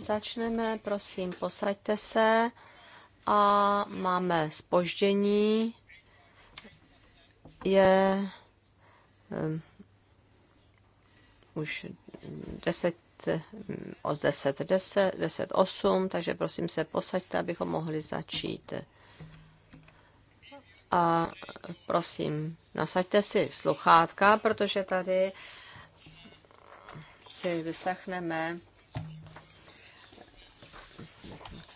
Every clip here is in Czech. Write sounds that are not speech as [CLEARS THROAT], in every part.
Začneme, prosím, posaďte se. A máme spoždění. Je um, už 10 o 10, 10, 10, 8, takže prosím se posaďte, abychom mohli začít. A prosím, nasaďte si sluchátka, protože tady si vyslechneme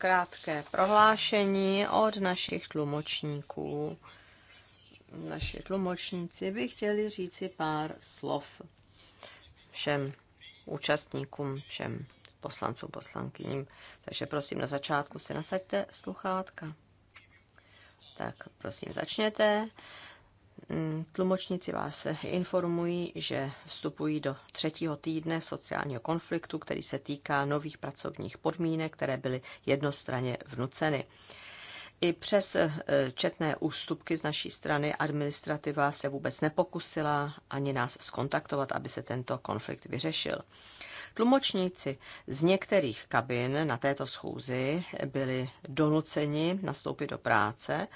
krátké prohlášení od našich tlumočníků. Naši tlumočníci by chtěli říci pár slov všem účastníkům, všem poslancům, poslankyním. Takže prosím, na začátku si nasaďte sluchátka. Tak prosím, začněte. Mm, tlumočníci vás informují, že vstupují do třetího týdne sociálního konfliktu, který se týká nových pracovních podmínek, které byly jednostranně vnuceny. I přes eh, četné ústupky z naší strany administrativa se vůbec nepokusila ani nás skontaktovat, aby se tento konflikt vyřešil. Tlumočníci z některých kabin na této schůzi byli donuceni nastoupit do práce,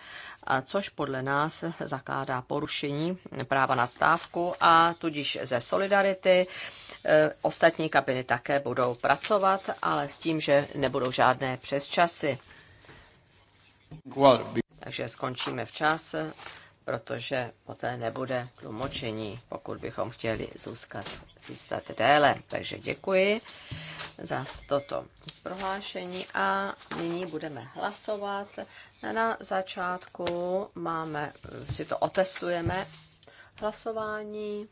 což podle nás zakládá porušení práva na stávku a tudíž ze solidarity eh, ostatní kabiny také budou pracovat, ale s tím, že nebudou žádné přesčasy. Takže skončíme včas, protože poté nebude tlumočení, pokud bychom chtěli zůstat, zůstat déle. Takže děkuji za toto prohlášení a nyní budeme hlasovat. Na začátku máme, si to otestujeme, hlasování.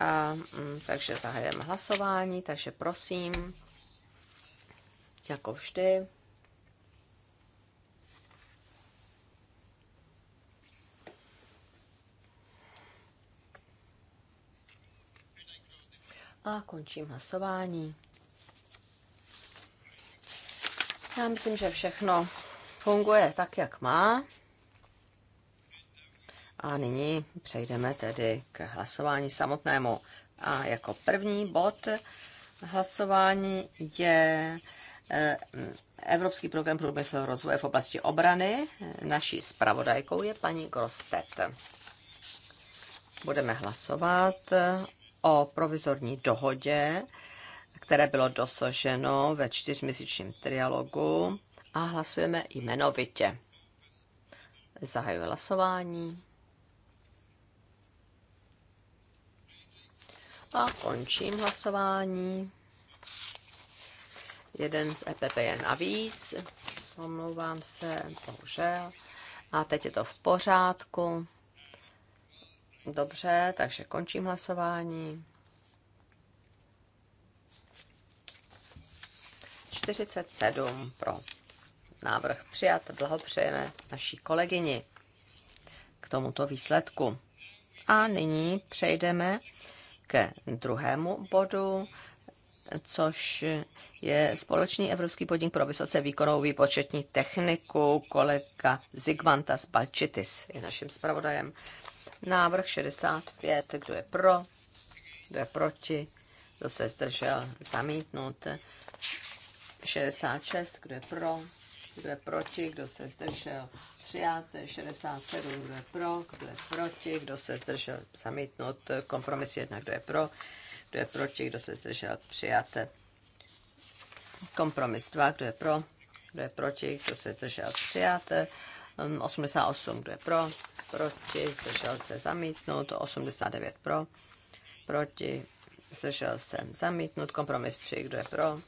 A, mm, takže zahajeme hlasování, takže prosím, jako vždy, a končím hlasování. Já myslím, že všechno funguje tak, jak má. A nyní přejdeme tedy k hlasování samotnému. A jako první bod hlasování je eh, Evropský program průmyslového rozvoje v oblasti obrany. Naší zpravodajkou je paní Grostet. Budeme hlasovat o provizorní dohodě, které bylo dosaženo ve čtyřměsíčním trialogu a hlasujeme jmenovitě. Zahajuji hlasování. A končím hlasování. Jeden z EPP je navíc. Omlouvám se, bohužel. A teď je to v pořádku. Dobře, takže končím hlasování. 47 pro návrh přijat. Blahopřejeme naší kolegyni k tomuto výsledku. A nyní přejdeme ke druhému bodu, což je společný evropský podnik pro vysoce výkonovou výpočetní techniku. Kolega Zigmantas Balčitis je naším zpravodajem. Návrh 65, kdo je pro, kdo je proti, kdo se zdržel, zamítnut. 66, kdo je pro, kdo je proti, kdo se zdržel, přijat. 67, kdo je pro, kdo je proti, kdo se zdržel, zamítnut. Kompromis 1, kdo je pro, kdo je proti, kdo se zdržel, přijat. Kompromis 2, kdo je pro, kdo je proti, kdo se zdržel, přijat. 88, kdo je pro, proti, zdržel se zamítnout, 89 pro, proti, zdržel se zamítnout, kompromis 3, kdo je pro,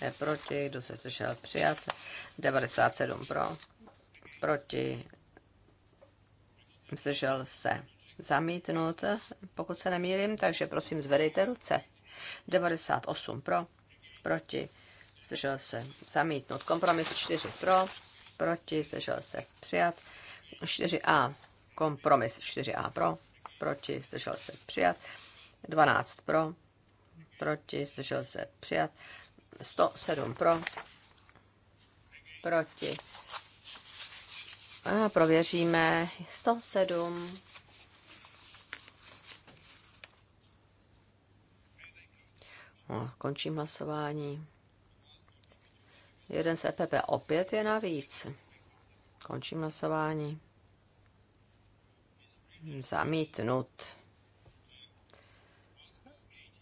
je proti, kdo se zdržel přijat, 97 pro, proti, zdržel se zamítnout, pokud se nemýlím, takže prosím zvedejte ruce. 98 pro, proti, zdržel se zamítnout. Kompromis 4 pro, proti, zdržel se přijat. 4a Kompromis 4a pro, proti, zdržel se přijat. 12 pro, proti, zdržel se přijat. 107 pro, proti. A prověříme 107. No, končím hlasování. Jeden z EPP opět je navíc. Končím hlasování. Zamítnut.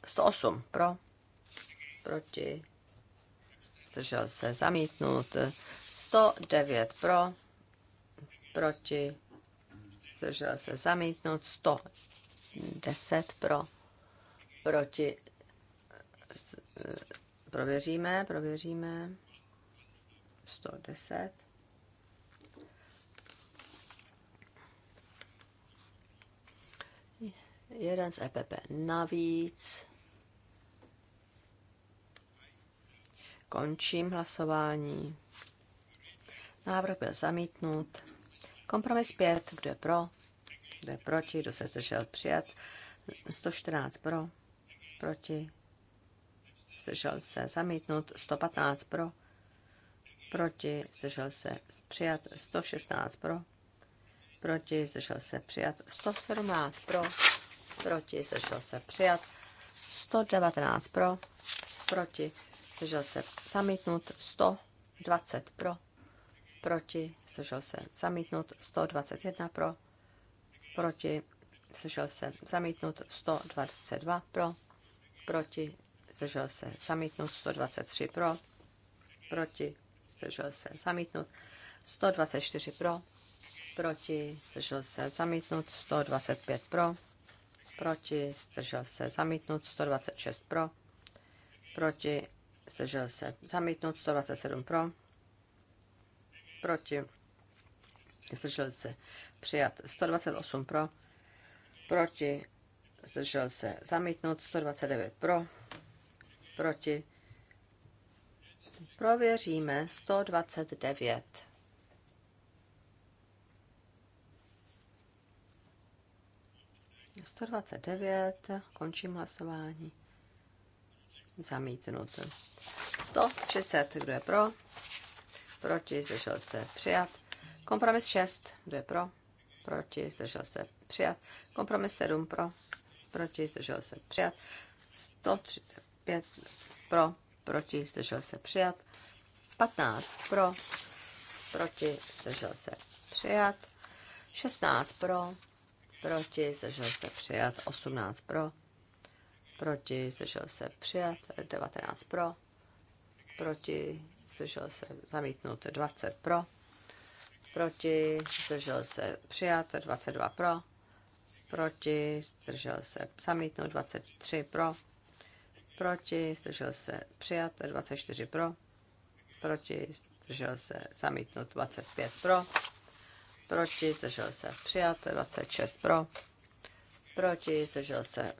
108 pro, proti, zdržel se, zamítnut. 109 pro, proti, zdržel se, zamítnut. 110 pro, proti, prověříme, prověříme. 110. Jeden z EPP navíc. Končím hlasování. Návrh byl zamítnut. Kompromis 5. Kdo je pro? Kdo je proti? Kdo se zdržel přijat? 114 pro. Proti. Zdržel se zamítnut. 115 pro. Proti. Zdržel se přijat. 116 pro. Proti. Zdržel se přijat. 117 pro proti, sešel se přijat. 119 pro, proti, sešel se zamítnut. 120 pro, proti, sešel se zamítnut. 121 pro, proti, sešel se zamítnut. 122 pro, proti, zdržel se zamítnut. 123 pro, proti, zdržel se zamítnut. 124 pro, proti, zdržel se zamítnut, 125 pro, proti, zdržel se zamítnut, 126 pro, proti, zdržel se zamítnut, 127 pro, proti, zdržel se přijat, 128 pro, proti, zdržel se zamítnut, 129 pro, proti, prověříme 129. 129, končím hlasování. Zamítnut. 130, kdo je pro? Proti, zdržel se, přijat. Kompromis 6, kdo je pro? Proti, zdržel se, přijat. Kompromis 7, pro? Proti, zdržel se, přijat. 135, pro? Proti, zdržel se, přijat. 15, pro? Proti, zdržel se, přijat. 16, pro? proti, zdržel se přijat 18 pro, proti, zdržel se přijat 19 pro, proti, zdržel se zamítnout, 20 pro, proti, zdržel se přijat 22 pro, proti, zdržel se zamítnout, 23 pro, proti, zdržel se přijat 24 pro, proti, zdržel se zamítnout, 25 pro, proti, zdržel se přijat, 26 pro, proti, zdržel se,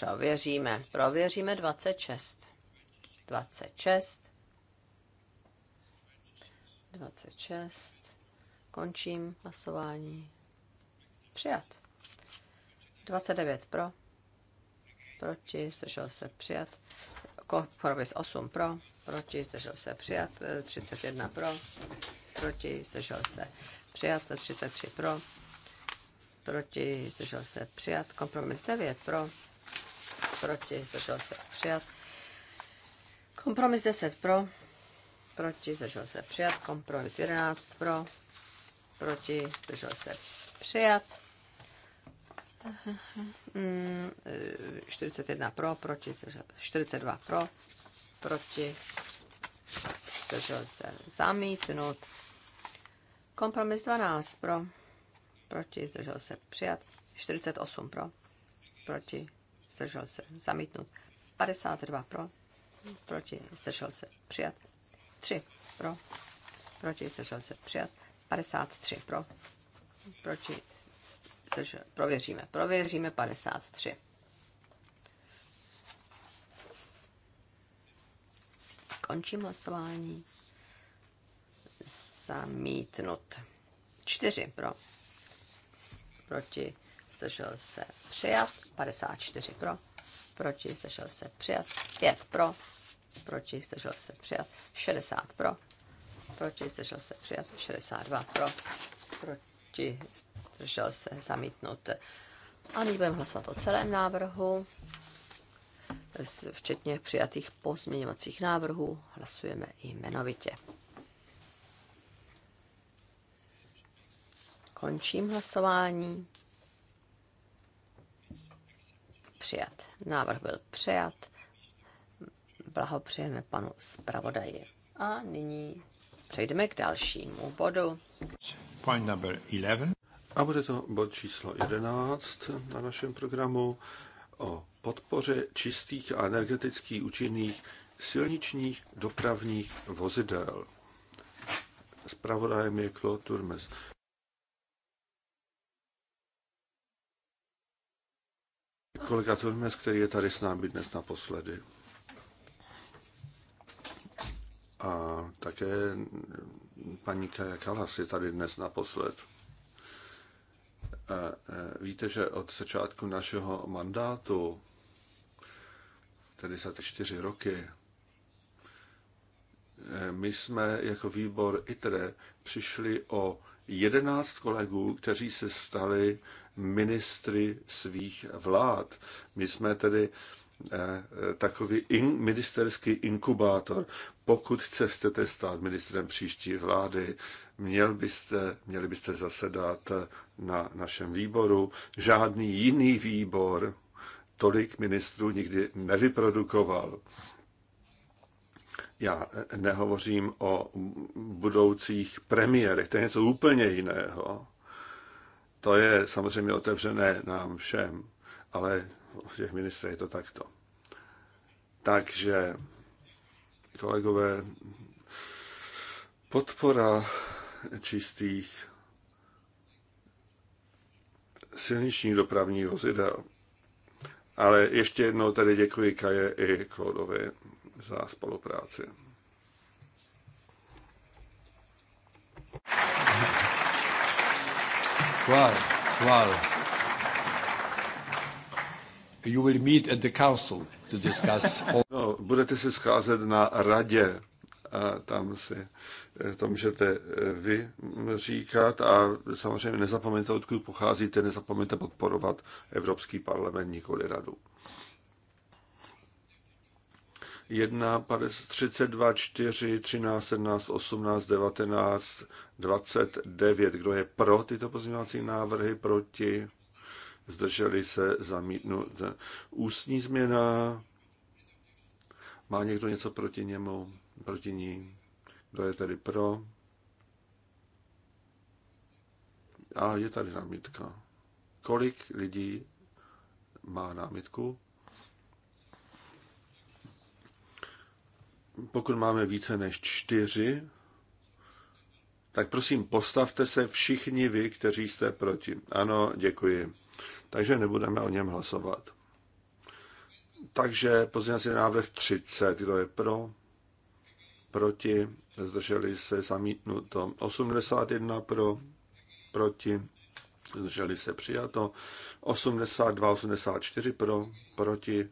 prověříme, prověříme 26, 26, 26, končím hlasování, přijat, 29 pro, proti, zdržel se přijat, kompromis 8 pro, proti, zdržel se přijat, 31 pro, proti, zdržel se přijat, 33 pro, proti, zdržel se přijat, kompromis 9 pro, proti, zdržel se přijat, kompromis 10 pro, proti, zdržel se přijat, kompromis 11 pro, proti, zdržel se přijat, 41 mm, pro, proti, 42 pro, proti, zdržel se zamítnut, Kompromis 12 pro, proti, zdržel se přijat. 48 pro, proti, zdržel se zamítnut. 52 pro, proti, zdržel se přijat. 3 pro, proti, zdržel se přijat. 53 pro, proti, zdržel, prověříme, prověříme 53. Končím hlasování zamítnut. 4 pro, proti, zdržel se přijat, 54 pro, proti, zdržel se přijat, 5 pro, proti, zdržel se přijat, 60 pro, proti, zdržel se přijat, 62 pro, proti, zdržel se zamítnut. A nyní budeme hlasovat o celém návrhu, včetně přijatých pozměňovacích návrhů. Hlasujeme i jmenovitě. Končím hlasování. Přijat. Návrh byl přijat. Blahopřejeme panu zpravodaji. A nyní přejdeme k dalšímu bodu. Point number 11. A bude to bod číslo 11 na našem programu o podpoře čistých a energeticky účinných silničních dopravních vozidel. Zpravodajem je Claude Turmes. Kolega Turmes, který je tady s námi dnes naposledy. A také paní Kaja Kalas je tady dnes naposled. E, víte, že od začátku našeho mandátu, tedy za ty čtyři roky, e, my jsme jako výbor ITRE přišli o jedenáct kolegů, kteří se stali ministry svých vlád. My jsme tedy eh, takový in, ministerský inkubátor. Pokud se chcete stát ministrem příští vlády, měl byste, měli byste zasedat na našem výboru. Žádný jiný výbor tolik ministrů nikdy nevyprodukoval. Já nehovořím o budoucích premiérech, to je něco úplně jiného. To je samozřejmě otevřené nám všem, ale v těch ministrů je to takto. Takže, kolegové, podpora čistých silničních dopravních vozidel. Ale ještě jednou tady děkuji Kaje i Klodovi za spolupráci. Thank you. Claro, claro. You will meet at the council to discuss [LAUGHS] all... No, budete se scházet na radě a tam si eh, to můžete eh, vy mm, říkat a samozřejmě nezapomeňte, odkud pocházíte, nezapomeňte podporovat Evropský parlament, nikoli radu. 1, 32, 4, 13, 17, 18, 19, 29. Kdo je pro tyto pozměňovací návrhy? Proti? Zdrželi se zamítnout. Ústní změna. Má někdo něco proti němu? Proti ní? Kdo je tady pro? A je tady námitka. Kolik lidí má námitku? pokud máme více než čtyři, tak prosím postavte se všichni vy, kteří jste proti. Ano, děkuji. Takže nebudeme o něm hlasovat. Takže pozměňovací návrh 30, kdo je pro, proti, zdrželi se zamítnuto. 81 pro, proti, zdrželi se přijato. 82, 84 pro, proti,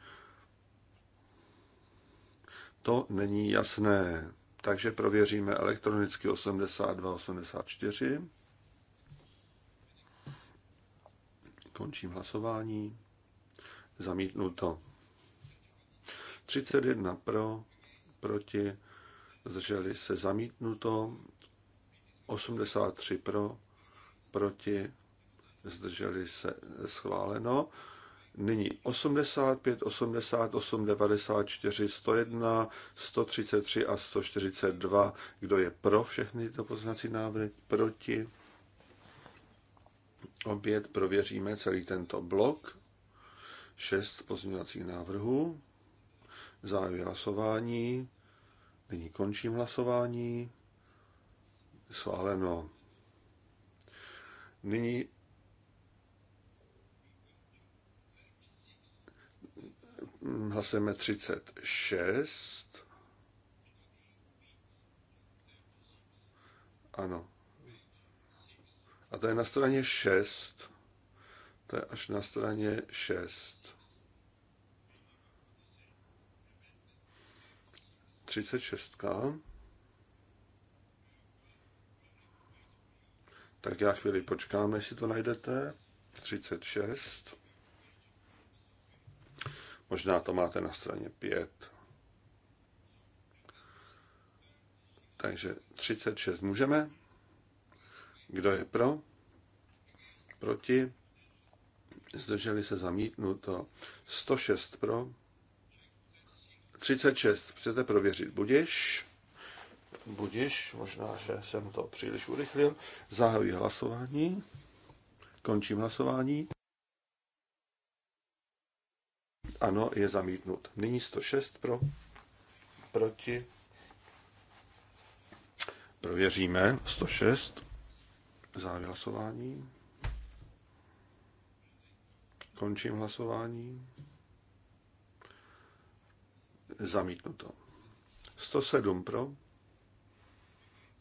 to není jasné. Takže prověříme elektronicky 8284. Končím hlasování. to. 31 pro, proti, zdrželi se zamítnuto. 83 pro, proti, zdrželi se schváleno. Nyní 85, 88, 94, 101, 133 a 142. Kdo je pro všechny tyto poznací návrhy? Proti? Opět prověříme celý tento blok. Šest pozměňovacích návrhů. Závěr hlasování. Nyní končím hlasování. Sváleno. Nyní hlasujeme 36. Ano. A to je na straně 6. To je až na straně 6. 36. Tak já chvíli počkám, jestli to najdete. 36. Možná to máte na straně 5. Takže 36 můžeme. Kdo je pro? Proti? Zdrželi se zamítnuto. 106 pro. 36. Chcete prověřit? Budeš? Budeš? možná, že jsem to příliš urychlil. Zahajuji hlasování. Končím hlasování. Ano, je zamítnut. Nyní 106 pro, proti. Prověříme 106. Závěr hlasování. Končím hlasování. Zamítnuto. 107 pro,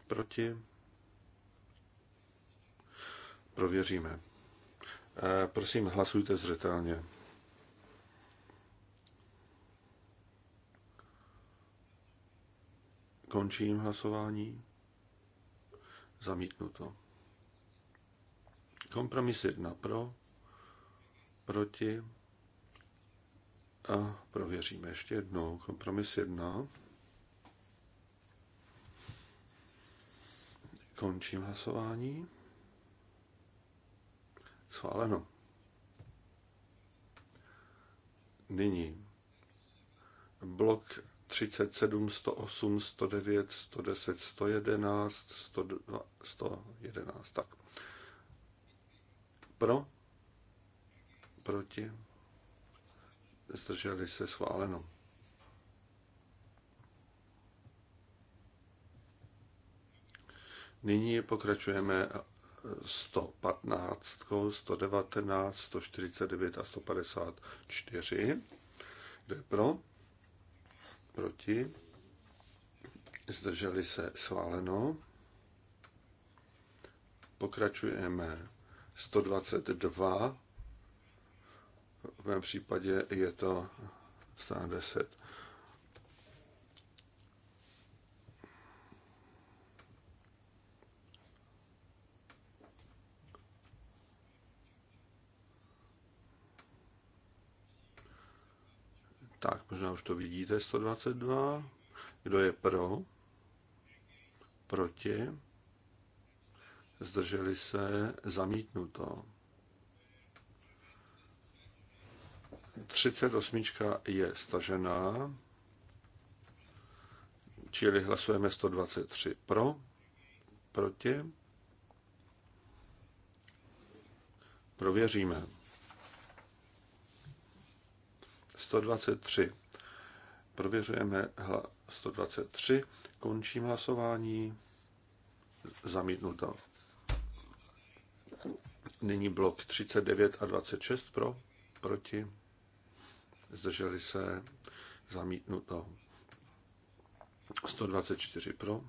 proti. Prověříme. Eh, prosím, hlasujte zřetelně. Končím hlasování. Zamítnuto. Kompromis jedna pro, proti a prověříme ještě jednou. Kompromis jedna. Končím hlasování. Schváleno. Nyní blok 37, 108, 109, 110, 111, 102, 111. Tak. Pro? Proti? Zdrželi se schváleno. Nyní pokračujeme 115, 119, 149 a 154. Kdo je pro? proti, zdrželi se schváleno. Pokračujeme 122, v mém případě je to 110 Tak, možná už to vidíte, 122. Kdo je pro? Proti? Zdrželi se? Zamítnuto. 38 je stažená, čili hlasujeme 123 pro, proti. Prověříme. 123. Prověřujeme hla 123. Končím hlasování. Zamítnuto. Nyní blok 39 a 26 pro, proti. Zdrželi se. Zamítnuto. 124 pro,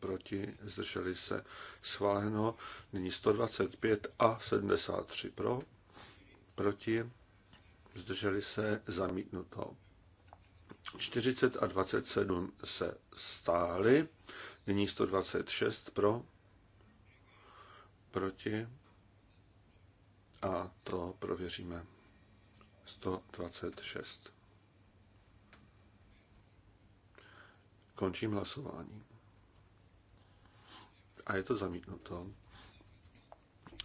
proti, zdrželi se schváleno. Nyní 125 a 73 pro, proti, zdrželi se, zamítnuto. 40 a 27 se stáhly, nyní 126 pro, proti a to prověříme. 126. Končím hlasování. A je to zamítnuto.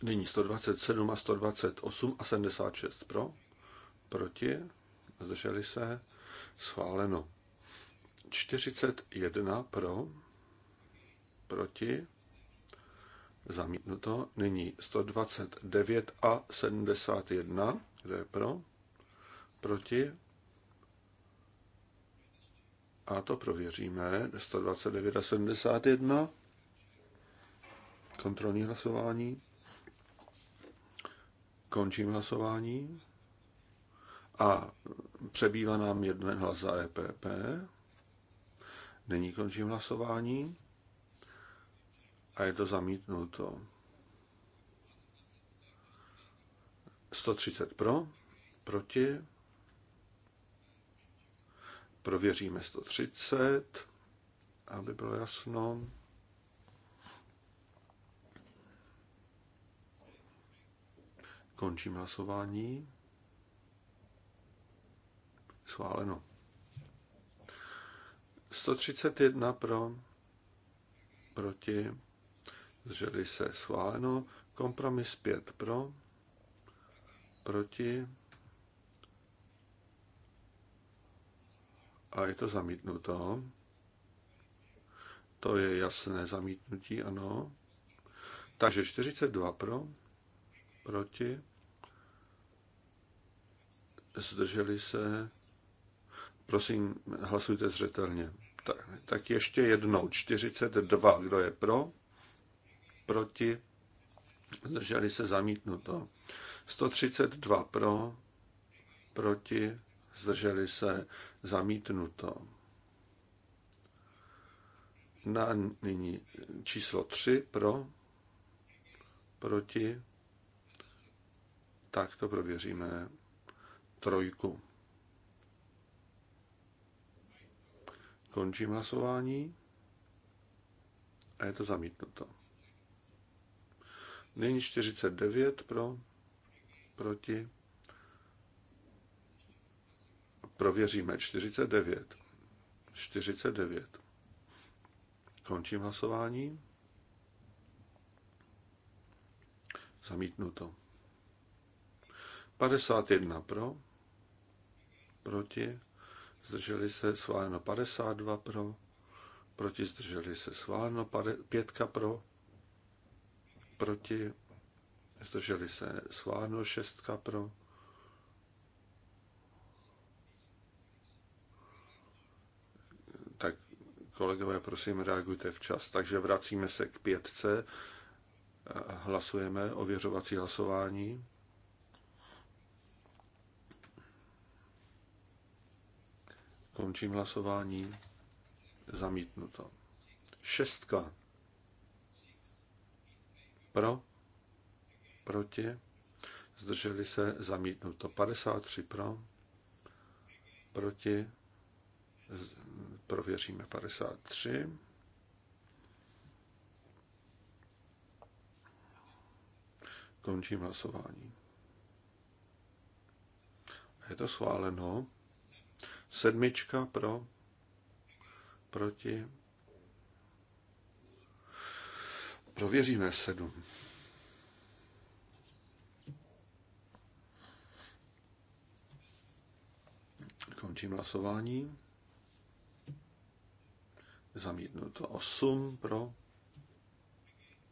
Nyní 127 a 128 a 76 pro proti, zdrželi se, schváleno. 41 pro, proti, zamítnuto. Nyní 129 a 71, kde je pro, proti. A to prověříme. 129 a 71. Kontrolní hlasování. Končím hlasování. A přebývá nám jeden hlas za EPP. Není končím hlasování. A je to zamítnuto. 130 pro, proti. Prověříme 130, aby bylo jasno. Končím hlasování. Schváleno. 131 pro, proti, zdrželi se. Schváleno. Kompromis 5 pro, proti. A je to zamítnuto. To je jasné zamítnutí, ano. Takže 42 pro, proti, zdrželi se, Prosím, hlasujte zřetelně. Tak, tak ještě jednou. 42. Kdo je pro? Proti? Zdrželi se zamítnuto. 132 pro, proti, zdrželi se zamítnuto. Na nyní číslo 3 pro, proti, tak to prověříme trojku. Končím hlasování a je to zamítnuto. Nyní 49 pro, proti. Prověříme 49. 49. Končím hlasování. Zamítnuto. 51 pro, proti, zdrželi se, schváleno 52 pro, proti zdrželi se, schváleno 5 pro, proti zdrželi se, schváleno 6 pro, tak kolegové, prosím, reagujte včas. Takže vracíme se k pětce, hlasujeme ověřovací hlasování. Končím hlasování. Zamítnuto. Šestka. Pro. Proti. Zdrželi se. Zamítnuto. 53 pro. Proti. Prověříme 53. Končím hlasování. Je to schváleno. Sedmička pro, proti. Prověříme sedm. Končím hlasování. Zamítnuto osm pro,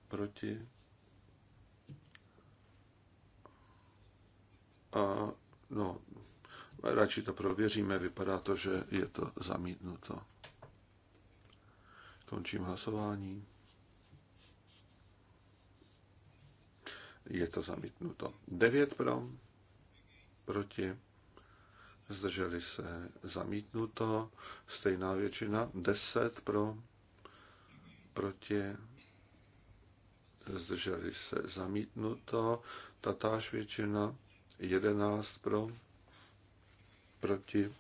proti. A, no, radši to prověříme, vypadá to, že je to zamítnuto. Končím hlasování. Je to zamítnuto. 9 pro, proti, zdrželi se zamítnuto, stejná většina, 10 pro, proti, zdrželi se zamítnuto, tatáž většina, 11 pro, proti.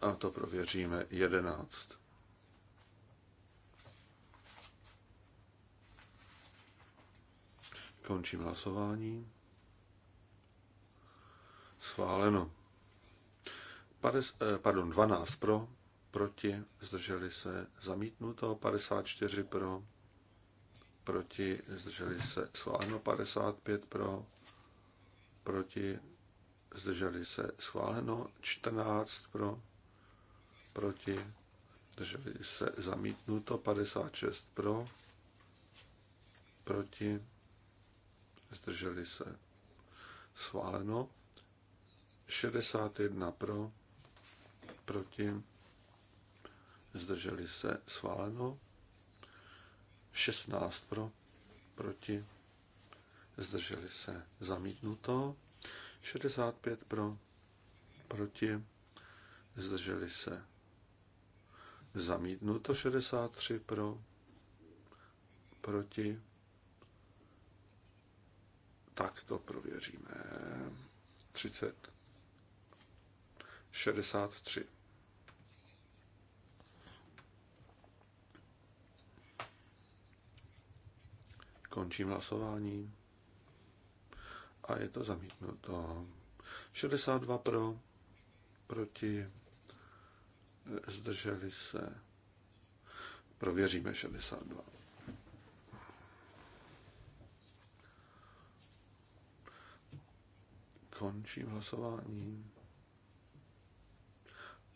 A to prověříme 11. Končím hlasování. Schváleno. Pades, eh, pardon, 12 pro, proti, zdrželi se, zamítnuto, 54 pro, proti, zdrželi se, schváleno, 55 pro, proti, zdrželi se schváleno, 14 pro, proti, zdrželi se zamítnuto, 56 pro, proti, zdrželi se schváleno, 61 pro, proti, zdrželi se schváleno, 16 pro, proti, zdrželi se zamítnuto, 65 pro, proti, zdrželi se. Zamítnuto 63 pro, proti. Tak to prověříme. 30. 63. Končím hlasování a je to zamítnuto. 62 pro, proti, zdrželi se. Prověříme 62. Končím hlasování.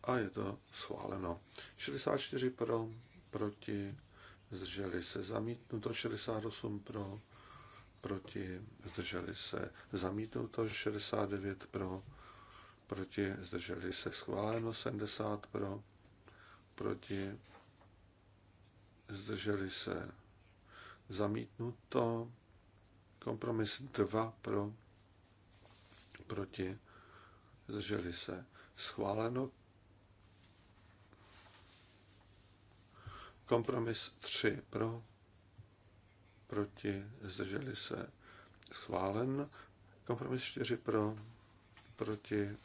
A je to schváleno. 64 pro, proti, zdrželi se. Zamítnuto 68 pro, proti, zdrželi se zamítnuto, 69 pro, proti, zdrželi se schváleno, 70 pro, proti, zdrželi se zamítnuto, kompromis 2 pro, proti, zdrželi se schváleno, kompromis 3 pro, proti, zdrželi se, schválen. Kompromis 4 pro, proti,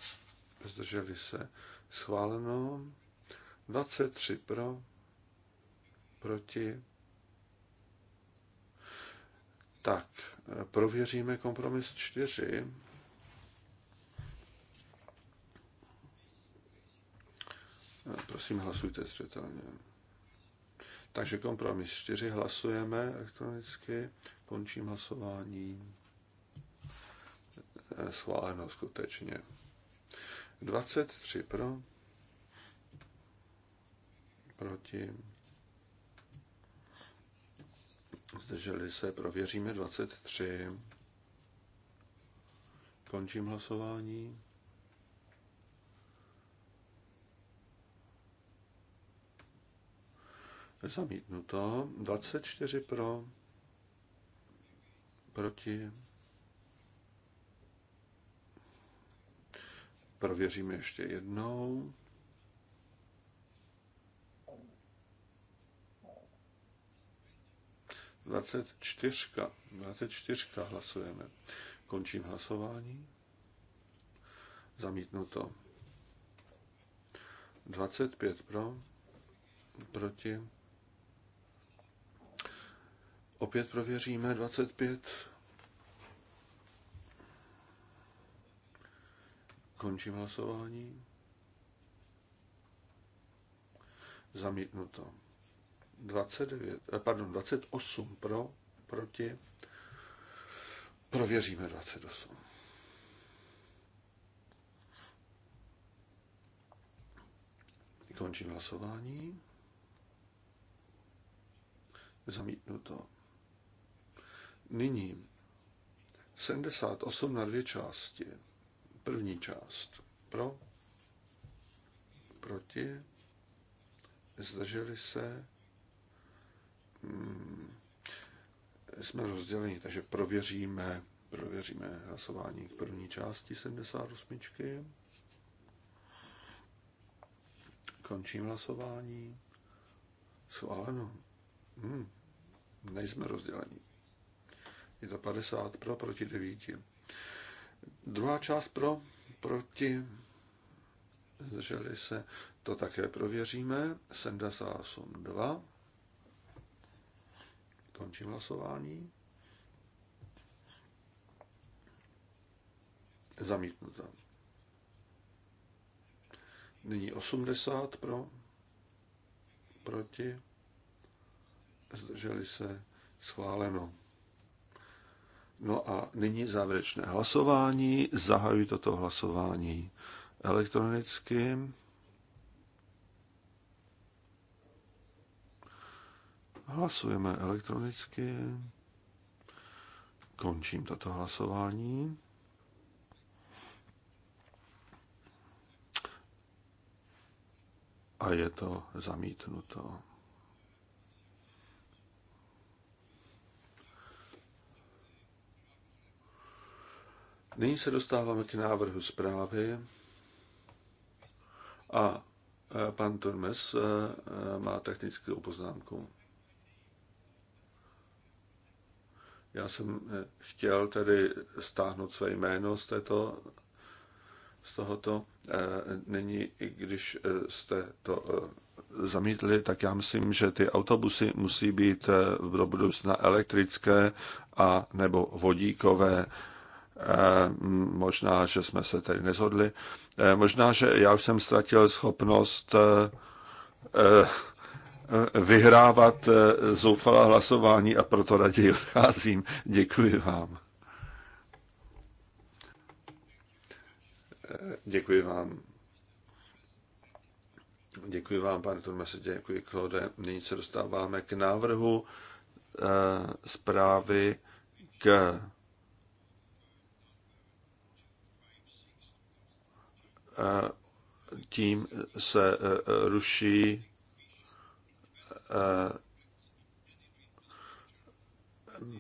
zdrželi se, schváleno. 23 pro, proti. Tak, prověříme kompromis 4. Prosím, hlasujte zřetelně. Takže kompromis 4 hlasujeme elektronicky, končím hlasování. E, schváleno skutečně. 23 pro, proti, zdrželi se, prověříme 23. Končím hlasování. Zamítnuto. 24 pro. Proti. Prověříme ještě jednou. Dvacet čtyřka. Dvacet čtyřka hlasujeme. Končím hlasování. Zamítnuto. pět pro, proti Opět prověříme 25. Končím hlasování. Zamítnuto. 29, eh, pardon, 28 pro, proti. Prověříme 28. Končím hlasování. Zamítnuto. Nyní 78 na dvě části. První část pro, proti, zdrželi se, hmm, jsme rozděleni, takže prověříme, prověříme hlasování k první části 78. Končím hlasování. Schváleno. Hmm, nejsme rozdělení. Je to 50 pro, proti 9. Druhá část pro, proti, zdrželi se, to také prověříme, 2. Končím hlasování. Zamítnuto. Nyní 80 pro, proti, zdrželi se, schváleno. No a nyní závěrečné hlasování. Zahajuji toto hlasování elektronicky. Hlasujeme elektronicky. Končím toto hlasování. A je to zamítnuto. Nyní se dostáváme k návrhu zprávy a e, pan Turmes e, e, má technickou poznámku. Já jsem chtěl tedy stáhnout své jméno z, této, z tohoto. Nyní, i když jste to zamítli, tak já myslím, že ty autobusy musí být do budoucna elektrické a nebo vodíkové Eh, možná, že jsme se tady nezhodli, eh, možná, že já už jsem ztratil schopnost eh, vyhrávat zoufalá hlasování a proto raději odcházím. Děkuji vám. Děkuji vám. Děkuji vám, pane Turmese, děkuji, Klode. Nyní se dostáváme k návrhu zprávy k tím se e, e, ruší e,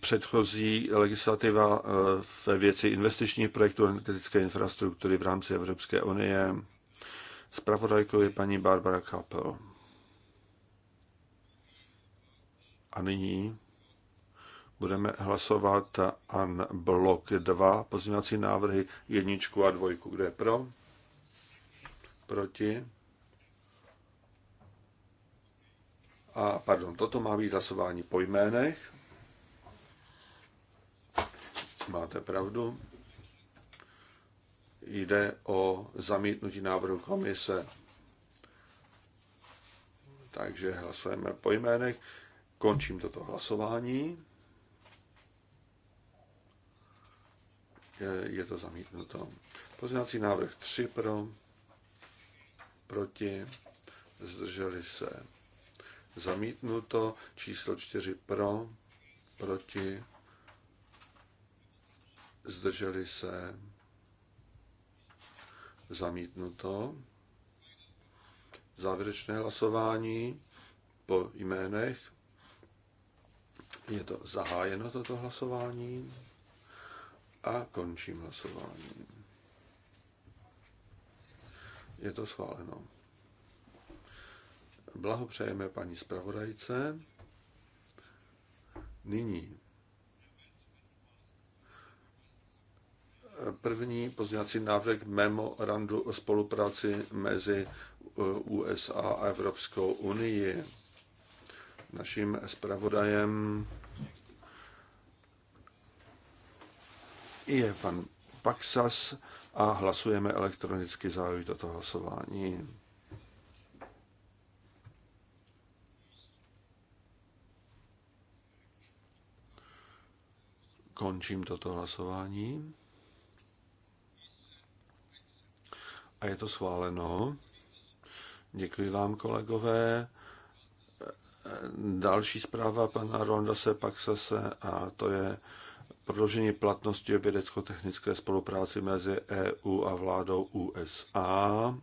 předchozí legislativa ve věci investičních projektů energetické infrastruktury v rámci Evropské unie. Spravodajkou je paní Barbara Kapel. A nyní budeme hlasovat an blok 2, pozměňovací návrhy jedničku a dvojku. Kdo je pro? proti. A pardon, toto má být hlasování po jménech. Máte pravdu. Jde o zamítnutí návrhu komise. Takže hlasujeme po jménech. Končím toto hlasování. Je, to zamítnuto. Pozměňovací návrh 3 pro proti, zdrželi se. Zamítnuto číslo 4 pro, proti, zdrželi se. Zamítnuto. Závěrečné hlasování po jménech. Je to zahájeno toto hlasování a končím hlasování. Je to schváleno. Blahopřejeme paní zpravodajce. Nyní první pozdělací návrh memorandu o spolupráci mezi USA a Evropskou unii. Naším zpravodajem je pan Paxas a hlasujeme elektronicky závěr toto hlasování. Končím toto hlasování. A je to schváleno. Děkuji vám, kolegové. Další zpráva pana Ronda se Paxase a to je prodloužení platnosti o vědecko-technické spolupráci mezi EU a vládou USA.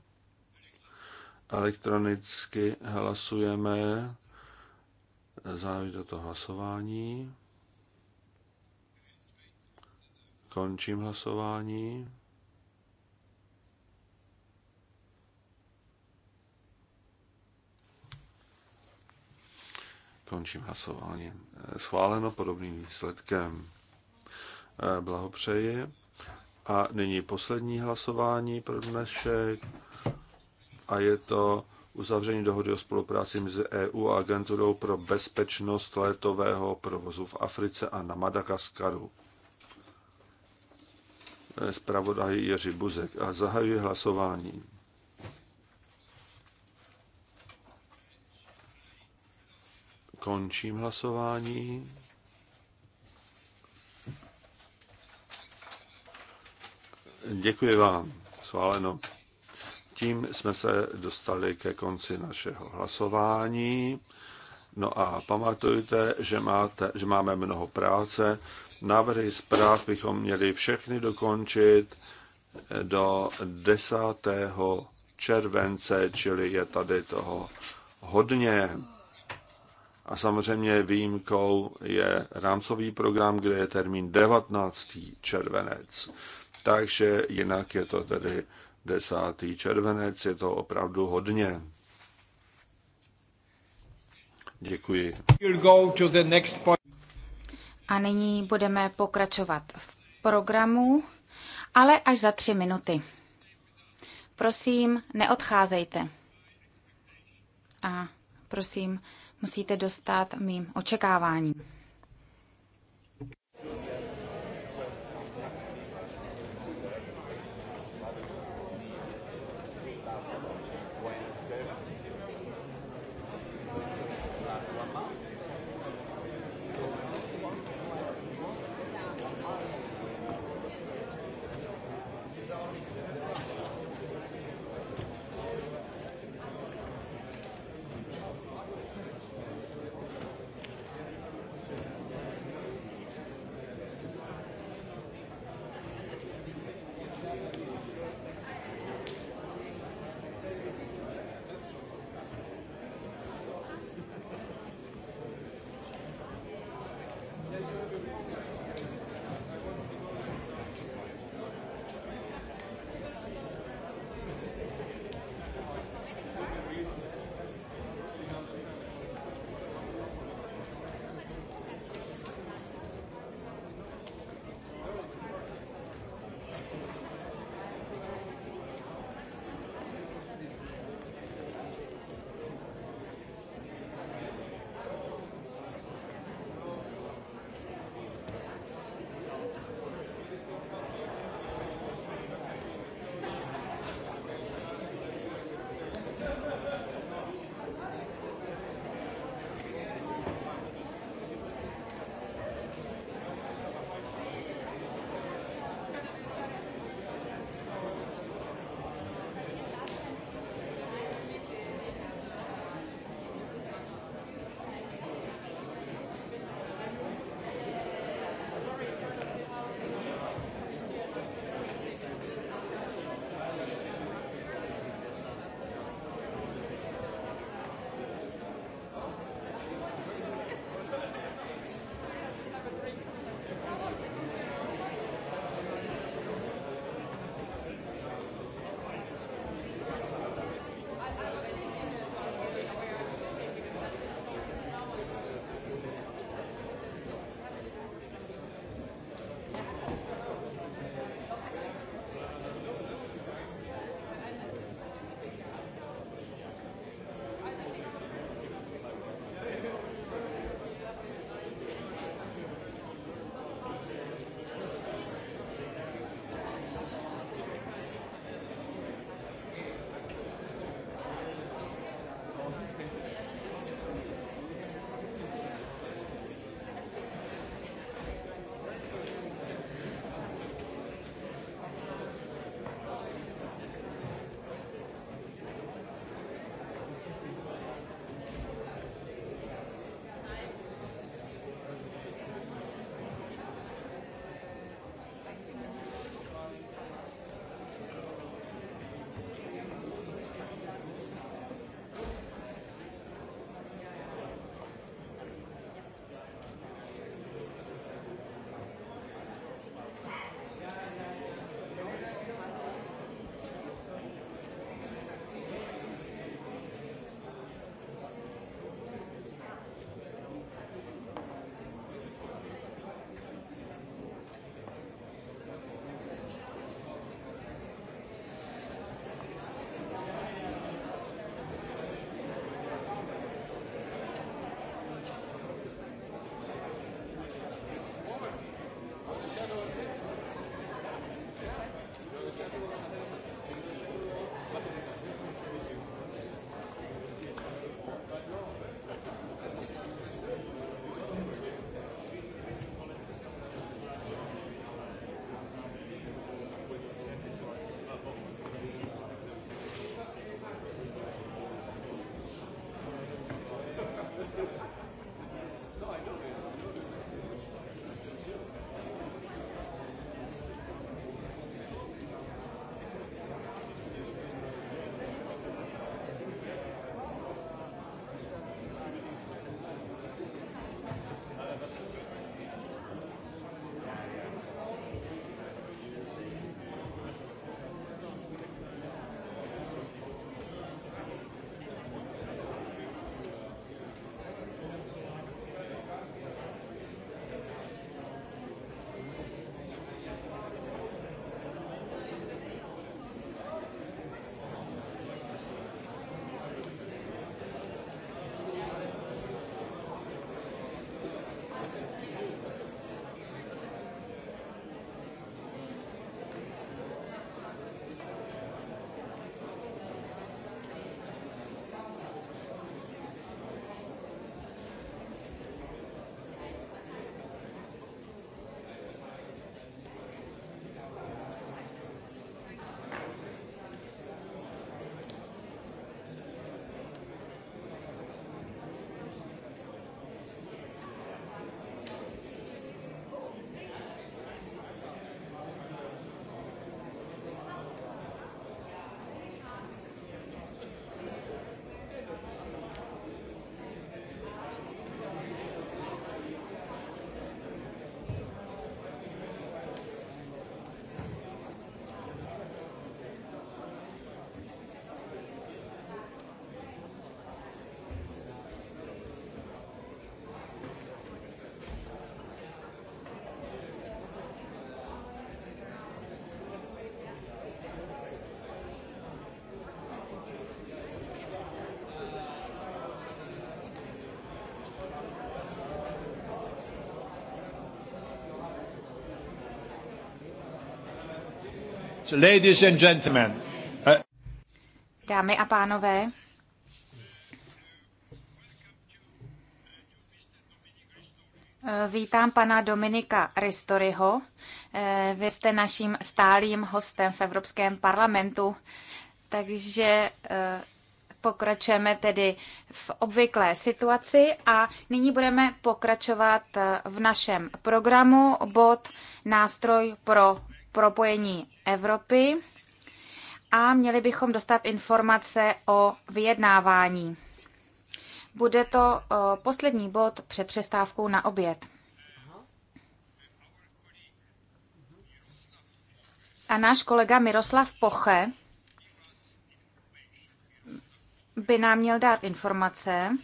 Elektronicky hlasujeme. Závěr toto hlasování. Končím hlasování. Končím hlasování. Schváleno podobným výsledkem. Eh, blahopřeji. A nyní poslední hlasování pro dnešek a je to uzavření dohody o spolupráci mezi EU a Agenturou pro bezpečnost letového provozu v Africe a na Madagaskaru. Eh, zpravodaj Jiří Buzek a zahajuji hlasování. Končím hlasování. Děkuji vám. Sváleno. Tím jsme se dostali ke konci našeho hlasování. No a pamatujte, že, máte, že máme mnoho práce. Návrhy zpráv bychom měli všechny dokončit do 10. července, čili je tady toho hodně. A samozřejmě výjimkou je rámcový program, kde je termín 19. červenec. Takže jinak je to tedy 10. červenec, je to opravdu hodně. Děkuji. A nyní budeme pokračovat v programu, ale až za tři minuty. Prosím, neodcházejte. A prosím, musíte dostat mým očekáváním. ladies and gentlemen. Uh, Dámy a pánové, eh, Vítám pana Dominika Ristoryho. Eh, vy jste naším stálým hostem v Evropském parlamentu, takže eh, pokračujeme tedy v obvyklé situaci a nyní budeme pokračovat v našem programu bod Nástroj pro propojení Evropy a měli bychom dostat informace o vyjednávání. Bude to eh, poslední bod před přestávkou na oběd. A náš kolega Miroslav Poche by nám měl dát informace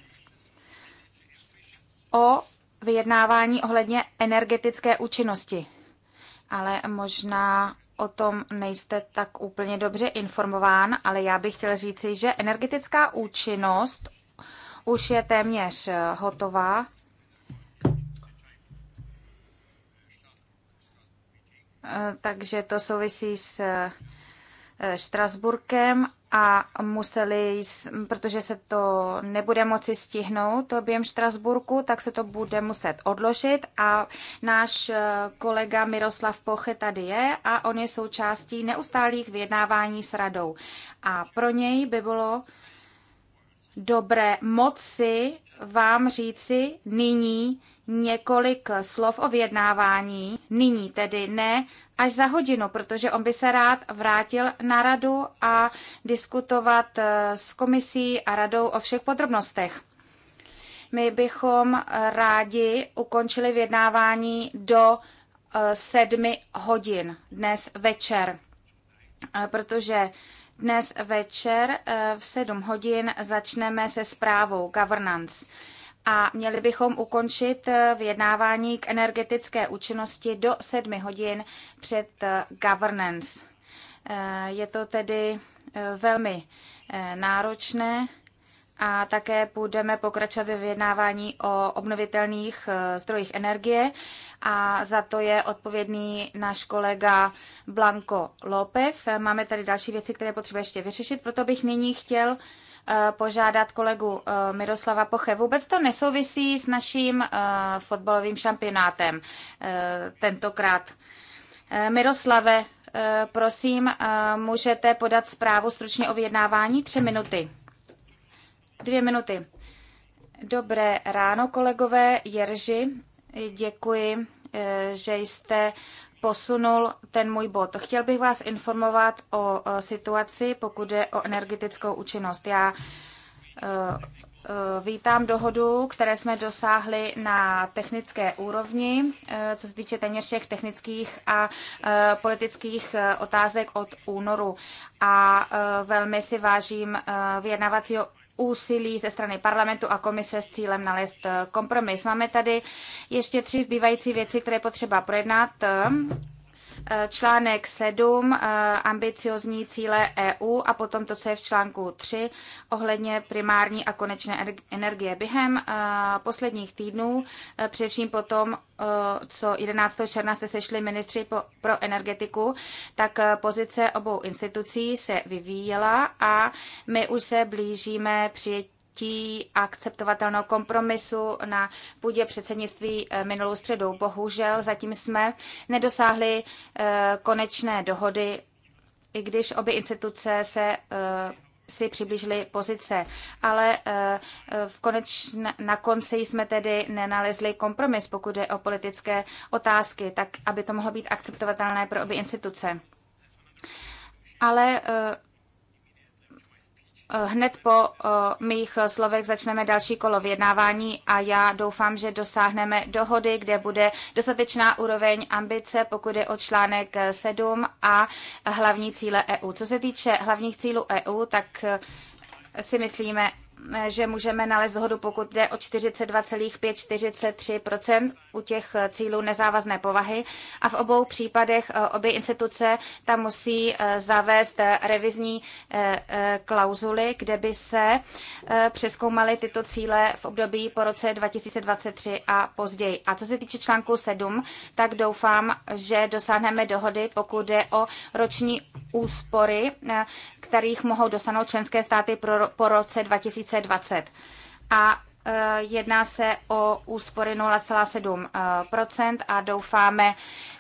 o vyjednávání ohledně energetické účinnosti ale možná o tom nejste tak úplně dobře informován, ale já bych chtěl říci, že energetická účinnost už je téměř eh, hotová. Eh, takže to souvisí s eh, E, Štrasburkem a museli, protože se to nebude moci stihnout během Štrasburku, tak se to bude muset odložit a náš e, kolega Miroslav Poche tady je a on je součástí neustálých vyjednávání s radou. A pro něj by bylo dobré moci vám říci nyní, několik slov o vyjednávání, nyní tedy ne až za hodinu, protože on by se rád vrátil na radu a diskutovat eh, s komisí a radou o všech podrobnostech. My bychom rádi ukončili vyjednávání do eh, sedmi hodin dnes večer, eh, protože dnes večer v sedm hodin začneme se zprávou governance a měli bychom ukončit eh, vyjednávání k energetické účinnosti do sedmi hodin před eh, governance. Eh, je to tedy velmi náročné a také budeme pokračovat ve vyjednávání o obnovitelných zdrojích energie a za to je odpovědný náš kolega Blanco López. Máme tady další věci, které potřebuje ještě vyřešit, proto bych nyní chtěl Eh, požádat kolegu eh, Miroslava Poche. Vůbec to nesouvisí s naším eh, fotbalovým šampionátem tentokrát. Miroslave, prosím, můžete podat zprávu stručně o vyjednávání? Tři minuty. Dvě minuty. Dobré ráno, kolegové Jerži. Děkuji, že jste posunul ten můj bod. Chtěl bych vás informovat o situaci, pokud je o energetickou účinnost. Já e, e, Vítám dohodu, které jsme dosáhli na technické úrovni, e, co se týče téměř všech technických a politických otázek od únoru. A velmi si vážím vyjednavacího úsilí ze strany parlamentu a komise s cílem nalézt eh, kompromis. Máme tady ještě tři zbývající věci, které potřeba projednat Eh, článek 7, eh, ambiciozní cíle EU a potom to, co je v článku 3 ohledně primární a konečné energie. Během eh, posledních týdnů, především potom, co 11. června se sešli ministři pro energetiku, tak pozice obou institucí se vyvíjela a my už se blížíme přijetí možností akceptovatelného kompromisu na půdě předsednictví eh, minulou středu. Bohužel zatím jsme nedosáhli eh, konečné dohody, i když obě instituce se eh, si přiblížili pozice. Ale v koneč, na konci jsme tedy nenalezli kompromis, pokud je o politické otázky, tak aby to mohlo být akceptovatelné pro obě instituce. Ale Hned po eh, mých slovech začneme další kolo vyjednávání a já doufám, že dosáhneme dohody, kde bude dostatečná úroveň ambice, pokud je o článek 7 eh, a hlavní cíle EU. Co se týče hlavních cílů EU, tak eh, si myslíme, Eh, že můžeme nalézt dohodu, pokud jde o 42,5-43 u těch eh, cílů nezávazné povahy. A v obou případech eh, obě instituce tam musí zavést revizní klauzuly, kde by se přeskoumaly tyto cíle v období po roce 2023 a později. A co se týče článku 7, tak doufám, že dosáhneme dohody, pokud jde o roční úspory, kterých mohou dosáhnout členské státy pro, po roce 2023. 2020. A e, jedná se o úspory 0,7 a doufáme,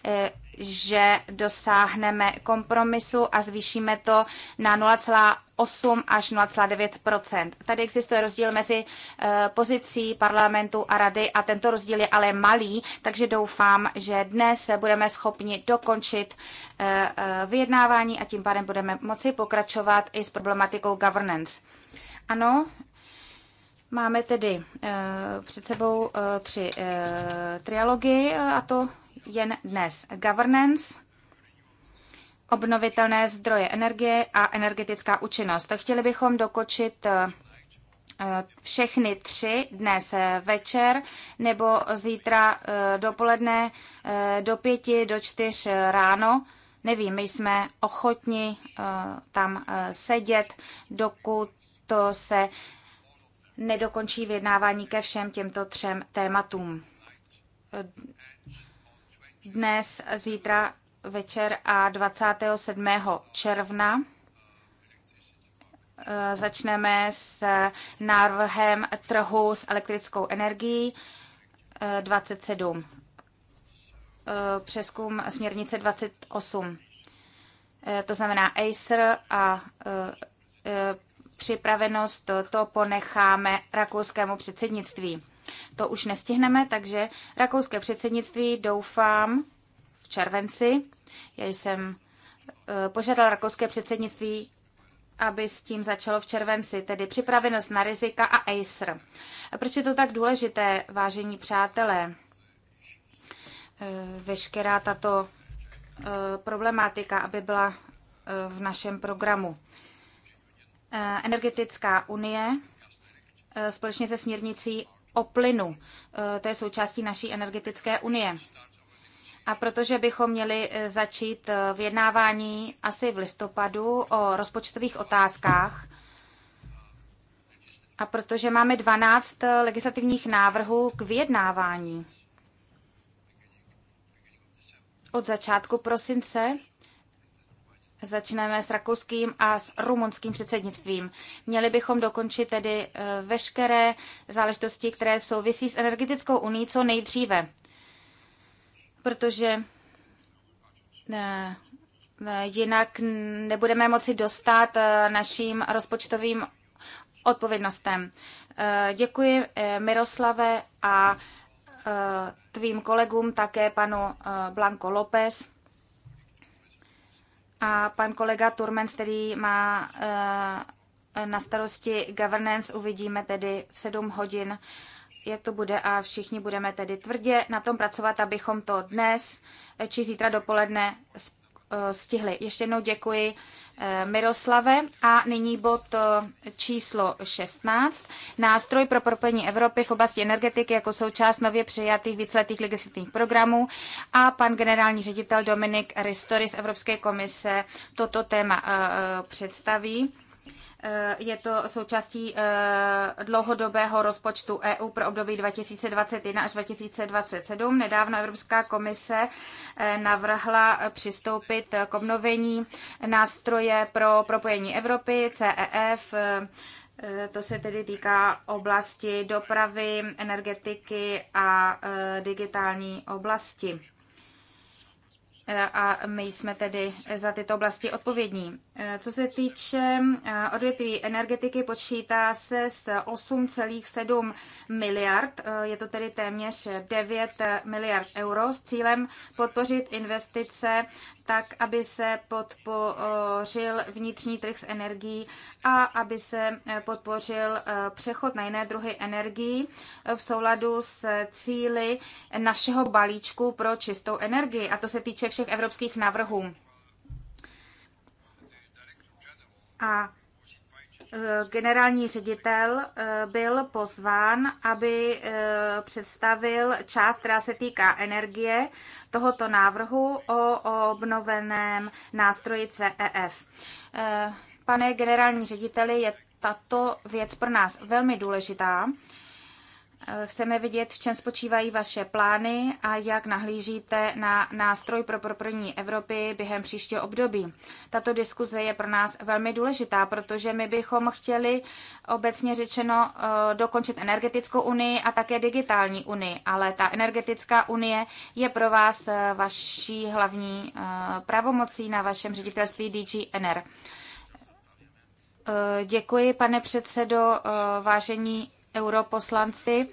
e, že dosáhneme kompromisu a zvýšíme to na 0,8 až 0,9 Tady existuje rozdíl mezi e, pozicí parlamentu a rady a tento rozdíl je ale malý, takže doufám, že dnes budeme schopni dokončit vyjednávání a tím pádem budeme moci pokračovat i s problematikou governance. Ano, máme tedy eh, před sebou eh, tři eh, trialogy, a to jen dnes. Governance, obnovitelné zdroje energie a energetická účinnost. Chtěli bychom dokočit všechny tři dnes večer nebo zítra dopoledne do pěti, do čtyř ráno. Nevím, my jsme ochotni tam sedět, dokud to se nedokončí vyjednávání ke všem těmto třem tématům. Dnes, zítra večer a 27. června eh, začneme s návrhem trhu s elektrickou energií 27. Eh, eh, přeskum směrnice 28. To znamená Acer a připravenost to ponecháme rakouskému předsednictví. To už nestihneme, takže rakouské předsednictví doufám v červenci. Já jsem e, požádal rakouské předsednictví, aby s tím začalo v červenci, tedy připravenost na rizika a ACER. A proč je to tak důležité, vážení přátelé? E, veškerá tato e, problematika, aby byla v našem programu. Eh, energetická unie eh, společně se směrnicí o plynu. Eh, to je součástí naší energetické unie. A protože bychom měli začít vyjednávání asi v listopadu o rozpočtových otázkách, a protože máme 12 legislativních návrhů k vyjednávání od začátku prosince, Začneme s rakouským a s rumunským předsednictvím. Měli bychom dokončit tedy eh, veškeré záležitosti, které souvisí s energetickou uní co nejdříve, protože eh, eh, jinak nebudeme moci dostat naším rozpočtovým odpovědnostem. Děkuji Miroslave a tvým kolegům, také panu Blanco López a pan kolega Turmens, který má eh, na starosti governance, uvidíme tedy v 7 hodin, jak to bude a všichni budeme tedy tvrdě na tom pracovat, abychom to dnes eh, či zítra dopoledne eh, stihli. Ještě jednou děkuji Eh, Miroslave. A nyní bod eh, číslo 16. Nástroj pro propojení Evropy v oblasti energetiky jako součást nově přijatých víceletých legislativních programů. A pan generální ředitel Dominik Ristory z Evropské komise toto téma eh, představí. Eh, je to součástí eh, dlouhodobého rozpočtu EU pro období 2021 až 2027. Nedávno Evropská komise eh, navrhla přistoupit k obnovení nástroje pro propojení Evropy, CEF, to se tedy týká oblasti dopravy, energetiky a digitální oblasti. Eh, a my jsme tedy za tyto oblasti odpovědní. Eh, co se týče eh, odvětví energetiky, počítá se s 8,7 miliard, je to tedy téměř 9 miliard euro s cílem podpořit investice tak, aby se podpořil vnitřní trh s energií a aby se podpořil přechod na jiné druhy energií v souladu s cíly našeho balíčku pro čistou energii. A to se týče všech všech evropských návrhů. A e, generální ředitel e, byl pozván, aby e, představil část, která se týká energie tohoto návrhu o obnoveném nástroji CEF. Pane generální řediteli, je tato věc pro nás velmi důležitá Eh, chceme vidět, v čem spočívají vaše plány a jak nahlížíte na nástroj pro propojení Evropy během příštího období. Tato diskuze je pro nás velmi důležitá, protože my bychom chtěli obecně řečeno eh, dokončit energetickou unii a také digitální unii, ale ta energetická unie je pro vás eh, vaší hlavní pravomocí na vašem ředitelství DGNR. Děkuji, pane předsedo, vážení europoslanci.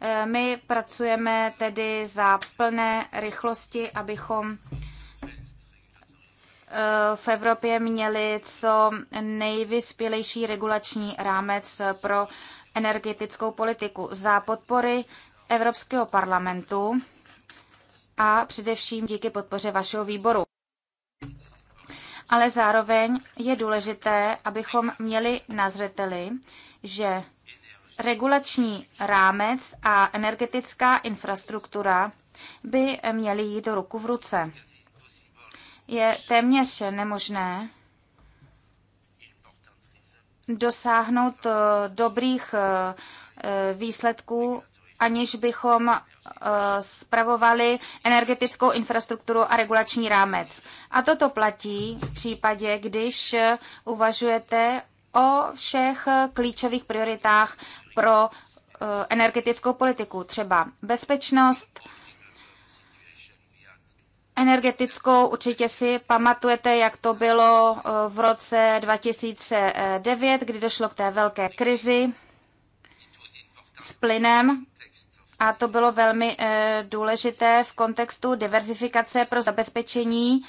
Eh, my pracujeme tedy za plné rychlosti, abychom eh, v Evropě měli co nejvyspělejší regulační rámec pro energetickou politiku za podpory Evropského parlamentu a především díky podpoře vašeho výboru. Ale zároveň je důležité, abychom měli na zřeteli, že regulační rámec a energetická infrastruktura by měly jít do ruku v ruce. Je téměř nemožné dosáhnout eh, dobrých eh, eh, výsledků, aniž bychom spravovali energetickou infrastrukturu a regulační rámec. A toto platí v případě, když uvažujete o všech klíčových prioritách pro eh, energetickou politiku, třeba bezpečnost, energetickou. Určitě si pamatujete, jak to bylo eh, v roce 2009, kdy došlo k té velké krizi s plynem. A to bylo velmi eh, důležité v kontextu diverzifikace pro zabezpečení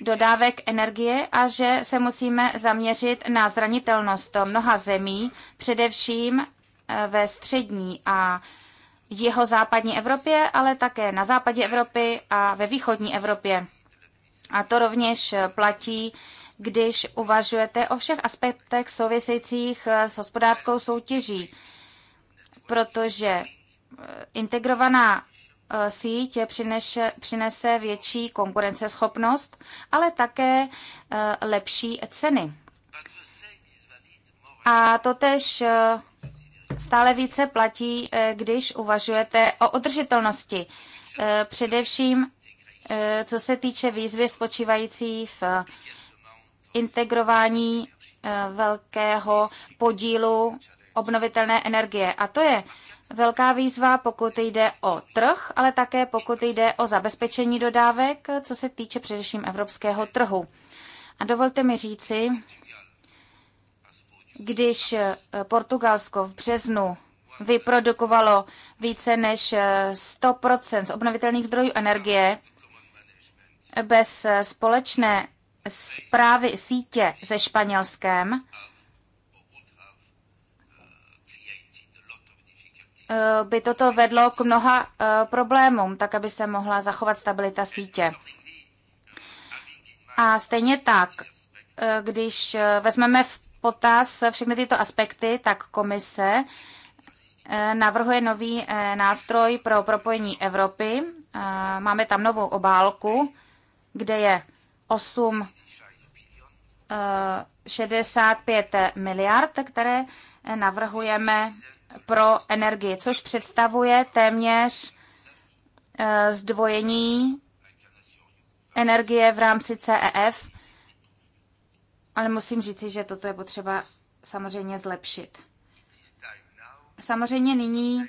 dodávek energie a že se musíme zaměřit na zranitelnost mnoha zemí, především ve střední a jeho západní Evropě, ale také na západě Evropy a ve východní Evropě. A to rovněž platí, když uvažujete o všech aspektech souvisejících s hospodářskou soutěží, protože eh, integrovaná eh, síť přinese, přinese větší konkurenceschopnost, ale také eh, lepší ceny. A totež stále více platí, eh, když uvažujete o udržitelnosti. Eh, především, eh, co se týče výzvy spočívající v integrování velkého podílu obnovitelné energie. A to je velká výzva, pokud jde o trh, ale také pokud jde o zabezpečení dodávek, co se týče především evropského trhu. A dovolte mi říci, když eh, Portugalsko v březnu vyprodukovalo více než 100% eh, z obnovitelných zdrojů energie, bez eh, společné zprávy sítě se Španělskem by toto vedlo k mnoha problémům, tak aby se mohla zachovat stabilita sítě. A stejně tak, když vezmeme v potaz eh, všechny tyto aspekty, tak komise eh, navrhuje nový eh, nástroj pro propojení Evropy. Máme tam novou obálku, kde je 8 65 miliard, které navrhujeme pro energii, což představuje téměř zdvojení energie v rámci CEF ale musím říci, že toto je potřeba samozřejmě zlepšit. Samozřejmě nyní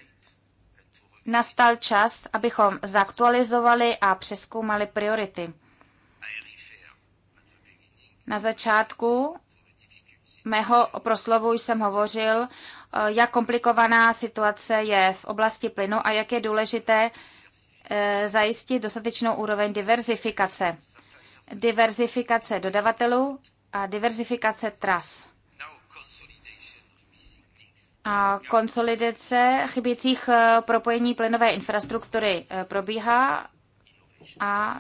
nastal čas, abychom zaktualizovali a přeskoumali priority. Na začátku mého proslovu jsem hovořil, eh, jak komplikovaná situace je v oblasti plynu a jak je důležité eh, zajistit dostatečnou úroveň diverzifikace. Diverzifikace dodavatelů a diverzifikace tras a konsolidace chybějících eh, propojení plynové infrastruktury eh, probíhá a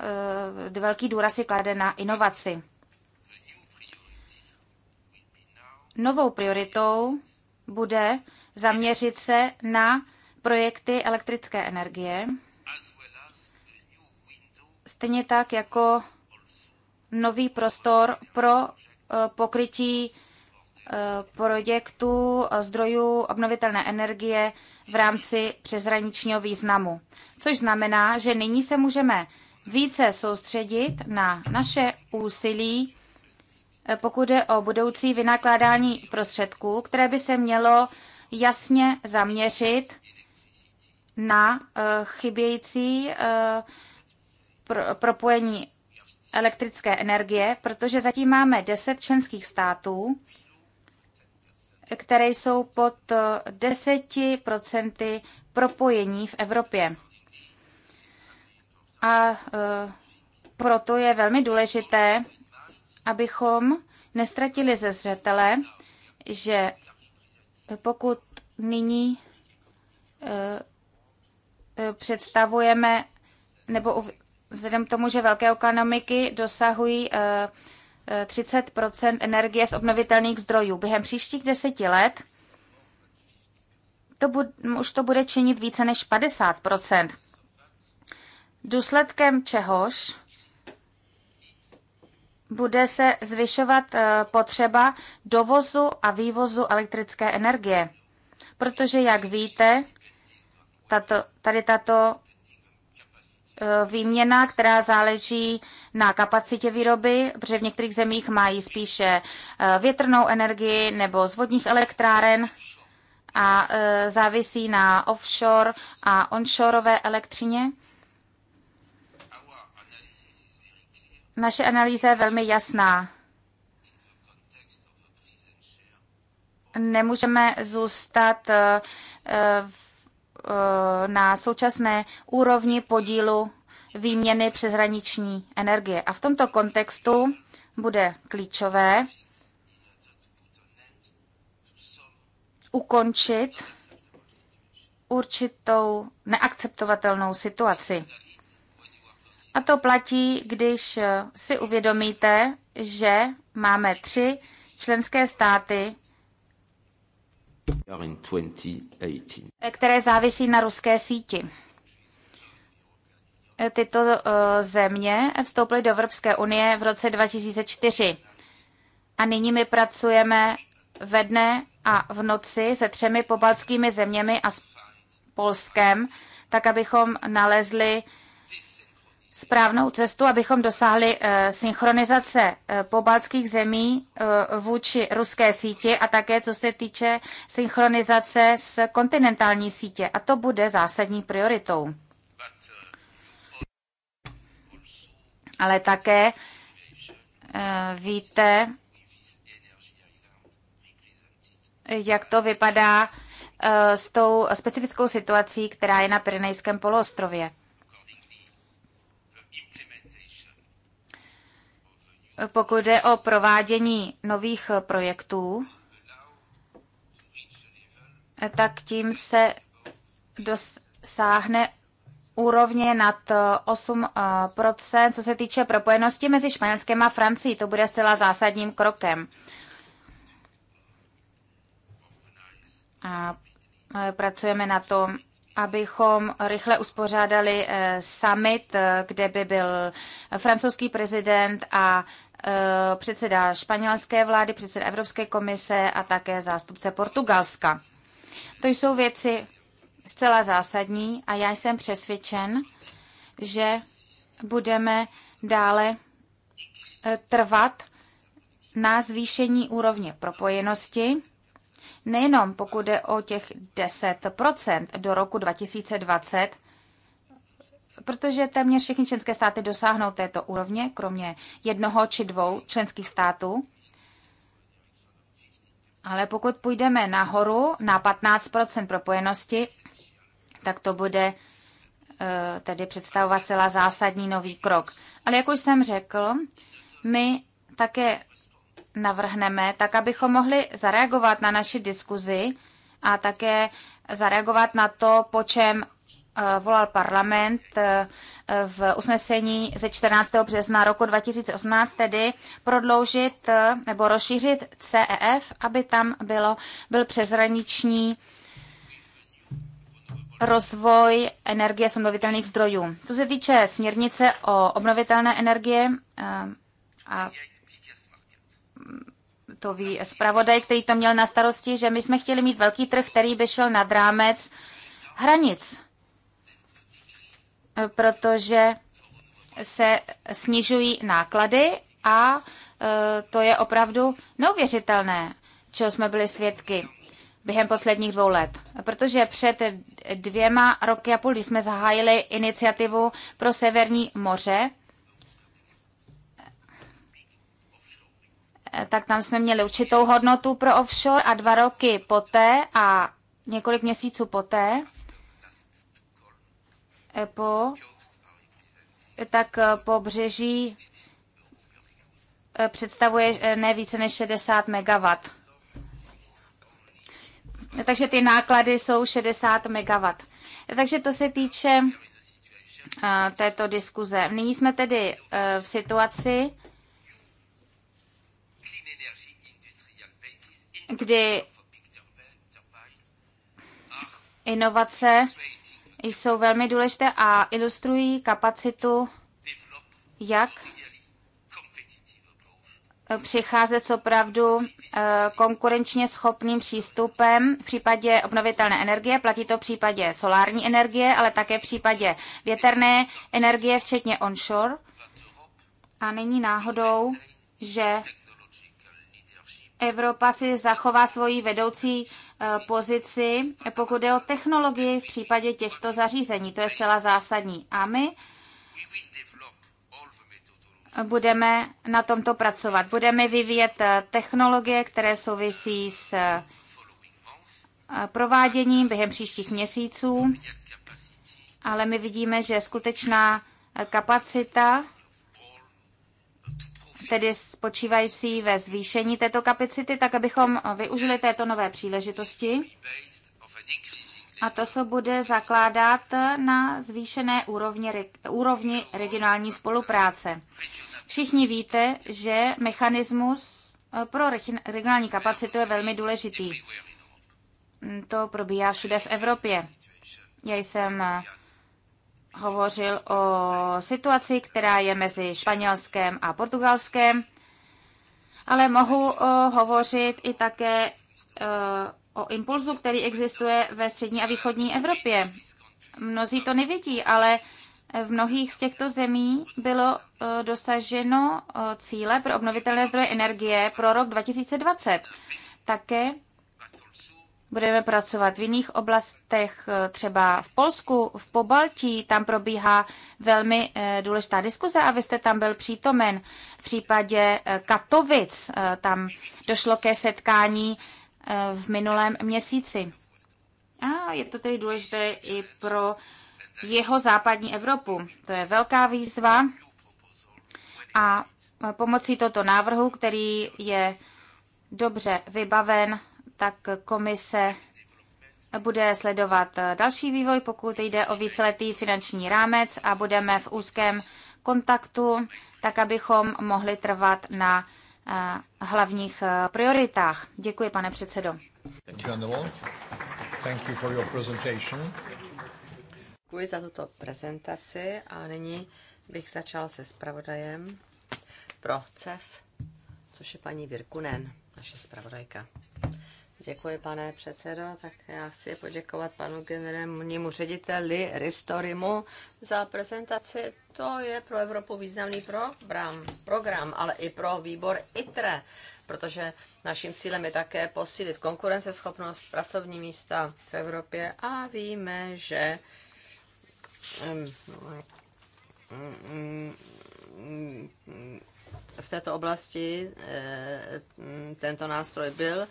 eh, velký důraz je klade na inovaci. Novou prioritou bude zaměřit se na projekty elektrické energie, stejně tak jako nový prostor pro eh, pokrytí eh, projektu zdrojů obnovitelné energie v rámci přeshraničního významu. Což znamená, že nyní se můžeme více soustředit na naše úsilí, eh, pokud je o budoucí vynakládání prostředků, které by se mělo jasně zaměřit na chybějící propojení elektrické energie, protože zatím máme 10 členských států, které jsou pod 10% eh, propojení v Evropě. A eh, proto je velmi důležité, abychom nestratili ze zřetele, že pokud nyní eh, představujeme nebo vzhledem k tomu, že velké ekonomiky dosahují 30 eh, eh, energie z obnovitelných zdrojů. Během příštích deseti let to bud, už to bude činit více než 50 Důsledkem čehož bude se zvyšovat eh, potřeba dovozu a vývozu elektrické energie. Protože, jak víte, tato, tady tato Eh, výměna, která záleží na kapacitě výroby, protože v některých zemích mají spíše eh, větrnou energii nebo z vodních elektráren a eh, závisí na offshore a onshoreové elektřině. Naše analýza je velmi jasná. Nemůžeme zůstat v Eh, na současné úrovni podílu výměny přeshraniční energie. A v tomto kontextu bude klíčové ukončit určitou neakceptovatelnou situaci. A to platí, když si uvědomíte, že máme tři členské státy, Eh, které závisí na ruské síti. Eh, tyto eh, země vstoupily do Evropské unie v roce 2004 a nyní my pracujeme ve dne a v noci se třemi pobaltskými zeměmi a s Polskem, tak abychom nalezli správnou cestu, abychom dosáhli eh, synchronizace eh, pobaltských zemí eh, vůči ruské síti a také co se týče synchronizace s kontinentální sítě. A to bude zásadní prioritou. Ale také víte, jak to vypadá s tou specifickou situací, která je na Pirinejském poloostrově. pokud jde o provádění nových projektů, tak tím se dosáhne úrovně nad 8%, eh, co se týče propojenosti mezi Španělskem a Francií. To bude zcela zásadním krokem. A eh, pracujeme na tom, abychom rychle uspořádali eh, summit, kde by byl francouzský prezident a Eh, předseda španělské vlády, předseda Evropské komise a také zástupce Portugalska. To jsou věci zcela zásadní a já jsem přesvědčen, že budeme dále eh, trvat na zvýšení úrovně propojenosti, nejenom pokud jde o těch 10 do roku 2020, protože téměř všechny členské státy dosáhnou této úrovně, kromě jednoho či dvou členských států. Ale pokud půjdeme nahoru na 15% propojenosti, tak to bude eh, tedy představovat celá zásadní nový krok. Ale jak už jsem řekl, my také navrhneme, tak abychom mohli zareagovat na naši diskuzi a také zareagovat na to, po čem Eh, volal parlament eh, v usnesení ze 14. března roku 2018, tedy prodloužit eh, nebo rozšířit CEF, aby tam bylo, byl přeshraniční rozvoj energie z obnovitelných zdrojů. Co se týče směrnice o obnovitelné energie, a to ví zpravodaj, který to měl na starosti, že my jsme chtěli mít velký trh, který by šel nad rámec hranic protože se snižují náklady a e, to je opravdu neuvěřitelné, čeho jsme byli svědky během posledních dvou let. Protože před dvěma roky a půl, když jsme zahájili iniciativu pro Severní moře, tak tam jsme měli určitou hodnotu pro offshore a dva roky poté a několik měsíců poté EPO, tak e, pobřeží e, představuje e, ne více než 60 MW. Takže ty náklady jsou 60 MW. Takže to se týče této diskuze. Nyní jsme tedy v situaci, kdy inovace jsou velmi důležité a ilustrují kapacitu, jak přicházet s opravdu eh, konkurenčně schopným přístupem v případě obnovitelné energie, platí to v případě solární energie, ale také v případě větrné energie, včetně onshore. A není náhodou, že Evropa si zachová svoji vedoucí e, pozici, pokud je o technologii v případě těchto zařízení. To je zcela zásadní. A my budeme na tomto pracovat. Budeme vyvíjet e, technologie, které souvisí s e, prováděním během příštích měsíců, ale my vidíme, že skutečná kapacita tedy spočívající ve zvýšení této kapacity, tak abychom využili této nové příležitosti. A to se bude zakládat na zvýšené úrovni, úrovni regionální spolupráce. Všichni víte, že mechanismus eh, pro regionální kapacitu je velmi důležitý. To probíhá všude v Evropě. Já jsem eh, hovořil o situaci, která je mezi Španělskem a Portugalskem, ale mohu eh, hovořit i také eh, o impulzu, který existuje ve střední a východní Evropě. Mnozí to nevidí, ale v mnohých z těchto zemí bylo eh, dosaženo cíle pro obnovitelné zdroje energie pro rok 2020. Také budeme pracovat v jiných oblastech, třeba v Polsku, v Pobaltí, tam probíhá velmi eh, důležitá diskuze a vy jste tam byl přítomen. V případě eh, Katovic eh, tam došlo ke setkání v minulém měsíci. A je to tedy důležité i pro jeho západní Evropu. To je velká výzva a pomocí tohoto návrhu, který je dobře vybaven, tak komise bude sledovat další vývoj, pokud jde o víceletý finanční rámec a budeme v úzkém kontaktu, tak abychom mohli trvat na eh, hlavních eh, prioritách. Děkuji, pane předsedo. Děkuji za tuto prezentaci a nyní bych začal se zpravodajem pro CEF, což je paní Virkunen, naše zpravodajka. Děkuji, pane předsedo. Tak já chci poděkovat panu generálnímu řediteli Ristorimu za prezentaci. To je pro Evropu významný program, program, ale i pro výbor ITRE, protože naším cílem je také posílit konkurenceschopnost pracovní místa v Evropě a víme, že v této oblasti eh, tento nástroj byl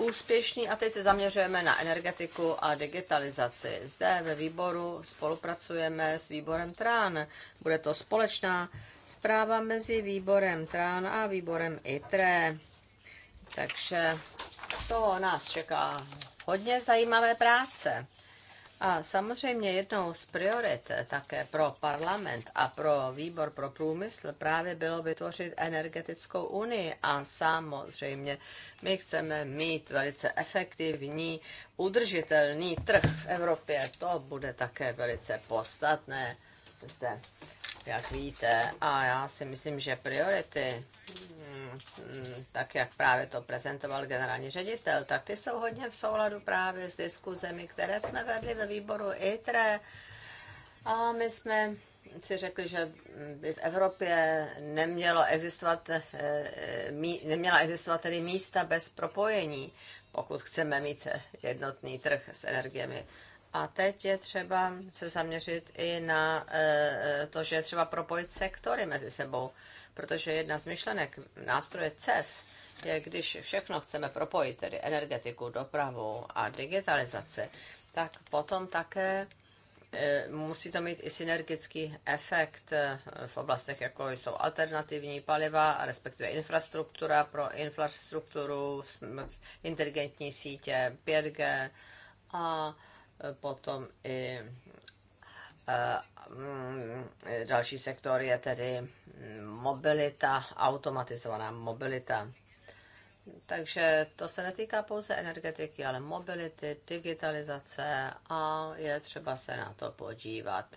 úspěšný. A teď se zaměřujeme na energetiku a digitalizaci. Zde ve výboru spolupracujeme s výborem TRAN. Bude to společná zpráva mezi výborem TRAN a výborem ITRE. Takže to nás čeká hodně zajímavé práce. A samozřejmě jednou z priorit také pro parlament a pro výbor pro průmysl právě bylo vytvořit energetickou unii a samozřejmě my chceme mít velice efektivní, udržitelný trh v Evropě. To bude také velice podstatné zde, jak víte. A já si myslím, že priority, mm, mm, tak jak právě to prezentoval generální ředitel, tak ty jsou hodně v souladu právě s diskuzemi, které jsme vedli ve výboru ITRE. A my jsme si řekli, že by v Evropě nemělo existovat, eh, eh, neměla existovat tedy místa bez propojení, pokud chceme mít jednotný trh s energiemi. A teď je třeba se zaměřit i na eh, to, že je třeba propojit sektory mezi sebou, protože jedna z myšlenek nástroje CEF je, když všechno chceme propojit, tedy energetiku, dopravu a digitalizaci, tak potom také eh, musí to mít i synergický efekt eh, v oblastech, jako jsou alternativní paliva, a respektive infrastruktura pro infrastrukturu, inteligentní sítě, 5G a potom i eh, mm, další sektor je tedy mobilita, automatizovaná mobilita. Takže to se netýká pouze energetiky, ale mobility, digitalizace a je třeba se na to podívat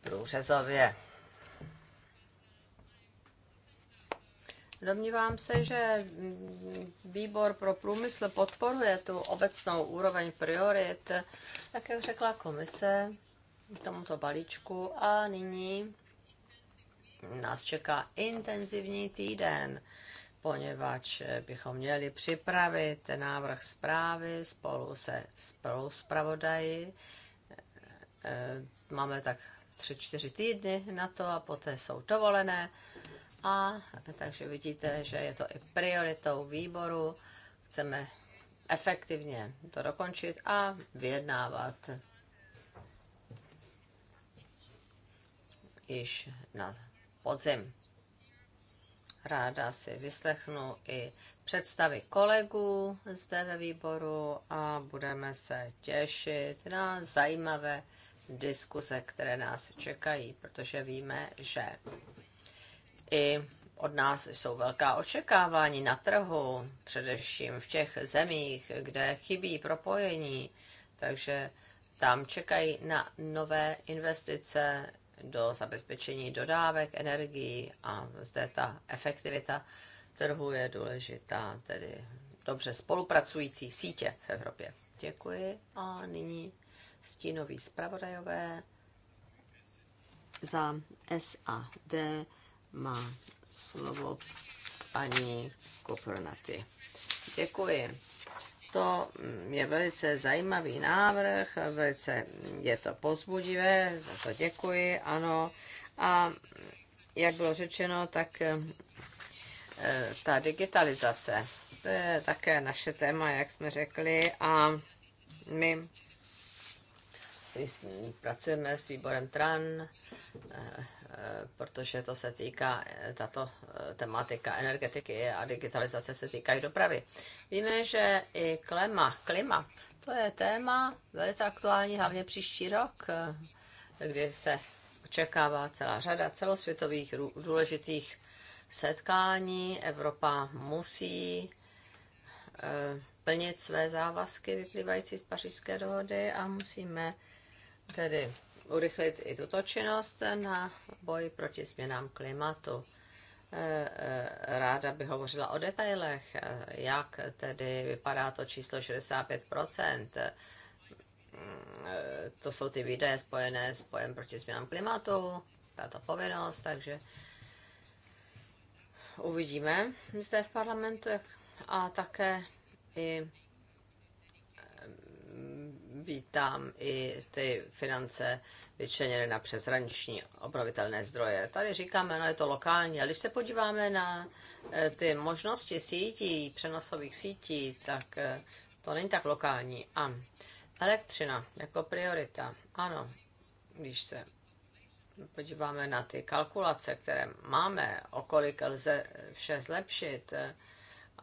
průřezově. Domnívám se, že výbor pro průmysl podporuje tu obecnou úroveň priorit, tak jak řekla komise k tomuto balíčku a nyní nás čeká intenzivní týden, poněvadž bychom měli připravit návrh zprávy spolu se spolu zpravodaji. Eh, máme tak tři, čtyři týdny na to a poté jsou dovolené. A takže vidíte, že je to i prioritou výboru. Chceme efektivně to dokončit a vyjednávat již na podzim. Ráda si vyslechnu i představy kolegů zde ve výboru a budeme se těšit na zajímavé diskuze, které nás čekají, protože víme, že i od nás jsou velká očekávání na trhu, především v těch zemích, kde chybí propojení, takže tam čekají na nové investice do zabezpečení dodávek energií a zde ta efektivita trhu je důležitá, tedy dobře spolupracující sítě v Evropě. Děkuji a nyní stínoví zpravodajové za SAD má slovo paní Kopronaty. Děkuji. To je velice zajímavý návrh, velice je to pozbudivé, za to děkuji, ano. A jak bylo řečeno, tak eh, ta digitalizace, to je také naše téma, jak jsme řekli, a my pracujeme s výborem TRAN, eh, Eh, protože to se týká, eh, tato eh, tematika energetiky a digitalizace se týkají dopravy. Víme, že i klima, klima, to je téma velice aktuální, hlavně příští rok, kdy se očekává celá řada celosvětových důležitých setkání. Evropa musí plnit své závazky vyplývající z pařížské dohody a musíme tedy urychlit i tuto činnost na boj proti změnám klimatu. Eh, eh, ráda bych hovořila o detailech, eh, jak tedy vypadá to číslo 65%. To jsou ty výdaje spojené s bojem proti změnám klimatu, tato povinnost, takže uvidíme zde v parlamentu a také i vítám i ty finance vyčleněné na přeshraniční obnovitelné zdroje. Tady říkáme, no je to lokální, ale když se podíváme na eh, ty možnosti sítí, přenosových sítí, tak eh, to není tak lokální. A elektřina jako priorita, ano, když se podíváme na ty kalkulace, které máme, o kolik lze vše zlepšit, eh,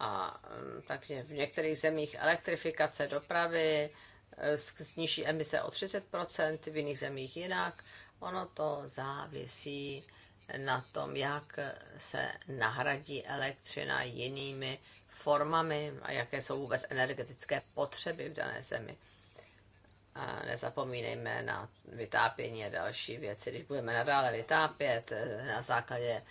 a mm, takže v některých zemích elektrifikace dopravy, Eh, sníží emise o 30 v jiných zemích jinak. Ono to závisí na tom, jak se nahradí elektřina jinými formami a jaké jsou vůbec energetické potřeby v dané zemi. A nezapomínejme na vytápění a další věci. Když budeme nadále vytápět eh, na základě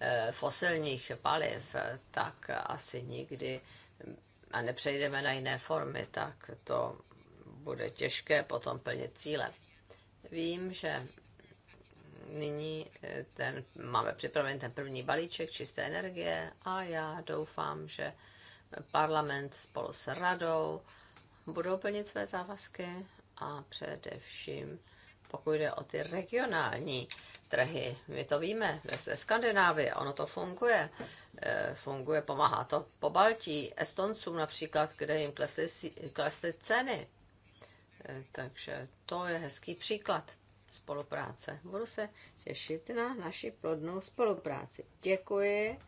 eh, fosilních paliv, tak asi nikdy a nepřejdeme na jiné formy, tak to bude těžké potom plnit cíle. Vím, že nyní eh, ten, máme připraven ten první balíček čisté energie a já doufám, že parlament spolu s radou budou plnit své závazky a především pokud jde o ty regionální trhy. My to víme, ve Skandinávii ono to funguje. Eh, funguje, pomáhá to po Baltí, Estoncům například, kde jim klesly, klesly ceny takže to je hezký příklad spolupráce. Budu se těšit na naši plodnou spolupráci. Děkuji.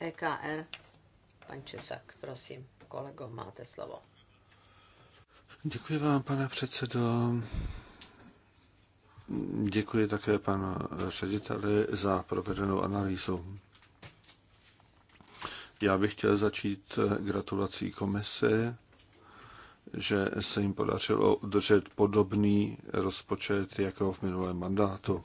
EKR. Pan Česak, prosím, kolego, máte slovo. Děkuji vám, pane předsedo. Děkuji také panu řediteli za provedenou analýzu. Já bych chtěl začít gratulací komisi že se jim podařilo udržet podobný rozpočet jako v minulém mandátu.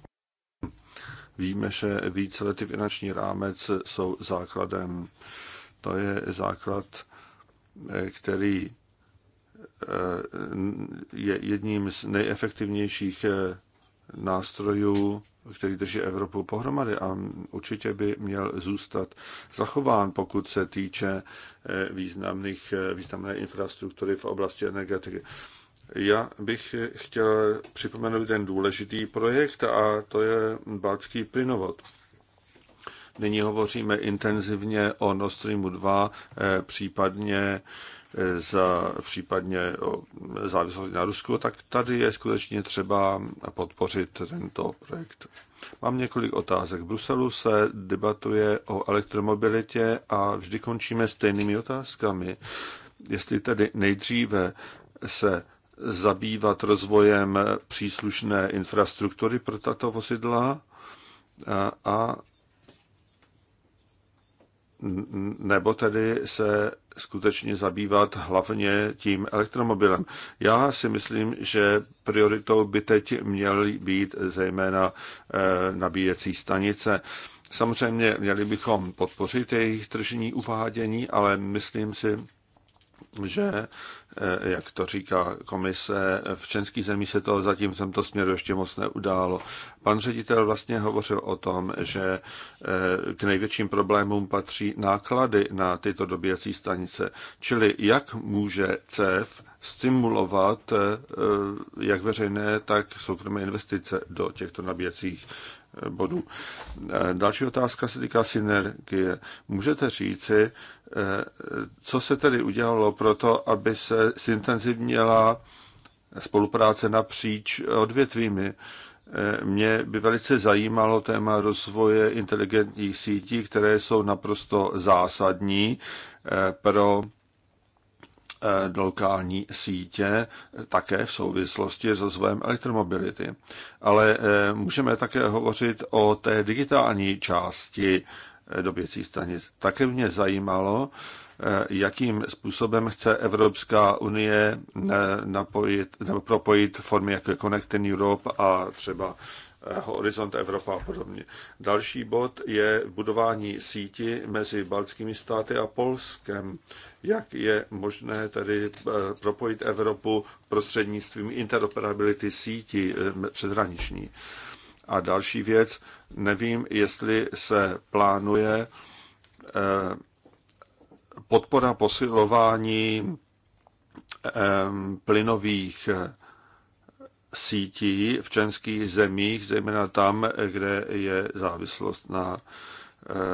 Víme, že víceletý finanční rámec jsou základem. To je základ, eh, který eh, je jedním z nejefektivnějších eh, nástrojů který drží Evropu pohromady a určitě by měl zůstat zachován, pokud se týče eh, významných, eh, významné infrastruktury v oblasti energetiky. Já bych chtěl připomenout ten důležitý projekt a to je Balcký plynovod. Nyní hovoříme intenzivně o Nord Streamu 2, eh, případně za případně závislost na Rusku, tak tady je skutečně třeba podpořit tento projekt. Mám několik otázek. V Bruselu se debatuje o elektromobilitě a vždy končíme stejnými otázkami. Jestli tedy nejdříve se zabývat rozvojem příslušné infrastruktury pro tato vozidla a, a nebo tedy se skutečně zabývat hlavně tím elektromobilem. Já si myslím, že prioritou by teď měly být zejména eh, nabíjecí stanice. Samozřejmě měli bychom podpořit jejich tržní uvádění, ale myslím si, že Eh, jak to říká komise, v českých zemích se to zatím v tomto směru ještě moc neudálo. Pan ředitel vlastně hovořil o tom, že eh, k největším problémům patří náklady na tyto dobíjací stanice. Čili jak může CEF stimulovat eh, jak veřejné, tak soukromé investice do těchto nabíjecích bodů. Další otázka se týká synergie. Můžete říci, co se tedy udělalo pro to, aby se zintenzivněla spolupráce napříč odvětvími? Mě by velice zajímalo téma rozvoje inteligentních sítí, které jsou naprosto zásadní eh, pro eh, lokální sítě, také v souvislosti s rozvojem elektromobility. Ale eh, můžeme také hovořit o té digitální části doběcích stanic. Také mě zajímalo, eh, jakým způsobem chce Evropská unie eh, napojit, nebo propojit formy jako Connecting Europe a třeba eh, Horizont Evropa a podobně. Další bod je budování síti mezi baltskými státy a Polskem. Jak je možné tedy propojit Evropu prostřednictvím interoperability sítí předhraniční? A další věc, nevím, jestli se plánuje eh, podpora posilování eh, plynových eh, sítí v členských zemích, zejména tam, kde je závislost na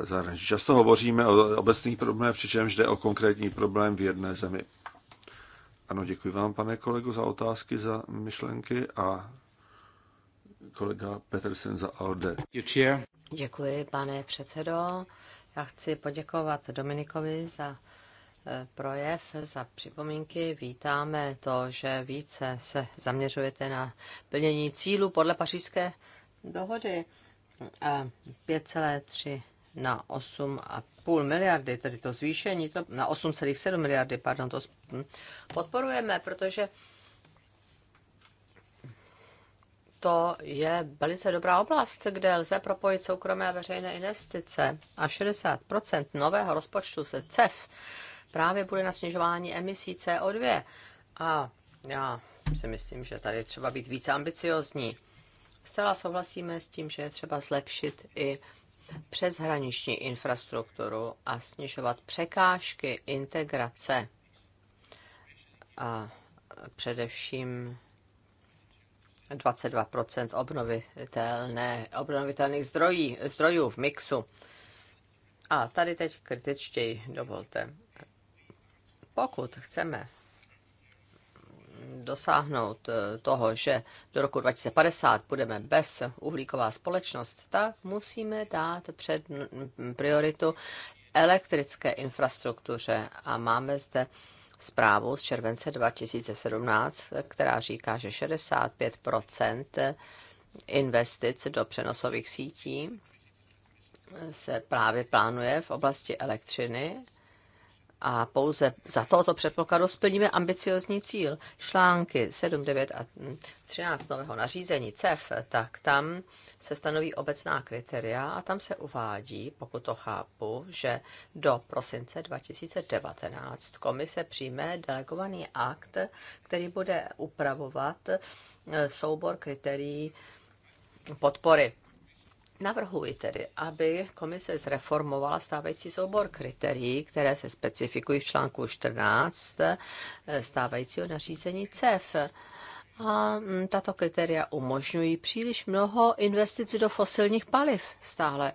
zahraničí. Často hovoříme o obecných problémech, přičemž jde o konkrétní problém v jedné zemi. Ano, děkuji vám, pane kolego, za otázky, za myšlenky a kolega Petersen za ALDE. Děkuji, pane předsedo. Já chci poděkovat Dominikovi za e, projev, za připomínky. Vítáme to, že více se zaměřujete na plnění cílu podle pařížské dohody. 5,3 na 8,5 miliardy, tedy to zvýšení to na 8,7 miliardy, pardon, to podporujeme, protože to je velice dobrá oblast, kde lze propojit soukromé a veřejné investice. A 60 nového rozpočtu se CEF právě bude na snižování emisí CO2. A já si myslím, že tady je třeba být více ambiciozní. Zcela souhlasíme s tím, že je třeba zlepšit i přeshraniční infrastrukturu a snižovat překážky integrace. A především 22 obnovitelné, obnovitelných zdrojí, zdrojů v mixu. A tady teď kritičtěji dovolte. Pokud chceme dosáhnout eh, toho, že do roku 2050 budeme bez uhlíková společnost, tak musíme dát před prioritu elektrické infrastruktuře a máme zde zprávu z července 2017, která říká, že 65 investic do přenosových sítí se právě plánuje v oblasti elektřiny a pouze za tohoto předpokladu splníme ambiciozní cíl. Články 7, 9 a 13 hm, nového nařízení CEF, tak tam se stanoví obecná kritéria a tam se uvádí, pokud to chápu, že do prosince 2019 komise přijme delegovaný akt, který bude upravovat eh, soubor kritérií podpory Navrhuji tedy, aby komise zreformovala stávající soubor kritérií, které se specifikují v článku 14 eh, stávajícího nařízení CEF. A mm, tato kritéria umožňují příliš mnoho investic do fosilních paliv stále.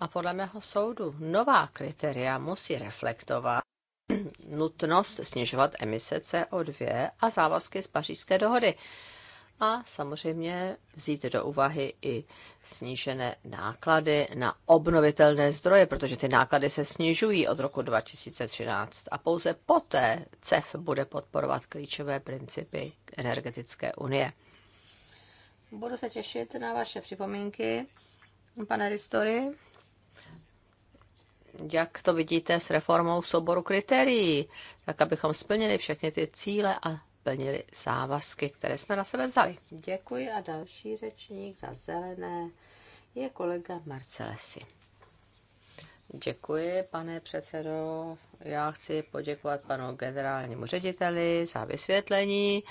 A podle mého soudu nová kritéria musí reflektovat [CLEARS THROAT] nutnost snižovat emise CO2 a závazky z pařížské dohody a samozřejmě vzít do úvahy i snížené náklady na obnovitelné zdroje, protože ty náklady se snižují od roku 2013 a pouze poté CEF bude podporovat klíčové principy energetické unie. Budu se těšit na vaše připomínky, pane Ristory. Jak to vidíte s reformou souboru kritérií, tak abychom splnili všechny ty cíle a splnili závazky, které jsme na sebe vzali. Děkuji a další řečník za zelené je kolega Marcelesi. Děkuji, pane předsedo. Já chci poděkovat panu generálnímu řediteli za vysvětlení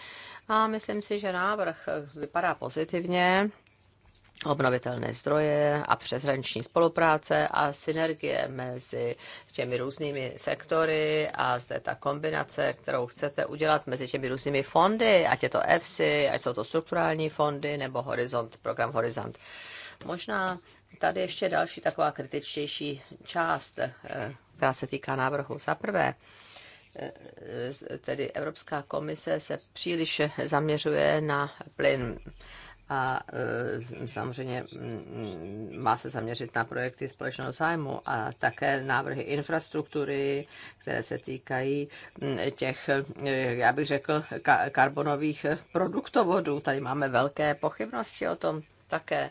a myslím si, že návrh vypadá pozitivně obnovitelné zdroje a přeshraniční spolupráce a synergie mezi těmi různými sektory a zde ta kombinace, kterou chcete udělat mezi těmi různými fondy, ať je to EFSI, ať jsou to strukturální fondy nebo Horizont, program Horizont. Možná tady ještě další taková kritičtější část, eh, která se týká návrhu. Za prvé, eh, tedy Evropská komise se příliš zaměřuje na plyn a e, samozřejmě mm, má se zaměřit na projekty společného zájmu a také návrhy infrastruktury, které se týkají mm, těch, e, já bych řekl, karbonových produktovodů. Tady máme velké pochybnosti o tom také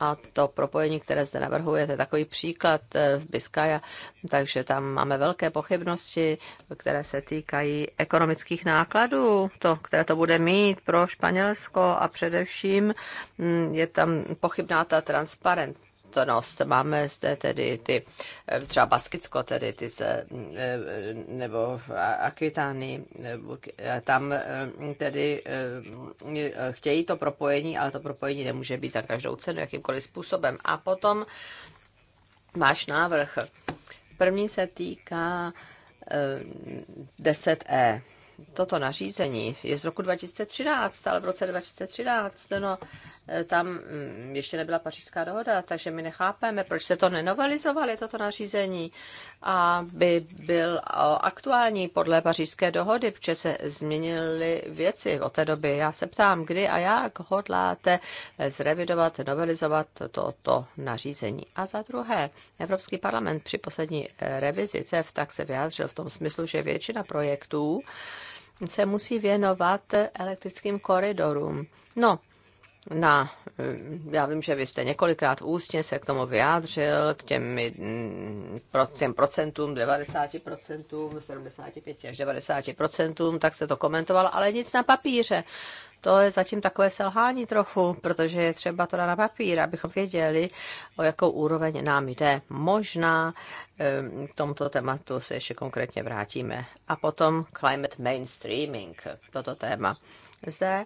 a to propojení, které zde navrhujete, takový příklad eh, v Biskaja, takže tam máme velké pochybnosti, které se týkají ekonomických nákladů, to, které to bude mít pro Španělsko a především mm, je tam pochybná ta transparentnost samostatnost. Máme zde tedy ty, eh, třeba Baskicko, tedy ty se, eh, nebo Akvitány, eh, tam tedy chtějí to propojení, ale to propojení nemůže být za každou cenu, jakýmkoliv způsobem. A potom máš návrh. První se týká 10E toto nařízení je z roku 2013, ale v roce 2013, no, eh, tam mm, ještě nebyla pařížská dohoda, takže my nechápeme, proč se to nenovelizovali, toto nařízení. A by byl aktuální podle pařížské dohody, protože se změnily věci od té doby. Já se ptám, kdy a jak hodláte zrevidovat, novelizovat toto to nařízení. A za druhé, Evropský parlament při poslední revizi CEF tak se vyjádřil v tom smyslu, že většina projektů se musí věnovat elektrickým koridorům. No, na, eh, já vím, že vy jste několikrát ústně se k tomu vyjádřil, k těm, mm, těm procentům, 90%, 75 až 90%, tak se to komentovalo, ale nic na papíře. To je zatím takové selhání trochu, protože je třeba to na papír, abychom věděli, o jakou úroveň nám jde. Možná eh, k tomuto tématu se ještě konkrétně vrátíme. A potom climate mainstreaming, toto téma. Zde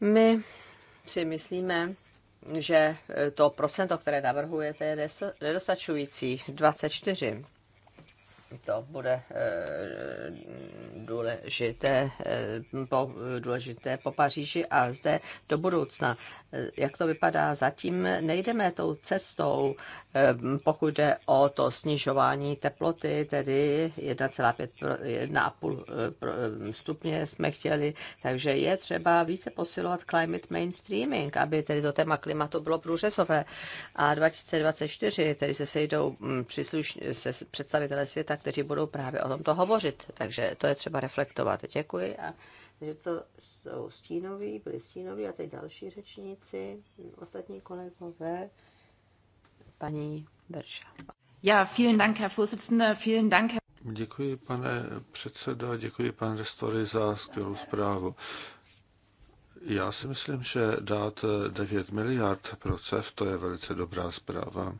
my si myslíme, že to procento, které navrhujete, je nedostačující 24 to bude eh, důležité eh, po, důležité po Paříži a zde do budoucna. Eh, jak to vypadá? Zatím nejdeme tou cestou, pokud jde o to snižování teploty, tedy 1,5 stupně jsme chtěli, takže je třeba více posilovat climate mainstreaming, aby tedy to téma klimatu bylo průřezové. A 2024 tedy se sejdou mm, příslušní se představitelé světa kteří budou právě o tomto hovořit. Takže to je třeba reflektovat. Děkuji. A takže to jsou stínoví, byli stínoví a teď další řečníci, ostatní kolegové, paní Berša. Ja, vielen Dank, Herr Vorsitzender, vielen Dank, Herr... Děkuji, pane předsedo, děkuji, pane Restory, za skvělou zprávu. Já si myslím, že dát 9 miliard pro CEF, to je velice dobrá zpráva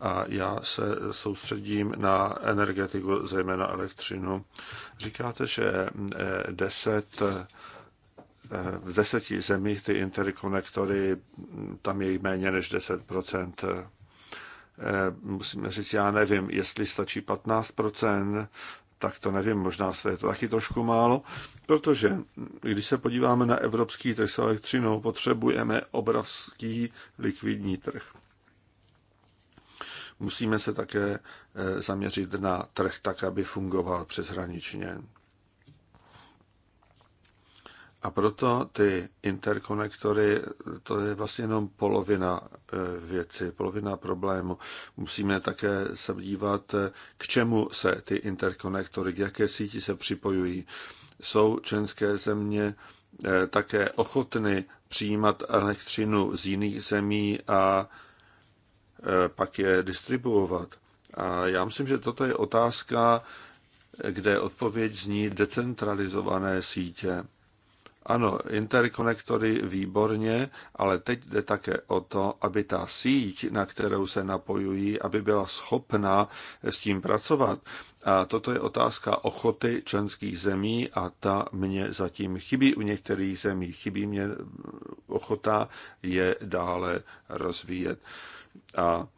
a já se soustředím na energetiku, zejména elektřinu. Říkáte, že 10 eh, eh, v deseti zemích ty interkonektory, tam je jich méně než 10%. Eh, musíme říct, já nevím, jestli stačí 15%, tak to nevím, možná se je to taky trošku málo, protože když se podíváme na evropský trh s elektřinou, potřebujeme obrovský likvidní trh musíme se také eh, zaměřit na trh tak, aby fungoval přeshraničně. A proto ty interkonektory, to je vlastně jenom polovina eh, věci, polovina problému. Musíme také se dívat, eh, k čemu se ty interkonektory, k jaké síti se připojují. Jsou členské země také ochotny přijímat elektřinu z jiných zemí a Eh, pak je distribuovat. A já myslím, že toto je otázka, kde odpověď zní decentralizované sítě. Ano, interkonektory výborně, ale teď jde také o to, aby ta síť, na kterou se napojují, aby byla schopna s tím pracovat. A toto je otázka ochoty členských zemí a ta mě zatím chybí u některých zemí. Chybí mě eh, ochota je dále rozvíjet. A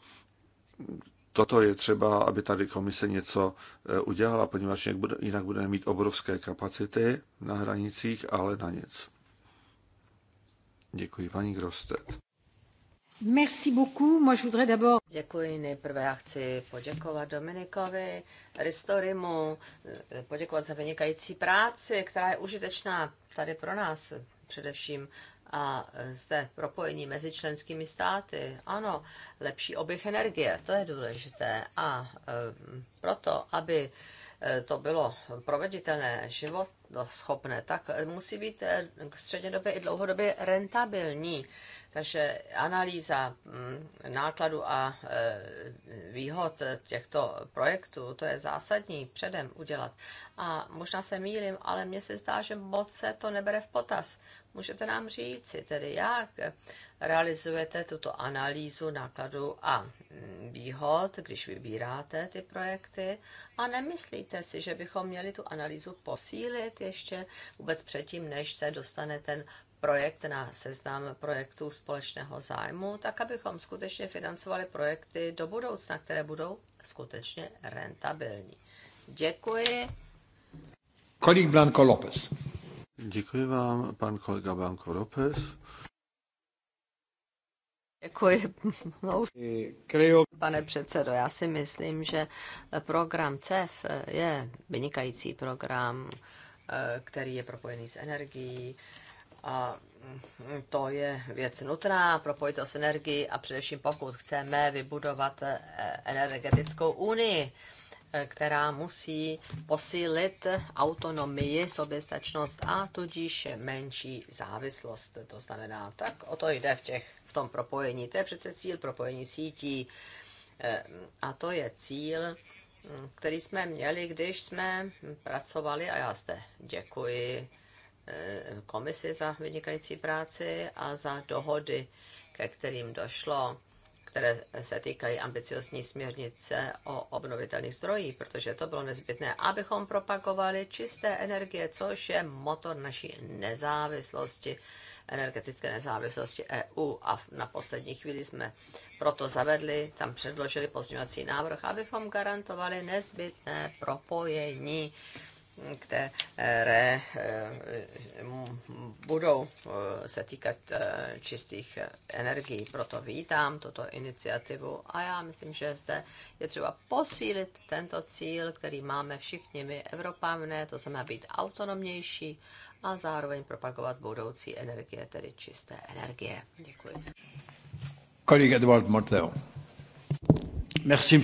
toto je třeba, aby tady komise něco e, udělala, poněvadž jinak budeme mít obrovské kapacity na hranicích, ale na nic. Děkuji, paní Grostet. Merci beaucoup. Moi, je voudrais d'abord... Děkuji. Nejprve já chci poděkovat Dominikovi, Ristorimu, e, poděkovat za vynikající práci, která je užitečná tady pro nás především a zde propojení mezi členskými státy. Ano, lepší oběh energie, to je důležité. A eh, proto, aby eh, to bylo proveditelné, schopné, tak musí být eh, k střednědobě i dlouhodobě rentabilní. Takže analýza hm, nákladu a výhod těchto projektů, to je zásadní předem udělat. A možná se mýlim, ale mně se zdá, že moc se to nebere v potaz. Můžete nám říct, tedy, jak realizujete tuto analýzu nákladu a výhod, když vybíráte ty projekty a nemyslíte si, že bychom měli tu analýzu posílit ještě vůbec předtím, než se dostane ten projekt na seznam projektů společného zájmu, tak abychom skutečně financovali projekty do budoucna, které budou skutečně rentabilní. Děkuji. Kolik Blanco López. Děkuji vám, pan kolega Banko López. Děkuji. No, pane předsedo, já si myslím, že program CEF je vynikající program, eh, který je propojený s energií a to je věc nutná, propojit to s energií a především pokud chceme vybudovat eh, energetickou unii Eh, která musí posílit autonomii, soběstačnost a tudíž menší závislost. To znamená, tak o to jde v, těch, v tom propojení. To je přece cíl propojení sítí. Eh, a to je cíl, hm, který jsme měli, když jsme pracovali, a já zde děkuji eh, komisi za vynikající práci a za dohody, ke kterým došlo které se týkají ambiciozní směrnice o obnovitelných zdrojích, protože to bylo nezbytné, abychom propagovali čisté energie, což je motor naší nezávislosti, energetické nezávislosti EU. A na poslední chvíli jsme proto zavedli, tam předložili pozměňovací návrh, abychom garantovali nezbytné propojení které eh, budou eh, se týkat eh, čistých energií. Proto vítám tuto iniciativu a já myslím, že zde je třeba posílit tento cíl, který máme všichni my Evropané, to znamená být autonomnější a zároveň propagovat budoucí energie, tedy čisté energie. Děkuji. Kolik Edward Morteo. Merci,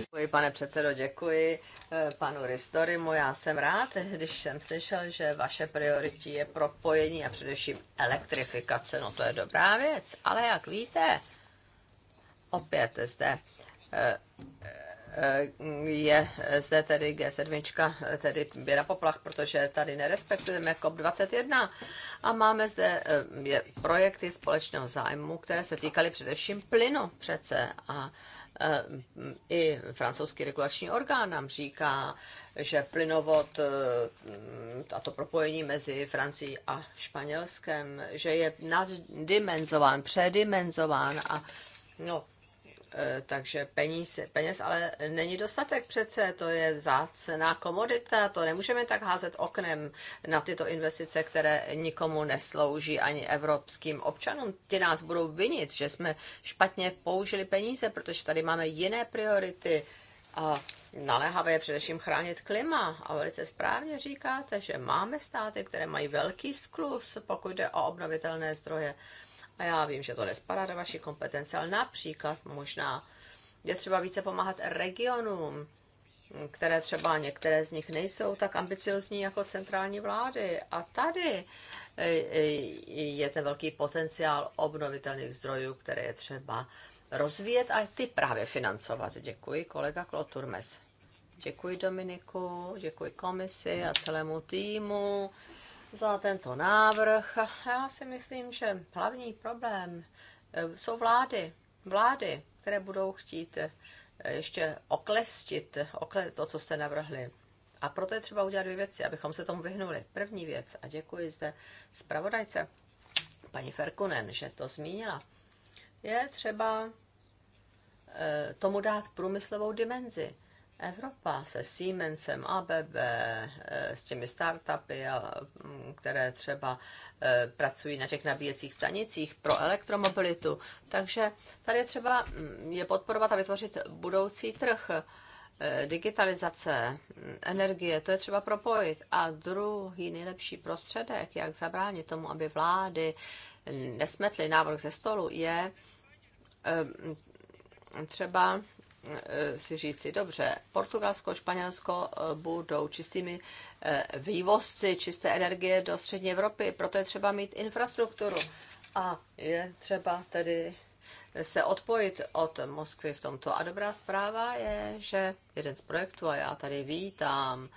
Děkuji, pane předsedo, děkuji eh, panu Ristorimu. Já jsem rád, když jsem slyšel, že vaše priorití je propojení a především elektrifikace. No to je dobrá věc, ale jak víte, opět zde eh, je zde tedy G7, tedy běda poplach, protože tady nerespektujeme COP21 a máme zde eh, je, projekty společného zájmu, které se týkaly především plynu přece a eh, i francouzský regulační orgán nám říká, že plynovod eh, a to propojení mezi Francií a Španělskem, že je naddimenzován, předimenzován a no, Eh, takže peníz, peněz ale není dostatek přece, to je vzácná komodita, to nemůžeme tak házet oknem na tyto investice, které nikomu neslouží ani evropským občanům. Ti nás budou vinit, že jsme špatně použili peníze, protože tady máme jiné priority. A naléhavé je především chránit klima. A velice správně říkáte, že máme státy, které mají velký sklus, pokud jde o obnovitelné zdroje a já vím, že to nespadá do vaší kompetence, ale například možná je třeba více pomáhat regionům, které třeba některé z nich nejsou tak ambiciozní jako centrální vlády. A tady e, e, je ten velký potenciál obnovitelných zdrojů, které je třeba rozvíjet a ty právě financovat. Děkuji, kolega Kloturmes. Děkuji Dominiku, děkuji komisi a celému týmu za tento návrh. Já si myslím, že hlavní problém eh, jsou vlády. Vlády, které budou chtít eh, ještě oklestit, okle, to, co jste navrhli. A proto je třeba udělat dvě věci, abychom se tomu vyhnuli. První věc, a děkuji zde zpravodajce, paní Ferkunen, že to zmínila, je třeba eh, tomu dát průmyslovou dimenzi. Evropa se Siemensem, ABB, eh, s těmi startupy, mm, které třeba eh, pracují na těch nabíjecích stanicích pro elektromobilitu. Takže tady je třeba mm, je podporovat a vytvořit budoucí trh eh, digitalizace, mm, energie, to je třeba propojit. A druhý nejlepší prostředek, jak zabránit tomu, aby vlády nesmetly návrh ze stolu, je třeba Eh, si říci, dobře, Portugalsko, Španělsko eh, budou čistými eh, vývozci čisté energie do střední Evropy, proto je třeba mít infrastrukturu a je třeba tedy se odpojit od Moskvy v tomto. A dobrá zpráva je, že jeden z projektů, a já tady vítám,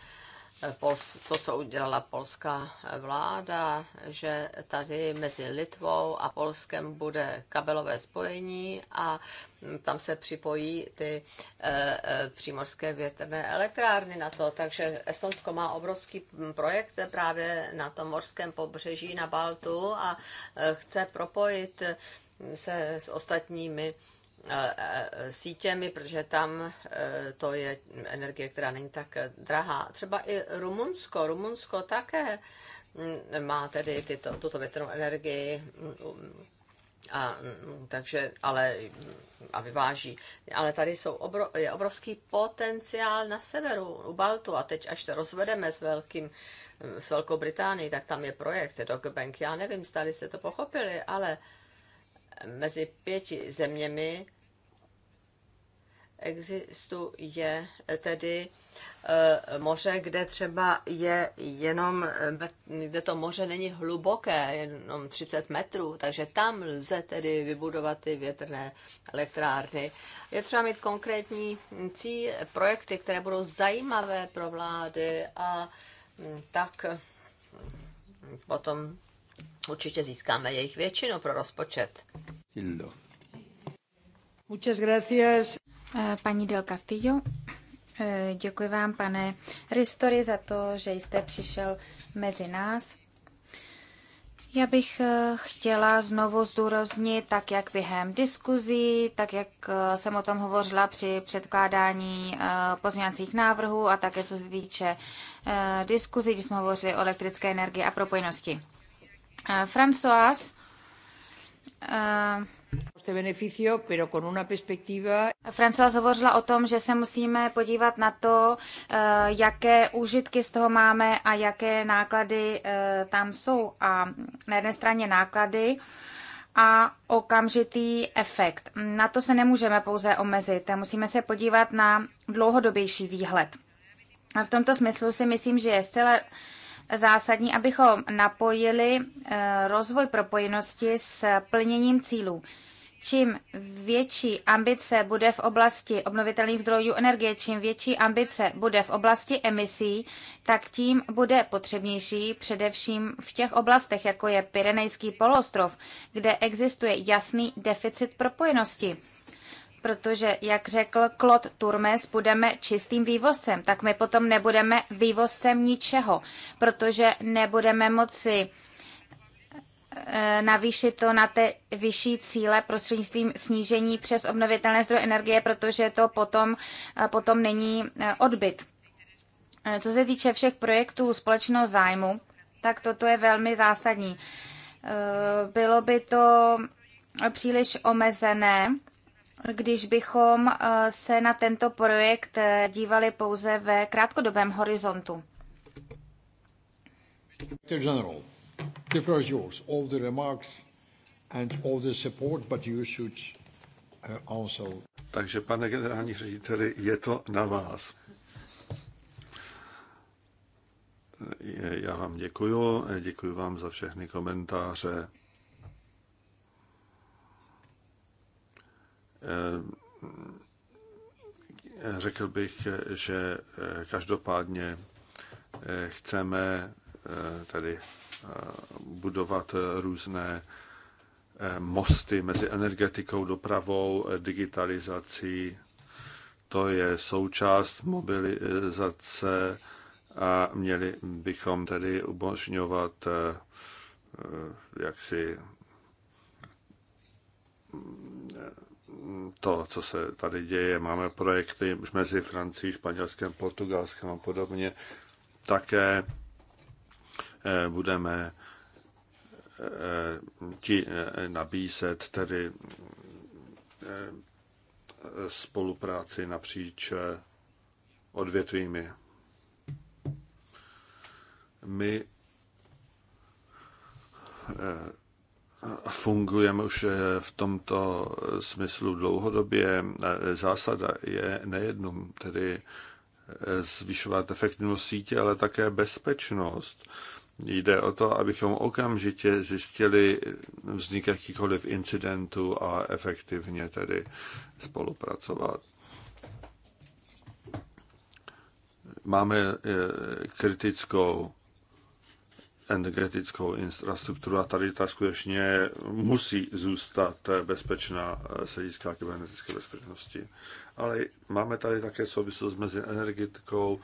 to, co udělala polská vláda, že tady mezi Litvou a Polskem bude kabelové spojení a tam se připojí ty eh, eh, přímorské větrné elektrárny na to. Takže Estonsko má obrovský projekt právě na tom mořském pobřeží na Baltu a eh, chce propojit se s ostatními Eh, eh, sítěmi, protože tam eh, to je energie, která není tak drahá. Třeba i Rumunsko. Rumunsko také mm, má tedy tyto, tuto větrnou energii, mm, a, mm, takže, ale a vyváží. Ale tady jsou obro, je obrovský potenciál na severu, u Baltu. A teď, až se rozvedeme s, velkým, s Velkou Británií, tak tam je projekt Dogbank. Já nevím, stali jste to pochopili, ale uh, mezi pěti zeměmi existuje tedy e, moře, kde třeba je jenom, e, kde to moře není hluboké, jenom 30 metrů, takže tam lze tedy vybudovat ty větrné elektrárny. Je třeba mít konkrétní cíl, projekty, které budou zajímavé pro vlády a tak potom určitě získáme jejich většinu pro rozpočet. Sillo. Muchas gracias. Eh, paní Del Castillo, eh, děkuji vám, pane Ristori, za to, že jste přišel mezi nás. Já bych eh, chtěla znovu zdůraznit, tak jak během diskuzí, tak jak jsem o tom hovořila při předkládání pozměňovacích návrhů a také co se týče diskuzí, kdy jsme hovořili o elektrické energii a propojenosti. François. Eh, François eh, hovořila o tom, že se musíme podívat na to, eh, jaké užitky z toho máme a jaké náklady tam jsou. A na jedné straně náklady a okamžitý efekt. Na to se nemůžeme pouze omezit. Musíme se podívat na dlouhodobější výhled. A v tomto smyslu si myslím, že je zcela zásadní, abychom napojili eh, rozvoj propojenosti s plněním cílů. Čím větší ambice bude v oblasti obnovitelných zdrojů energie, čím větší ambice bude v oblasti emisí, tak tím bude potřebnější především v těch oblastech, jako je Pyrenejský poloostrov, kde existuje jasný deficit propojenosti. Protože, jak řekl Klod Turmes, budeme čistým vývozcem, tak my potom nebudeme vývozcem ničeho, protože nebudeme moci e, navýšit to na ty vyšší cíle prostřednictvím snížení přes obnovitelné zdroje energie, protože to potom, e, potom není e, odbyt. Co se týče všech projektů společného zájmu, tak toto je velmi zásadní. Bylo by to příliš omezené když bychom eh, se na tento projekt eh, dívali pouze ve krátkodobém horizontu. Eh, Takže, pane generální řediteli, je to na vás. Já vám děkuju, děkuji vám za všechny komentáře. Eh, řekl bych, že eh, každopádně eh, chceme tady budovat různé mosty mezi energetikou, dopravou, digitalizací. To je součást mobilizace a měli bychom tedy umožňovat jaksi to, co se tady děje. Máme projekty už mezi Francií, Španělskem, Portugalskem a podobně. Také eh, budeme eh, ti eh, nabízet tedy spolupráci napříč odvětvími. My fungujeme už eh, v tomto eh, smyslu dlouhodobě. Eh, zásada je nejednou tedy zvyšovat efektivnost sítě, ale také bezpečnost. Jde o to, abychom okamžitě zjistili vznik jakýchkoliv incidentů a efektivně tedy spolupracovat. Máme kritickou energetickou infrastrukturu a tady ta skutečně musí zůstat bezpečná z hlediska kybernetické bezpečnosti. Ale máme tady také souvislost mezi energetikou,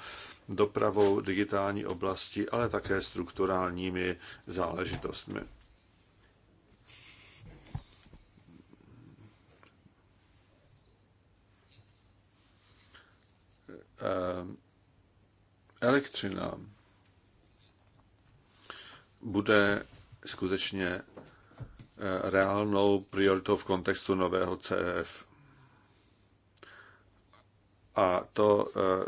dopravou, digitální oblasti, ale také strukturálními záležitostmi. Ehm, elektřina bude skutečně eh, reálnou prioritou v kontextu nového CF. E A to eh,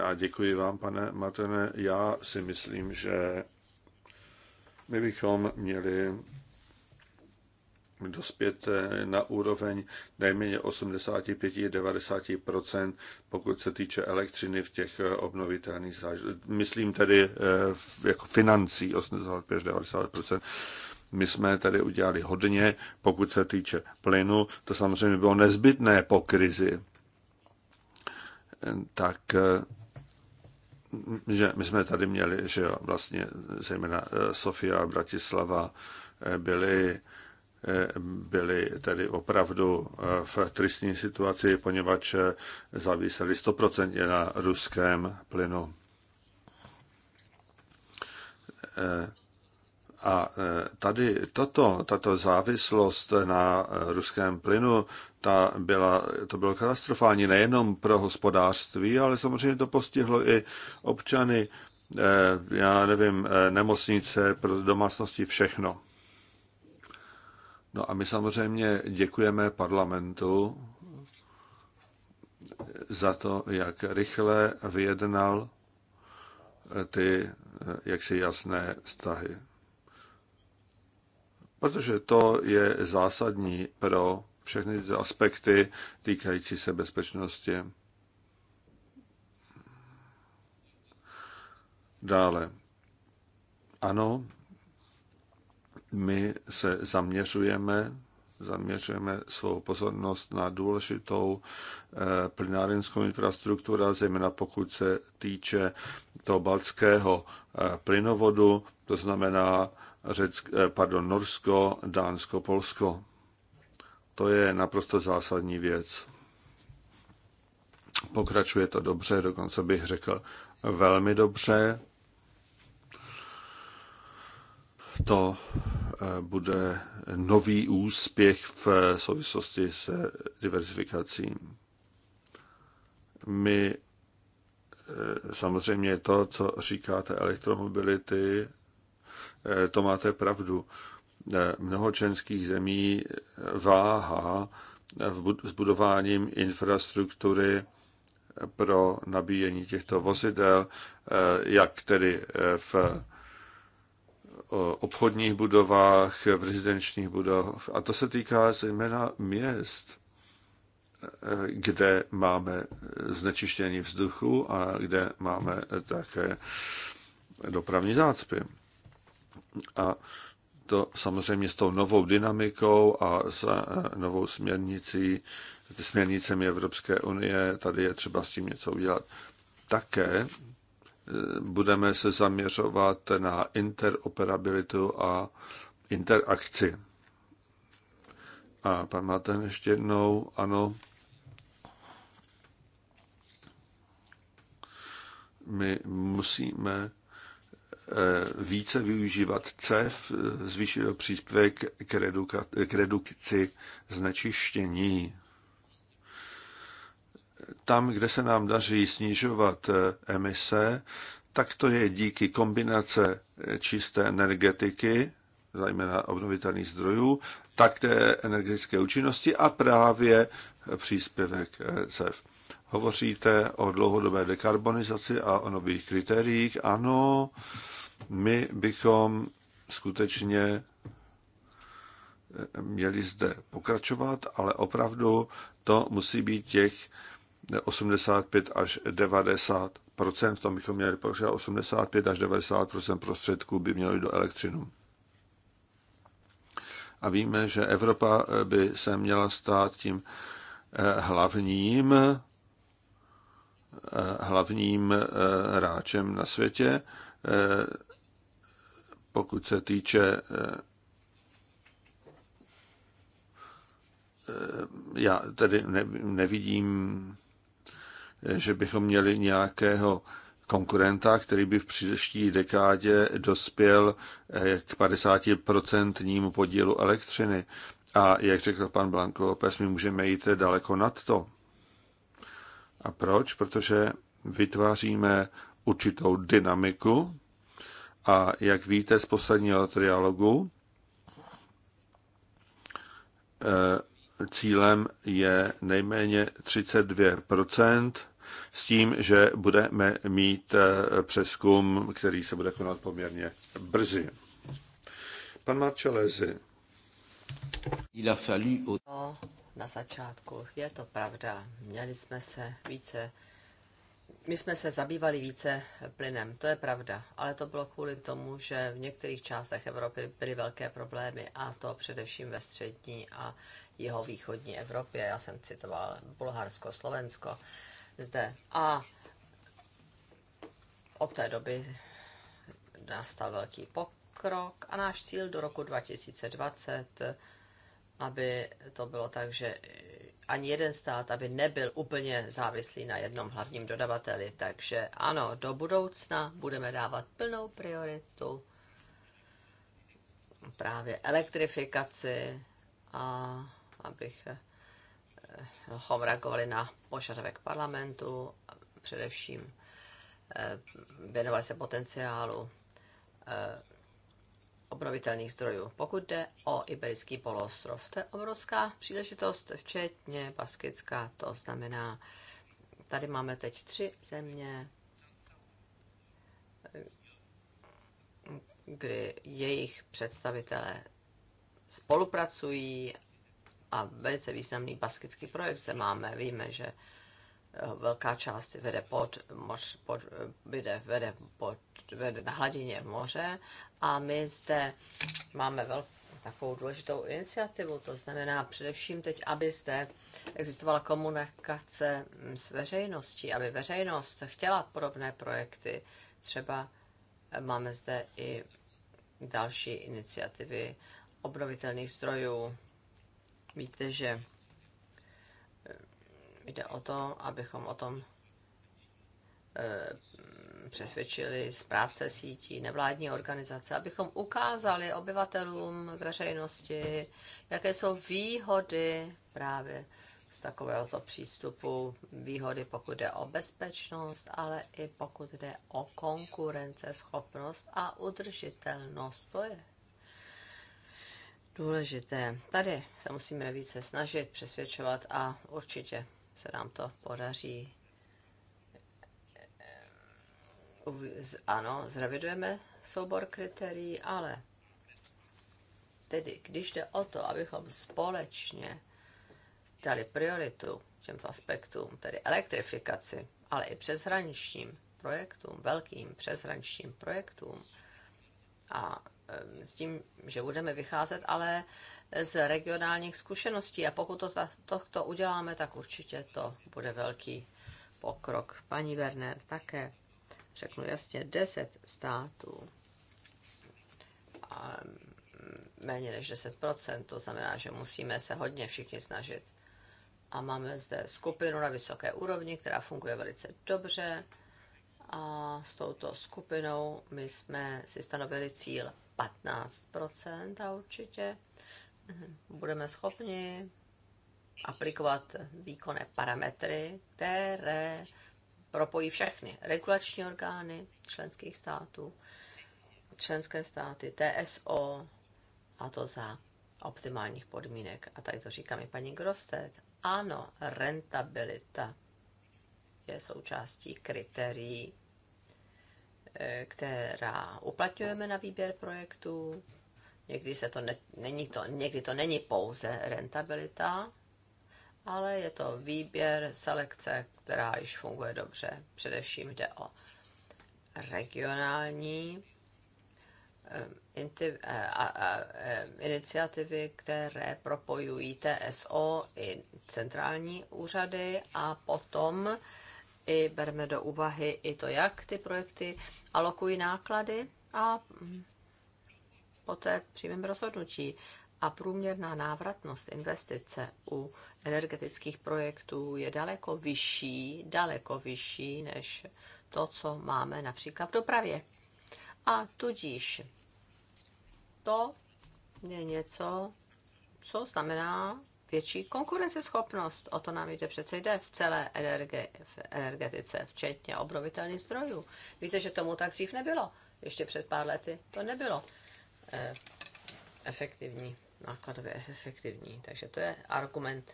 já děkuji vám, pane Matene. Já si myslím, že my bychom měli dospět na úroveň nejméně 85-90 pokud se týče elektřiny v těch eh, obnovitelných zdrojích. Myslím tedy eh, jako financí 85-90 my jsme tady udělali hodně, pokud se týče plynu, to samozřejmě bylo nezbytné po krizi. Eh, tak že my jsme tady měli, že vlastně zejména Sofia a Bratislava byly byli tedy opravdu eh, v tristní situaci, poněvadž eh, záviseli 100% na ruském plynu. Eh, a tady toto, tato závislost na ruském plynu, ta byla, to bylo katastrofální nejenom pro hospodářství, ale samozřejmě to postihlo i občany, já nevím, nemocnice, pro domácnosti, všechno. No a my samozřejmě děkujeme parlamentu za to, jak rychle vyjednal eh, ty eh, jaksi jasné vztahy. Protože to je zásadní pro všechny ty aspekty týkající se bezpečnosti. Dále. Ano, my se zaměřujeme, zaměřujeme svou pozornost na důležitou eh, plynárenskou infrastrukturu, zejména pokud se týče toho balckého eh, plynovodu, to znamená Řeck, eh, pardon, Norsko, Dánsko, Polsko. To je naprosto zásadní věc. Pokračuje to dobře, dokonce bych řekl velmi dobře to eh, bude nový úspěch v eh, souvislosti se diversifikací. My eh, samozřejmě to, co říkáte elektromobility, to máte pravdu. Mnoho členských zemí váhá s budováním infrastruktury pro nabíjení těchto vozidel, jak tedy v obchodních budovách, v rezidenčních budovách. A to se týká zejména měst, kde máme znečištění vzduchu a kde máme také dopravní zácpy. A to samozřejmě s tou novou dynamikou a s novou směrnicí, směrnicemi Evropské unie, tady je třeba s tím něco udělat. Také budeme se zaměřovat na interoperabilitu a interakci. A pan Maten ještě jednou, ano. My musíme eh, více využívat CEF, eh, zvýšit příspěvek k redukci znečištění tam, kde se nám daří snižovat eh, emise, tak to je díky kombinace eh, čisté energetiky, zejména obnovitelných zdrojů, tak té energetické účinnosti a právě eh, příspěvek CEF. Hovoříte o dlouhodobé dekarbonizaci a o nových kritériích. Ano, my bychom skutečně měli zde pokračovat, ale opravdu to musí být těch 85 až 90 v tom bychom měli pokračovat, 85 až 90 prostředků by mělo jít do elektřinu. A víme, že Evropa by se měla stát tím eh, hlavním eh, hlavním eh, hráčem na světě, pokud se týče já tedy nevidím že bychom měli nějakého konkurenta, který by v příští dekádě dospěl eh, k 50% podílu elektřiny. A jak řekl pan Blanco López, my můžeme jít daleko nad to. A proč? Protože vytváříme určitou dynamiku a jak víte z posledního trialogu, eh, cílem je nejméně 32 s tím, že budeme mít eh, přeskum, který se bude konat poměrně brzy. Pan Marčelezi. No, na začátku, je to pravda. Měli jsme se více my jsme se zabývali více plynem, to je pravda, ale to bylo kvůli tomu, že v některých částech Evropy byly velké problémy, a to především ve střední a jeho východní Evropě. Já jsem citoval Bulharsko, Slovensko zde. A od té doby nastal velký pokrok a náš cíl do roku 2020, aby to bylo tak, že ani jeden stát, aby nebyl úplně závislý na jednom hlavním dodavateli. Takže ano, do budoucna budeme dávat plnou prioritu právě elektrifikaci a abych abychom reagovali na požadavek parlamentu, především eh, věnovali se potenciálu eh, obnovitelných zdrojů. Pokud jde o Iberický poloostrov, to je obrovská příležitost, včetně Baskická. To znamená, tady máme teď tři země, kdy jejich představitelé spolupracují a velice významný baskický projekt se máme. Víme, že eh, velká část vede pod, moř, pod, eh, vede, vede, pod, vede na hladině moře a my zde máme velkou takovou důležitou iniciativu, to znamená především teď, aby zde existovala komunikace hm, s veřejností, aby veřejnost chtěla podobné projekty. Třeba eh, máme zde i další iniciativy obnovitelných zdrojů, Víte, že eh, jde o to, abychom o tom eh, přesvědčili správce sítí, nevládní organizace, abychom ukázali obyvatelům, veřejnosti, jaké jsou výhody právě z takovéhoto přístupu, výhody pokud jde o bezpečnost, ale i pokud jde o konkurenceschopnost a udržitelnost. To je důležité. Tady se musíme více snažit, přesvědčovat a určitě se nám to podaří. Ano, zrevidujeme soubor kritérií, ale tedy, když jde o to, abychom společně dali prioritu těmto aspektům, tedy elektrifikaci, ale i přeshraničním projektům, velkým přeshraničním projektům a Eh, s tím, že budeme vycházet, ale z regionálních zkušeností. A pokud to, to, to uděláme, tak určitě to bude velký pokrok. Paní Werner také řeknu jasně 10 států a mm, méně než 10%, to znamená, že musíme se hodně všichni snažit. A máme zde skupinu na vysoké úrovni, která funguje velice dobře. A s touto skupinou my jsme si stanovili cíl 15 a určitě budeme schopni aplikovat výkonné parametry, které propojí všechny regulační orgány členských států, členské státy, TSO, a to za optimálních podmínek. A tady to říká mi paní Grostet. Ano, rentabilita je součástí kritérií která uplatňujeme na výběr projektů. Někdy, se to ne, není to, někdy to není pouze rentabilita, ale je to výběr, selekce, která již funguje dobře. Především jde o regionální eh, eh, eh, iniciativy, které propojují TSO i centrální úřady a potom i bereme do úvahy i to, jak ty projekty alokují náklady a poté přijmeme rozhodnutí. A průměrná návratnost investice u energetických projektů je daleko vyšší, daleko vyšší než to, co máme například v dopravě. A tudíž to je něco, co znamená větší konkurenceschopnost. O to nám jde přece jde v celé energe, v energetice, včetně obnovitelných zdrojů. Víte, že tomu tak dřív nebylo. Ještě před pár lety to nebylo eh, efektivní, nákladově efektivní. Takže to je argument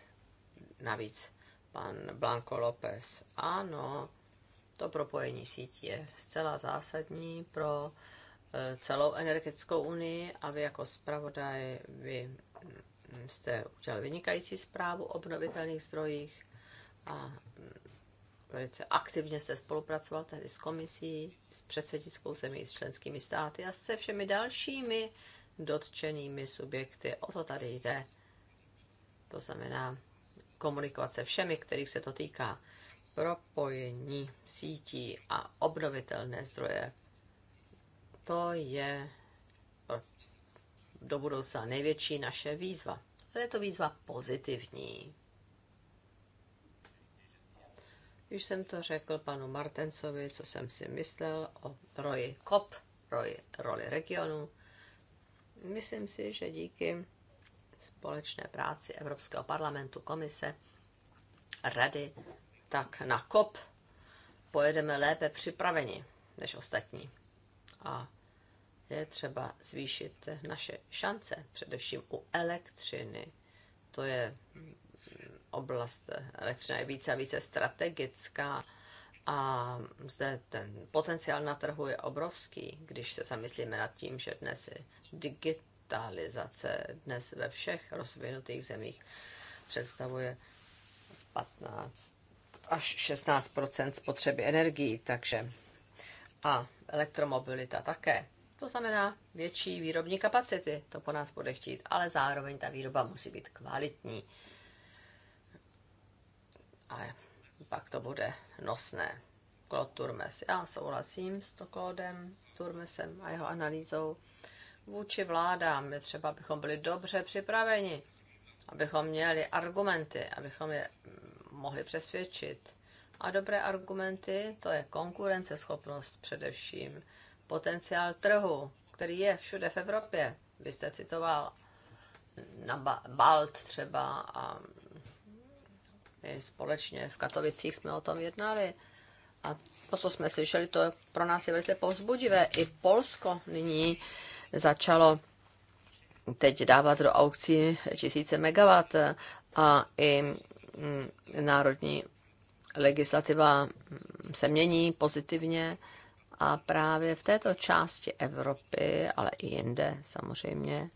navíc. Pan Blanco López. Ano, to propojení sítí je zcela zásadní pro eh, celou energetickou unii a vy jako zpravodaj vy jste udělali vynikající zprávu o obnovitelných zdrojích a mm, velice aktivně jste spolupracoval tehdy s komisí, s předsednickou zemí, s členskými státy a se všemi dalšími dotčenými subjekty. O to tady jde. To znamená komunikovat se všemi, kterých se to týká. Propojení sítí a obnovitelné zdroje. To je do budoucna největší naše výzva. Ale je to výzva pozitivní. Už jsem to řekl panu Martensovi, co jsem si myslel o roji KOP, roji, roli regionu. Myslím si, že díky společné práci Evropského parlamentu, komise, rady, tak na KOP pojedeme lépe připraveni než ostatní. A je třeba zvýšit naše šance, především u elektřiny. To je mm, oblast, elektřina je více a více strategická a zde ten potenciál na trhu je obrovský, když se zamyslíme nad tím, že dnes je digitalizace dnes ve všech rozvinutých zemích představuje 15 až 16 spotřeby energií, takže a elektromobilita také. To znamená větší výrobní kapacity, to po nás bude chtít, ale zároveň ta výroba musí být kvalitní. A pak to bude nosné. Claude Turmes. Já souhlasím s to Claudem Turmesem a jeho analýzou. Vůči vládám je třeba, abychom byli dobře připraveni, abychom měli argumenty, abychom je mohli přesvědčit. A dobré argumenty, to je konkurenceschopnost především potenciál trhu, který je všude v Evropě. Vy jste citoval na ba Balt třeba a my společně v Katovicích jsme o tom jednali. A to, co jsme slyšeli, to pro nás je velice povzbudivé. I Polsko nyní začalo teď dávat do aukcí tisíce megawatt a i mm, národní legislativa mm, se mění pozitivně a právě v této části Evropy, ale i jinde samozřejmě,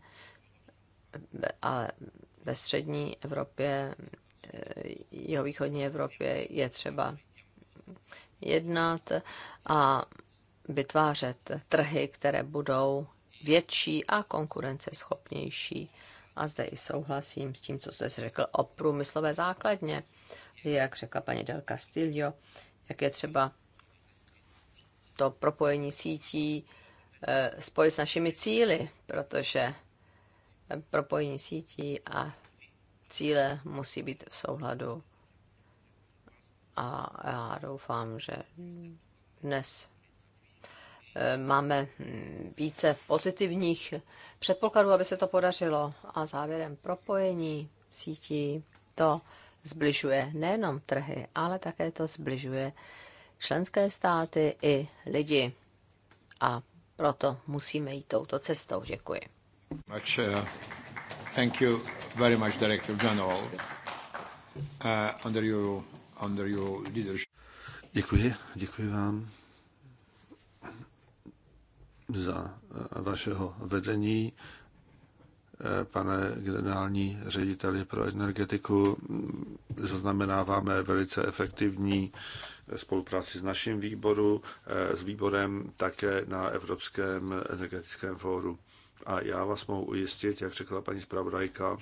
ale ve střední Evropě, jeho východní Evropě je třeba jednat a vytvářet trhy, které budou větší a konkurenceschopnější. A zde i souhlasím s tím, co jste řekl o průmyslové základně, jak řekla paní Del Castillo, jak je třeba to propojení sítí eh, spojit s našimi cíly, protože propojení sítí a cíle musí být v souhladu. A já doufám, že dnes eh, máme hm, více pozitivních předpokladů, aby se to podařilo. A závěrem propojení sítí to zbližuje nejenom trhy, ale také to zbližuje členské státy i lidi. A proto musíme jít touto cestou. Děkuji. Much, uh, thank you very much, Director General. Uh, under your, under your leadership. Děkuji, děkuji vám za uh, vašeho vedení, uh, pane generální řediteli pro energetiku. Zaznamenáváme velice efektivní spolupráci s naším výboru, eh, s výborem také na Evropském energetickém fóru. A já vás mohu ujistit, jak řekla paní zpravodajka,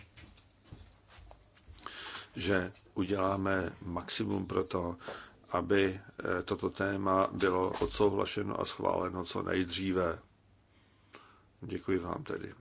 že uděláme maximum pro to, aby eh, toto téma bylo odsouhlašeno a schváleno co nejdříve. Děkuji vám tedy.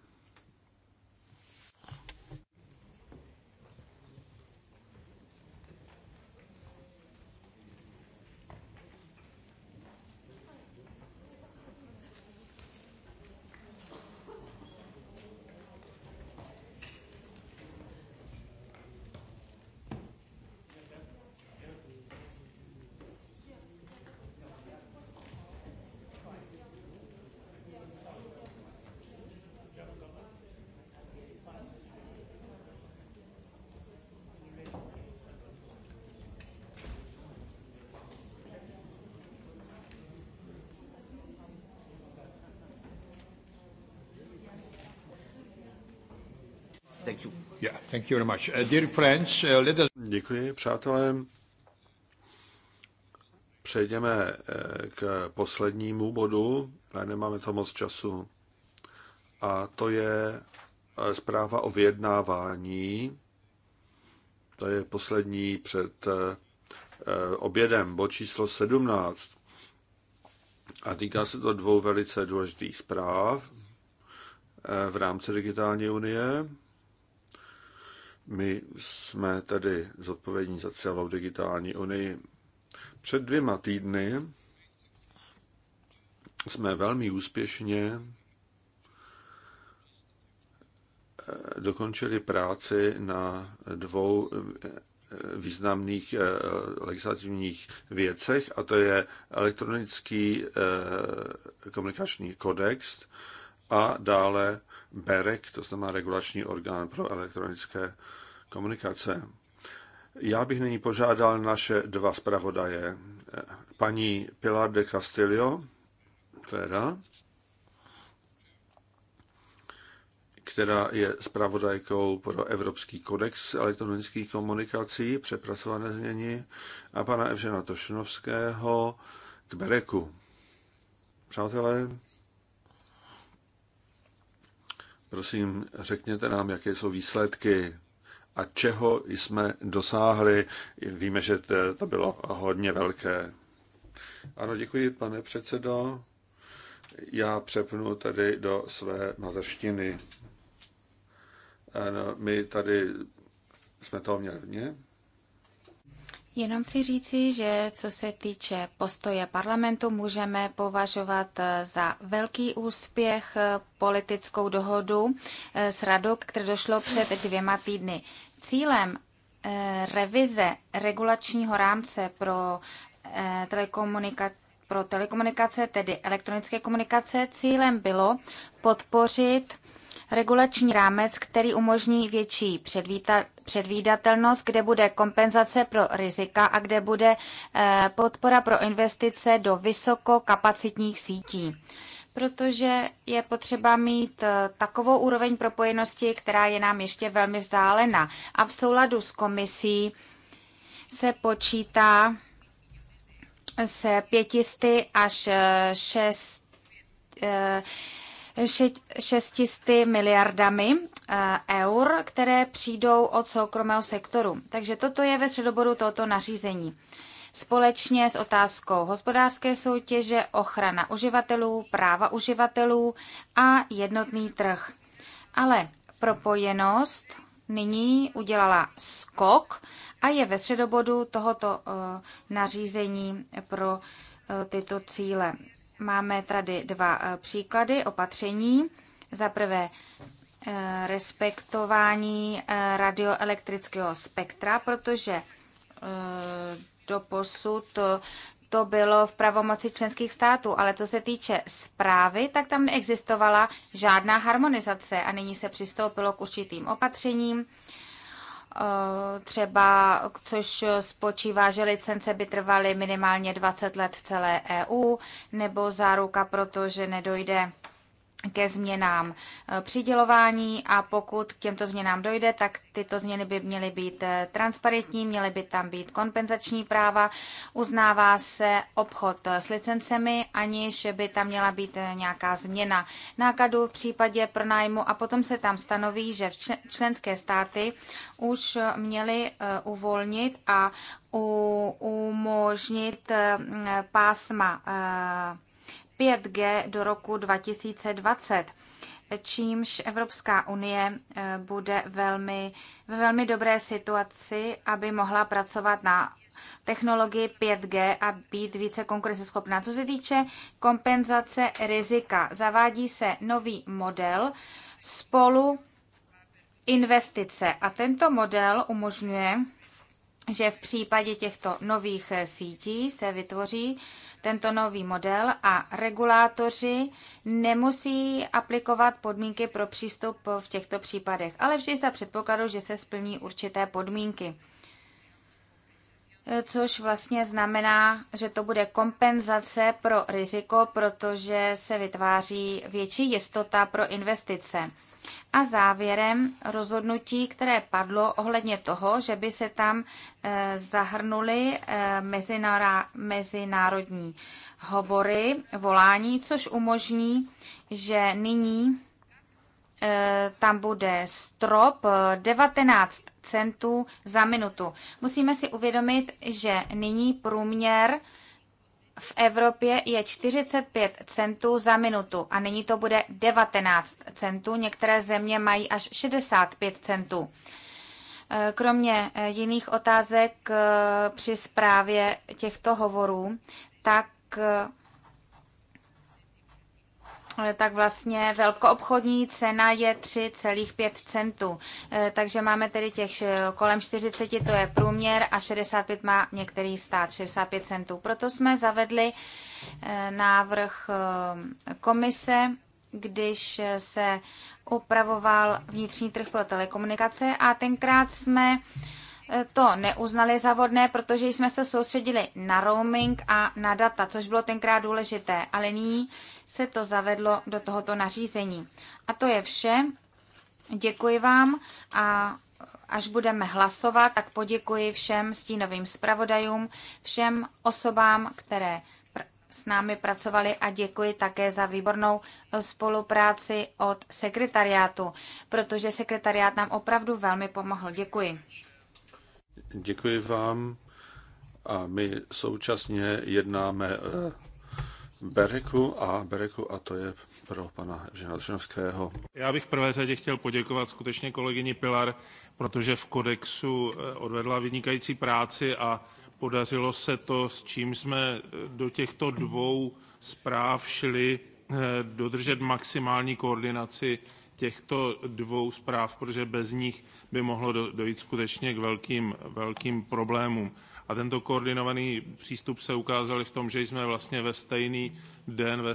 Uh, uh, Děkuji, přátelé. Přejdeme uh, k poslednímu bodu, ale nemáme to moc času. A to je zpráva o vyjednávání. To je poslední před obědem, bod číslo 17. A týká se to dvou velice důležitých zpráv v rámci digitální unie. My jsme tedy zodpovědní za celou digitální unii. Před dvěma týdny jsme velmi úspěšně eh, dokončili práci na dvou eh, významných eh, legislativních věcech, a to je elektronický komunikační kodex a dále BEREK, to znamená regulační orgán pro elektronické komunikace. Já bych nyní požádal naše dva zpravodaje, paní Pilar de Castillo, teda, která je zpravodajkou pro Evropský kodex elektronických komunikací, přepracované změny, a pana Evžena Tošnovského k Bereku. Přátelé, Prosím, řekněte nám, jaké jsou výsledky a čeho jsme dosáhli. Víme, že to bylo hodně velké. Ano, děkuji, pane předsedo. Já přepnu tady do své mateřštiny. My tady jsme to měli hodně. Jenom chci říci, že co se týče postoje parlamentu, můžeme považovat eh, za velký úspěch eh, politickou dohodu eh, s radou, které došlo před dvěma týdny. Cílem revize regulačního rámce pro telekomunikaci pro telekomunikace, tedy elektronické komunikace, cílem bylo podpořit regulační rámec, který umožní větší předvídatelnost, kde bude kompenzace pro rizika a kde bude eh, podpora pro investice do vysokokapacitních sítí protože je potřeba mít eh, takovou úroveň propojenosti, která je nám ještě velmi vzdálena. A v souladu s komisí se počítá se 500 až eh, šest 600 miliardami eh, eur, které přijdou od soukromého sektoru. Takže toto je ve středoboru tohoto nařízení. Společně s otázkou hospodářské soutěže, ochrana uživatelů, práva uživatelů a jednotný trh. Ale propojenost nyní udělala skok a je ve středobodu tohoto eh, nařízení pro eh, tyto cíle. Máme tady dva eh, příklady opatření. Za prvé eh, respektování eh, radioelektrického spektra, protože do posud to bylo v pravomoci členských států, ale co se týče zprávy, tak tam neexistovala žádná harmonizace a nyní se přistoupilo k určitým opatřením, Eh, třeba, což spočívá, že licence by trvaly minimálně 20 let v celé EU, nebo záruka proto, že nedojde ke změnám eh, přidělování a pokud k těmto změnám dojde, tak tyto změny by měly být eh, transparentní, měly by tam být kompenzační práva, uznává se obchod eh, s licencemi, aniž by tam měla být nějaká změna nákladů v případě pronájmu a potom se tam stanoví, že členské státy už měly uvolnit a umožnit pásma 5G do roku 2020 čímž Evropská unie eh, bude velmi, ve velmi dobré situaci, aby mohla pracovat na technologii 5G a být více konkurenceschopná. Co se týče kompenzace rizika, zavádí se nový model spolu investice a tento model umožňuje že v případě těchto nových eh, sítí se vytvoří tento nový model a regulátoři nemusí aplikovat podmínky pro přístup v těchto případech, ale vždy za předpokladu, že se splní určité podmínky. Eh, což vlastně znamená, že to bude kompenzace pro riziko, protože se vytváří větší jistota pro investice. A závěrem rozhodnutí, které padlo ohledně toho, že by se tam eh, zahrnuly eh, mezinárodní hovory, volání, což umožní, že nyní eh, tam bude strop 19 centů za minutu. Musíme si uvědomit, že nyní průměr v Evropě je 45 centů za minutu a nyní to bude 19 centů. Některé země mají až 65 centů. Eh, kromě eh, jiných otázek eh, při zprávě těchto hovorů, tak Eh, tak vlastně velkoobchodní cena je 3,5 centů. Eh, takže máme tedy těch eh, kolem 40, to je průměr, a 65 má některý stát, 65 centů. Proto jsme zavedli návrh komise, když se upravoval vnitřní trh pro telekomunikace a tenkrát jsme to neuznali za vodné, protože jsme se soustředili na roaming a na data, což bylo tenkrát důležité. Ale nyní se to zavedlo do tohoto nařízení. A to je vše. Děkuji vám a až budeme hlasovat, tak poděkuji všem stínovým zpravodajům, všem osobám, které s námi pracovali a děkuji také za výbornou spolupráci od sekretariátu, protože sekretariát nám opravdu velmi pomohl. Děkuji. Děkuji vám a my současně jednáme eh, Bereku a Bereku a to je pro pana Žinačinovského. Já bych v prvé řadě chtěl poděkovat skutečně kolegyni Pilar, protože v kodexu eh, odvedla vynikající práci a podařilo se to, s čím jsme eh, do těchto dvou zpráv šli eh, dodržet maximální koordinaci těchto dvou zpráv, protože bez nich by mohlo dojít skutečně k velkým, velkým problémům. A tento koordinovaný přístup se ukázal v tom, že jsme vlastně ve stejný den ve,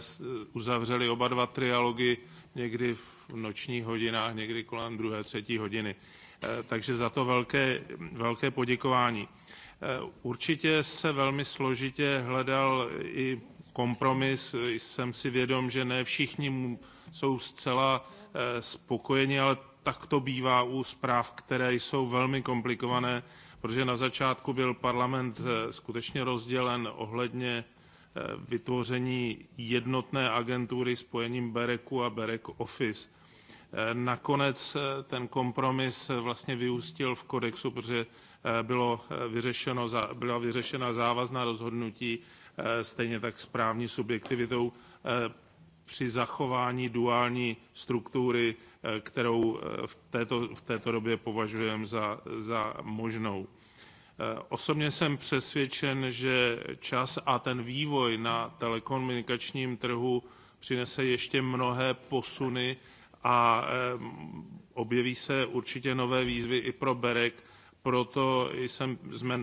uzavřeli oba dva trialogy někdy v nočních hodinách, někdy kolem druhé, třetí hodiny. Eh, takže za to velké, velké poděkování. Eh, určitě se velmi složitě hledal i kompromis. Jsem si vědom, že ne všichni jsou zcela eh, spokojeni, ale tak to bývá u zpráv, které jsou velmi komplikované protože na začátku byl parlament eh, skutečně rozdělen ohledně eh, vytvoření jednotné agentury spojením Bereku a Berek Office. Eh, nakonec ten kompromis vlastně vyústil v kodexu, protože bylo vyřešeno, byla vyřešena závazná rozhodnutí, stejně tak správní subjektivitou při zachování duální struktury, eh, kterou eh, v této, v této době považujeme za, za možnou. Eh, osobně jsem přesvědčen, že čas a ten vývoj na telekomunikačním trhu přinese ještě mnohé posuny a objeví se určitě nové výzvy i pro Berek, proto jsem jsme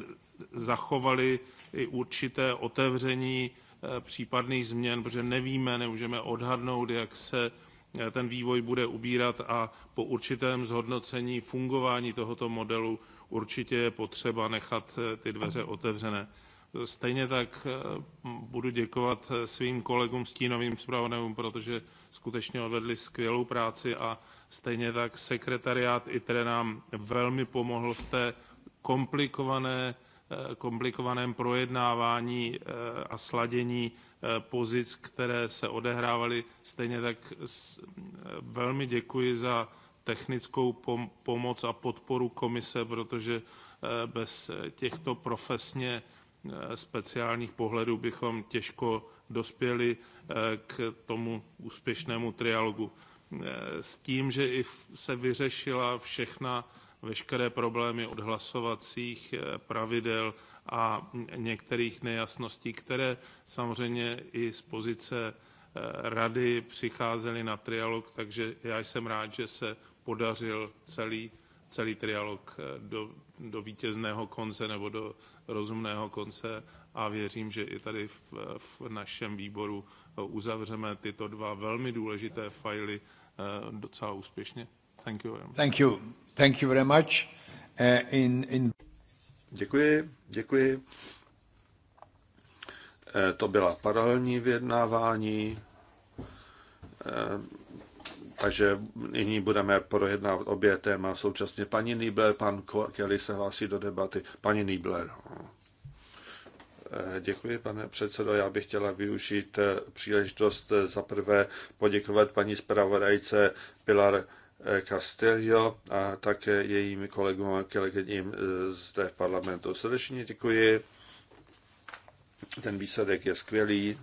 zachovali i určité otevření Eh, případných změn, protože nevíme, nemůžeme odhadnout, jak se eh, ten vývoj bude ubírat a po určitém zhodnocení fungování tohoto modelu určitě je potřeba nechat eh, ty dveře otevřené. Stejně tak budu děkovat svým kolegům stínovým zpravodajům, protože skutečně odvedli skvělou práci a stejně tak sekretariát ITRE nám velmi pomohl v té komplikované Eh, komplikovaném projednávání eh, a sladění eh, pozic, které se odehrávaly. Stejně tak velmi děkuji za technickou pomoc a podporu komise, protože bez těchto profesně speciálních pohledů bychom těžko dospěli k tomu úspěšnému trialogu. S tím, že i se vyřešila všechna veškeré problémy odhlasovacích eh, pravidel a hm, některých nejasností, které samozřejmě i z pozice eh, rady přicházely na trialog, takže já jsem rád, že se podařil celý, celý trialog eh, do, do vítězného konce nebo do rozumného konce a věřím, že i tady v, v našem výboru uzavřeme tyto dva velmi důležité fajly docela úspěšně. Thank you Thank you. Thank you very much. Eh, in, in... Děkuji, děkuji. Eh, to byla paralelní vyjednávání, eh, takže nyní budeme projednávat obě téma současně. Paní Nýbler, pan Kelly se hlásí do debaty. Paní Nýbler. Děkuji, pane předsedo. Já bych chtěla využít příležitost za prvé poděkovat paní zpravodajce Pilar Eh, Castelio a také jejím kolegům a kolegyním eh, zde v parlamentu. Srdečně děkuji. Ten výsledek je skvělý.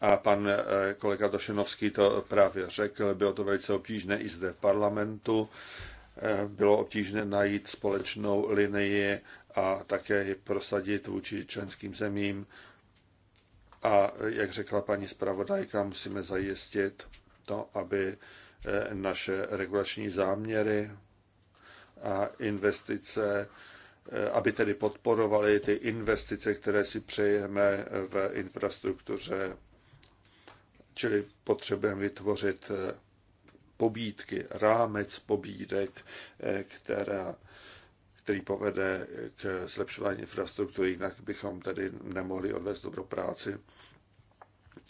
A pan eh, kolega Došenovský to právě řekl, bylo to velice obtížné i zde v parlamentu. Bylo obtížné najít společnou linii a také ji prosadit vůči členským zemím. A jak řekla paní zpravodajka, musíme zajistit to, aby naše regulační záměry a investice, aby tedy podporovaly ty investice, které si přejeme v infrastruktuře. Čili potřebujeme vytvořit pobídky, rámec pobídek, která, který povede k zlepšování infrastruktury, jinak bychom tedy nemohli odvést dobrou práci.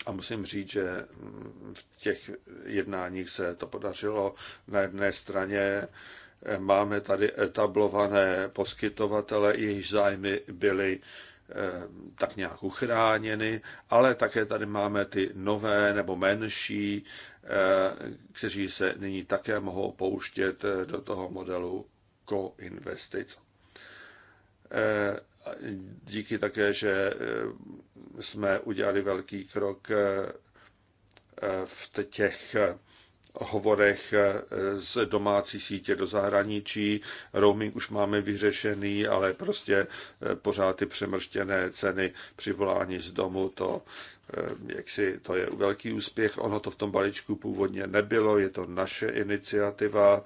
A musím říct, že v těch jednáních se to podařilo. Na jedné straně eh, máme tady etablované poskytovatele, jejichž zájmy byly eh, tak nějak uchráněny, ale také tady máme ty nové nebo menší, eh, kteří se nyní také mohou pouštět do toho modelu co-investic díky také, že e, jsme udělali velký krok e, e, v těch hovorech z domácí sítě do zahraničí. Roaming už máme vyřešený, ale prostě pořád ty přemrštěné ceny při volání z domu, to, jak si, to je velký úspěch. Ono to v tom balíčku původně nebylo, je to naše iniciativa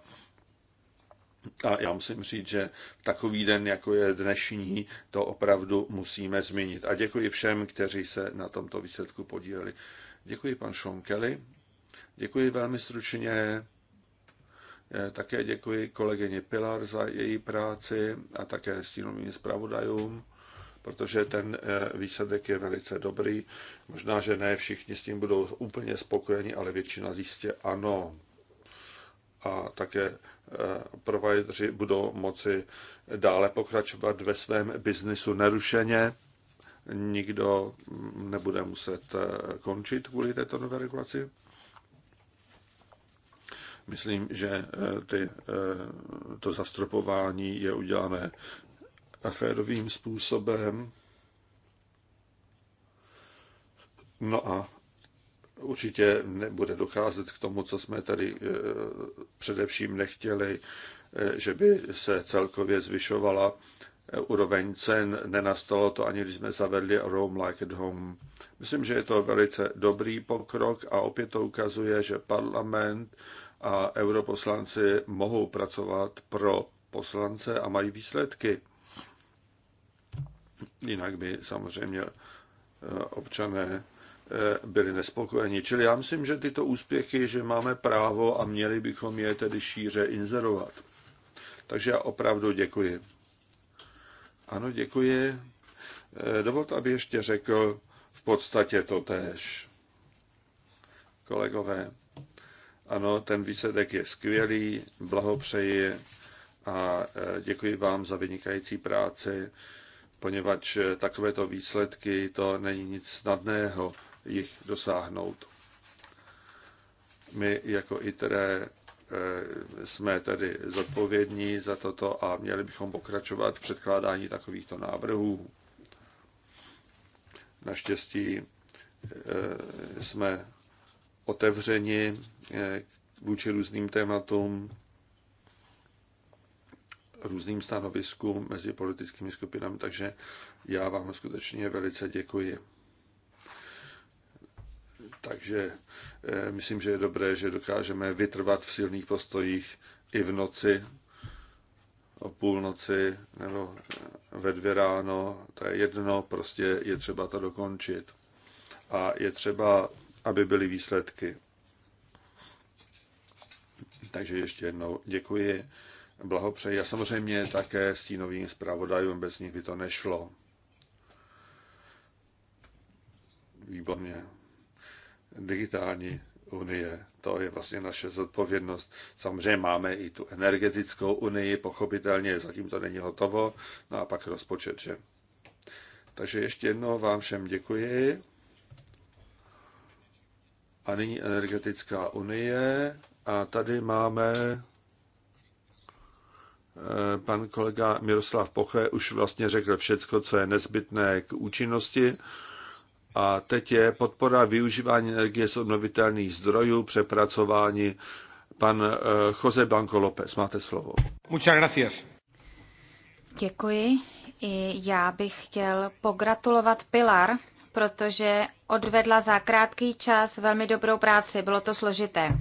a já musím říct, že takový den, jako je dnešní, to opravdu musíme změnit. A děkuji všem, kteří se na tomto výsledku podíleli. Děkuji pan Šonkeli. Děkuji velmi stručně. Také děkuji kolegyně Pilar za její práci a také stínovým zpravodajům, protože ten eh, výsledek je velice dobrý. Možná, že ne všichni s tím budou úplně spokojeni, ale většina zjistě ano. A také Eh, provideři budou moci dále pokračovat ve svém biznisu nerušeně. Nikdo nebude muset eh, končit kvůli této nové regulaci. Myslím, že eh, ty, to zastropování je udělané aférovým způsobem. No a určitě nebude docházet k tomu, co jsme tady eh, především nechtěli, eh, že by se celkově zvyšovala eh, úroveň cen. Nenastalo to ani, když jsme zavedli Roam Like at Home. Myslím, že je to velice dobrý pokrok a opět to ukazuje, že parlament a europoslanci mohou pracovat pro poslance a mají výsledky. Jinak by samozřejmě občané Eh, byli nespokojeni. Čili já myslím, že tyto úspěchy, že máme právo a měli bychom je tedy šíře inzerovat. Takže já opravdu děkuji. Ano, děkuji. Eh, dovolte, aby ještě řekl v podstatě to též. Kolegové, ano, ten výsledek je skvělý, blahopřeji a eh, děkuji vám za vynikající práci, poněvadž takovéto výsledky to není nic snadného jich dosáhnout. My jako ITRE eh, jsme tedy zodpovědní za toto a měli bychom pokračovat v předkládání takovýchto návrhů. Naštěstí eh, jsme otevřeni eh, vůči různým tématům, různým stanoviskům mezi politickými skupinami, takže já vám skutečně velice děkuji. Takže eh, myslím, že je dobré, že dokážeme vytrvat v silných postojích i v noci, o půlnoci nebo eh, ve dvě ráno, to je jedno, prostě je třeba to dokončit. A je třeba, aby byly výsledky. Takže ještě jednou děkuji, blahopřeji a samozřejmě také stínovým zpravodajům, bez nich by to nešlo. Výborně digitální unie. To je vlastně naše zodpovědnost. Samozřejmě máme i tu energetickou unii, pochopitelně zatím to není hotovo, no a pak rozpočet, že? Takže ještě jednou vám všem děkuji. A nyní energetická unie. A tady máme eh, pan kolega Miroslav Poche už vlastně řekl všecko, co je nezbytné k účinnosti a teď je podpora využívání energie z obnovitelných zdrojů, přepracování. Pan eh, Jose Blanco López, máte slovo. Muchas gracias. Děkuji. I já bych chtěl pogratulovat Pilar, protože odvedla za krátký čas velmi dobrou práci. Bylo to složité.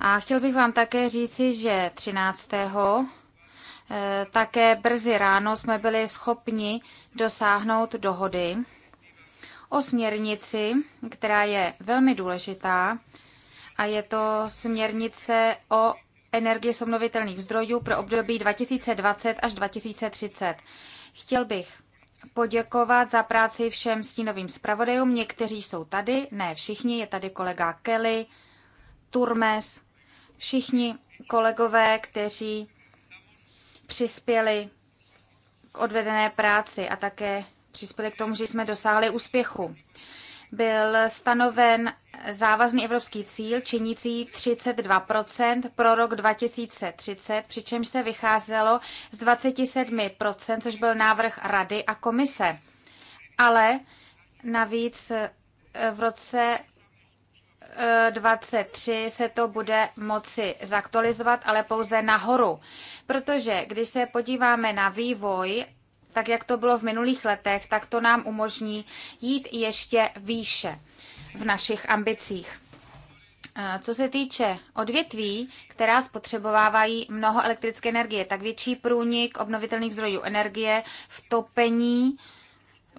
A chtěl bych vám také říci, že 13. Eh, také brzy ráno jsme byli schopni dosáhnout dohody o směrnici, která je velmi důležitá a je to směrnice o energii z obnovitelných zdrojů pro období 2020 až 2030. Chtěl bych poděkovat za práci všem stínovým zpravodajům. Někteří jsou tady, ne všichni, je tady kolega Kelly, Turmes, všichni kolegové, kteří přispěli k odvedené práci a také přispěli k tomu, že jsme dosáhli úspěchu. Byl stanoven závazný evropský cíl činící 32 pro rok 2030, přičemž se vycházelo z 27 což byl návrh Rady a komise. Ale navíc eh, v roce 23 eh, se to bude moci zaktualizovat, ale pouze nahoru. Protože když se podíváme na vývoj tak jak to bylo v minulých letech, tak to nám umožní jít ještě výše v našich ambicích. Eh, co se týče odvětví, která spotřebovávají mnoho elektrické energie, tak větší průnik obnovitelných zdrojů energie v topení,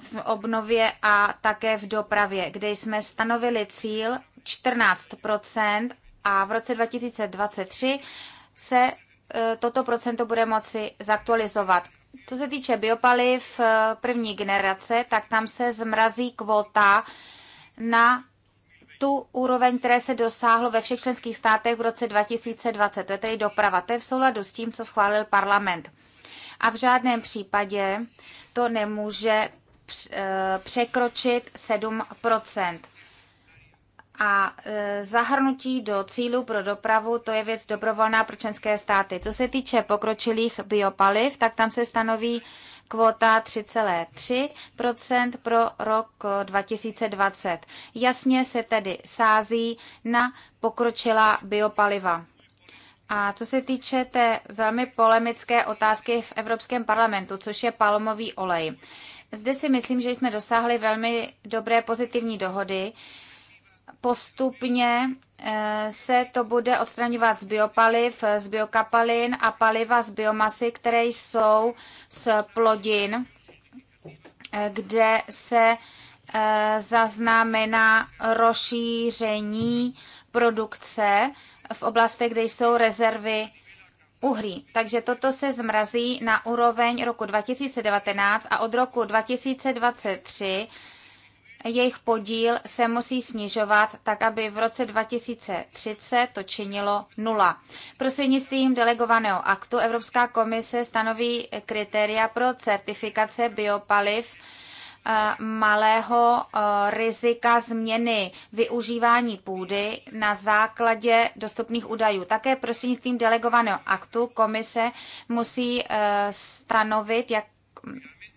v obnově a také v dopravě, kde jsme stanovili cíl 14 a v roce 2023 se eh, toto procento bude moci zaktualizovat. Co se týče biopaliv eh, první generace, tak tam se zmrazí kvota na tu úroveň, které se dosáhlo ve všech členských státech v roce 2020. To je tedy doprava. To je v souladu s tím, co schválil parlament. A v žádném případě to nemůže eh, překročit 7 a e, zahrnutí do cílu pro dopravu, to je věc dobrovolná pro členské státy. Co se týče pokročilých biopaliv, tak tam se stanoví kvota 3,3 pro rok 2020. E, Jasně se tedy sází na pokročilá biopaliva. A co se týče té velmi polemické otázky v Evropském parlamentu, což je palmový olej. Zde si myslím, že jsme dosáhli velmi dobré pozitivní dohody postupně eh, se to bude odstraňovat z biopaliv, eh, z biokapalin a paliva z biomasy, které jsou z plodin, eh, kde se zaznamená rozšíření produkce v oblastech, kde jsou rezervy uhlí. Takže toto se zmrazí na úroveň roku 2019 a od roku 2023 jejich podíl se musí snižovat tak, aby v roce 2030 to činilo nula. Prostřednictvím delegovaného aktu Evropská komise stanoví kritéria pro certifikace biopaliv eh, malého eh, rizika změny využívání půdy na základě dostupných údajů. Také prostřednictvím delegovaného aktu komise musí eh, stanovit, jak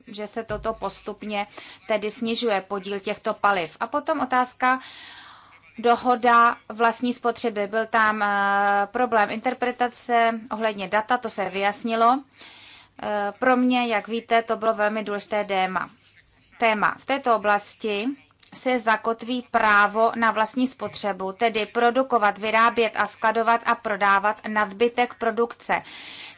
že se toto postupně tedy snižuje podíl těchto paliv. A potom otázka dohoda vlastní spotřeby. Byl tam eh, problém interpretace ohledně data, to se vyjasnilo. Eh, pro mě, jak víte, to bylo velmi důležité téma. téma. V této oblasti se zakotví právo na vlastní spotřebu, tedy produkovat, vyrábět a skladovat a prodávat nadbytek produkce.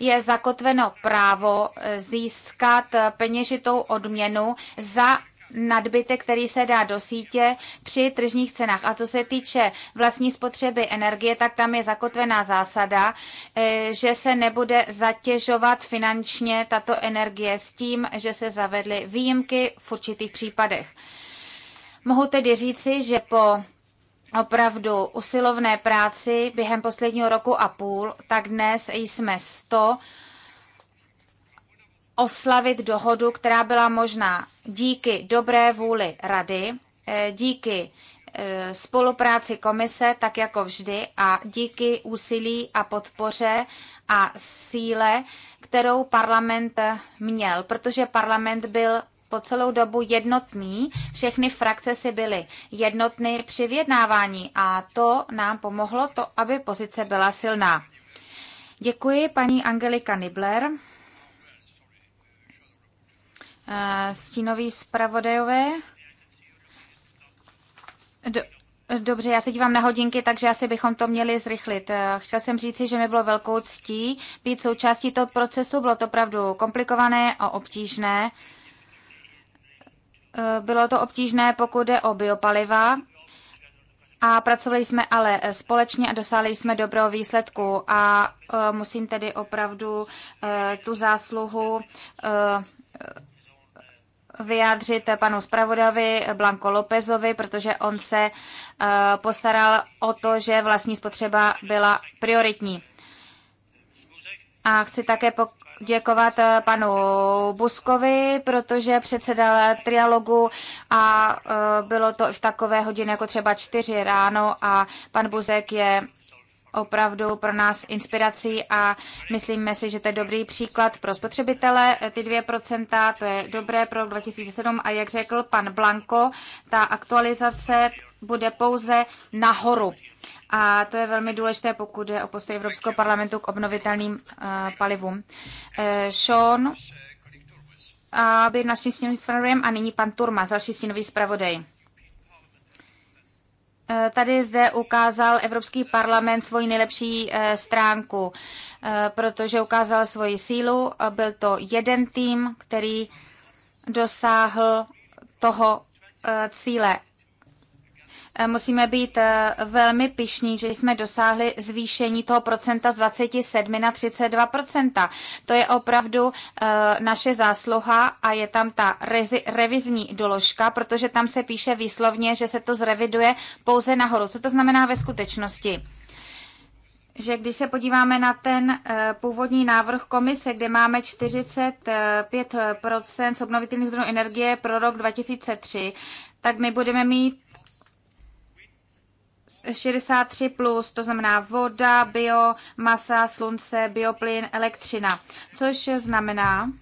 Je zakotveno právo eh, získat eh, peněžitou odměnu za nadbytek, který se dá do sítě při tržních cenách. A co se týče vlastní spotřeby energie, tak tam je zakotvená zásada, eh, že se nebude zatěžovat finančně tato energie s tím, že se zavedly výjimky v určitých případech. Mohu tedy říci, že po opravdu usilovné práci během posledního roku a půl, tak dnes jsme 100 oslavit dohodu, která byla možná díky dobré vůli rady, eh, díky eh, spolupráci komise, tak jako vždy, a díky úsilí a podpoře a síle, kterou parlament měl, protože parlament byl po celou dobu jednotný, všechny frakce si byly jednotné při vyjednávání a to nám pomohlo, to, aby pozice byla silná. Děkuji paní Angelika Nibler. Eh, stínový zpravodajové. Do... Dobře, já se dívám na hodinky, takže asi bychom to měli zrychlit. Eh, chtěl jsem říci, že mi bylo velkou ctí být součástí toho procesu. Bylo to opravdu komplikované a obtížné. Eh, bylo to obtížné, pokud jde o biopaliva, a pracovali jsme ale společně a dosáhli jsme dobrého výsledku a eh, musím tedy opravdu eh, tu zásluhu vyjádřit panu zpravodavi Blanco Lopezovi, protože on se postaral o to, že vlastní spotřeba byla prioritní. A chci také děkovat eh, panu Buskovi, protože předsedal trialogu a eh, bylo to v takové hodině jako třeba čtyři ráno a pan Buzek je opravdu pro nás inspirací a myslíme si, že to je dobrý příklad pro spotřebitele. Eh, ty 2%, to je dobré pro 2007 a jak řekl pan Blanko, ta aktualizace bude pouze nahoru. A to je velmi důležité, pokud je o postoj Evropského parlamentu k obnovitelným uh, palivům. Uh, Sean aby naším stínovým zpravodajem a nyní pan Turma, další stínový zpravodaj. Eh, tady zde ukázal Evropský parlament svoji nejlepší stránku, protože ukázal svoji sílu. Byl to jeden tým, který dosáhl toho cíle Eh, musíme být eh, velmi pišní, že jsme dosáhli zvýšení toho procenta z 27 na 32 To je opravdu eh, naše zásluha a je tam ta rezi, revizní doložka, protože tam se píše výslovně, že se to zreviduje pouze nahoru. Co to znamená ve skutečnosti? že když se podíváme na ten původní návrh komise, kde máme 45% z obnovitelných zdrojů energie pro rok 2003, tak my budeme mít 63 plus, to znamená voda, bio, masa, slunce, bioplyn, elektřina. Což znamená,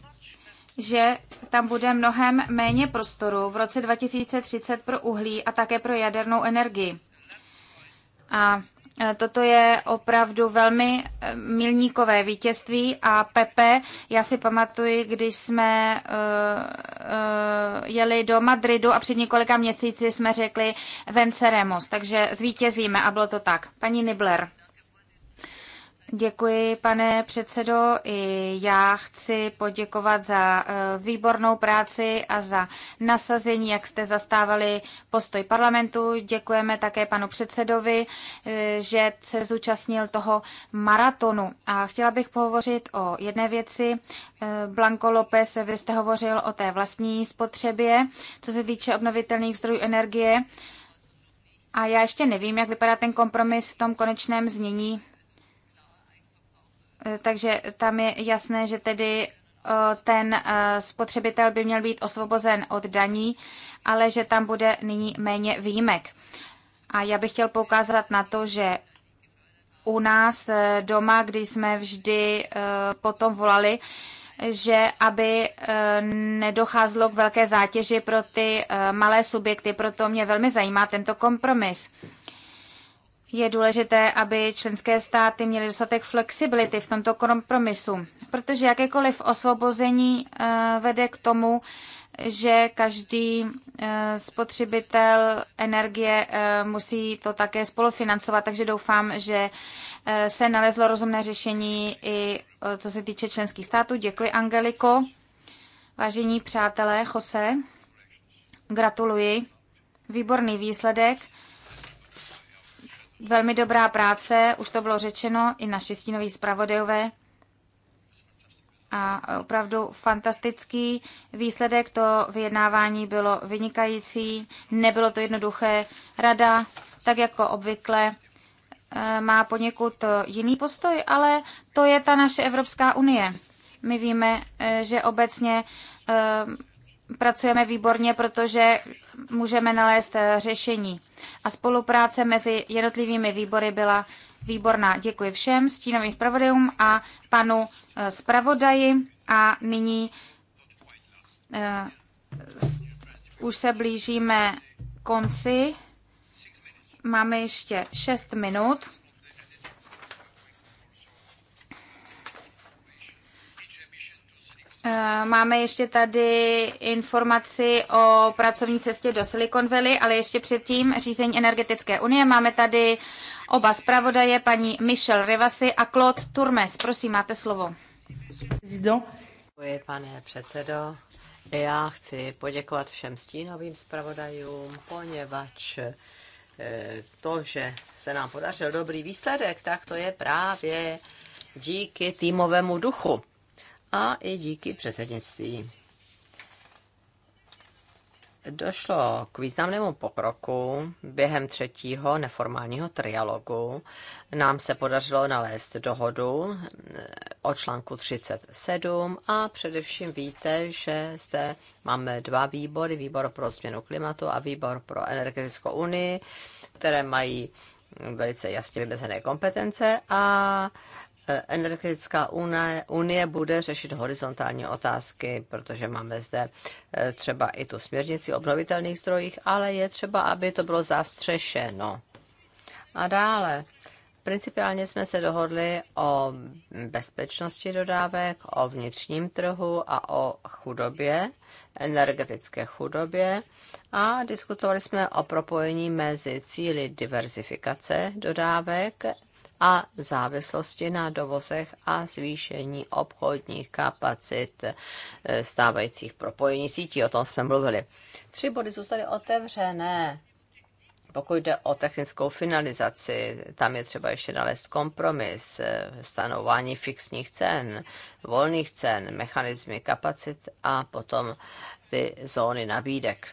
že tam bude mnohem méně prostoru v roce 2030 pro uhlí a také pro jadernou energii. A Eh, toto je opravdu velmi eh, milníkové vítězství a Pepe, já si pamatuji, když jsme uh, uh, jeli do Madridu a před několika měsíci jsme řekli venceremos, takže zvítězíme a bylo to tak. Paní Nibler. Děkuji, pane předsedo. I já chci poděkovat za eh, výbornou práci a za nasazení, jak jste zastávali postoj parlamentu. Děkujeme také panu předsedovi, eh, že se zúčastnil toho maratonu. A chtěla bych pohovořit o jedné věci. Eh, Blanco López, vy jste hovořil o té vlastní spotřebě, co se týče obnovitelných zdrojů energie. A já ještě nevím, jak vypadá ten kompromis v tom konečném znění Eh, takže tam je jasné, že tedy eh, ten eh, spotřebitel by měl být osvobozen od daní, ale že tam bude nyní méně výjimek. A já bych chtěl poukázat na to, že u nás doma, kdy jsme vždy potom volali, že aby nedocházelo k velké zátěži pro ty malé subjekty, proto mě velmi zajímá tento kompromis je důležité, aby členské státy měly dostatek flexibility v tomto kompromisu, protože jakékoliv osvobození eh, vede k tomu, že každý eh, spotřebitel energie eh, musí to také spolufinancovat, takže doufám, že se nalezlo rozumné řešení i co se týče členských států. Děkuji, Angeliko. Vážení přátelé, Jose, gratuluji. Výborný výsledek. Velmi dobrá práce, už to bylo řečeno, i naši šestinový zpravodajové. A opravdu fantastický výsledek, to vyjednávání bylo vynikající, nebylo to jednoduché. Rada, tak jako obvykle, eh, má poněkud jiný postoj, ale to je ta naše Evropská unie. My víme, eh, že obecně eh, pracujeme výborně, protože můžeme nalézt eh, řešení. A spolupráce mezi jednotlivými výbory byla výborná. Děkuji všem stínovým zpravodajům a panu eh, zpravodaji. A nyní uh, už se blížíme konci. Máme ještě 6 minut. Eh, máme ještě tady informaci o pracovní cestě do Silicon Valley, ale ještě předtím řízení energetické unie. Máme tady oba zpravodaje, paní Michelle Rivasi a Claude Turmes. Prosím, máte slovo. Děkuji, pane předsedo. Já chci poděkovat všem stínovým zpravodajům, poněvadž eh, to, že se nám podařil dobrý výsledek, tak to je právě díky týmovému duchu a i díky předsednictví. Došlo k významnému pokroku. Během třetího neformálního trialogu nám se podařilo nalézt dohodu eh, o článku 37 a především víte, že zde máme dva výbory, výbor pro změnu klimatu a výbor pro energetickou unii, které mají velice jasně vymezené kompetence a Eh, energetická unie, bude řešit horizontální otázky, protože máme zde eh, třeba i tu směrnici o obnovitelných zdrojích, ale je třeba, aby to bylo zastřešeno. A dále, principiálně jsme se dohodli o bezpečnosti dodávek, o vnitřním trhu a o chudobě, energetické chudobě a diskutovali jsme o propojení mezi cíly diversifikace dodávek a závislosti na dovozech a zvýšení obchodních kapacit eh, stávajících propojení sítí. O tom jsme mluvili. Tři body zůstaly otevřené. Pokud jde o technickou finalizaci, tam je třeba ještě nalézt kompromis, eh, stanování fixních cen, volných cen, mechanismy kapacit a potom ty zóny nabídek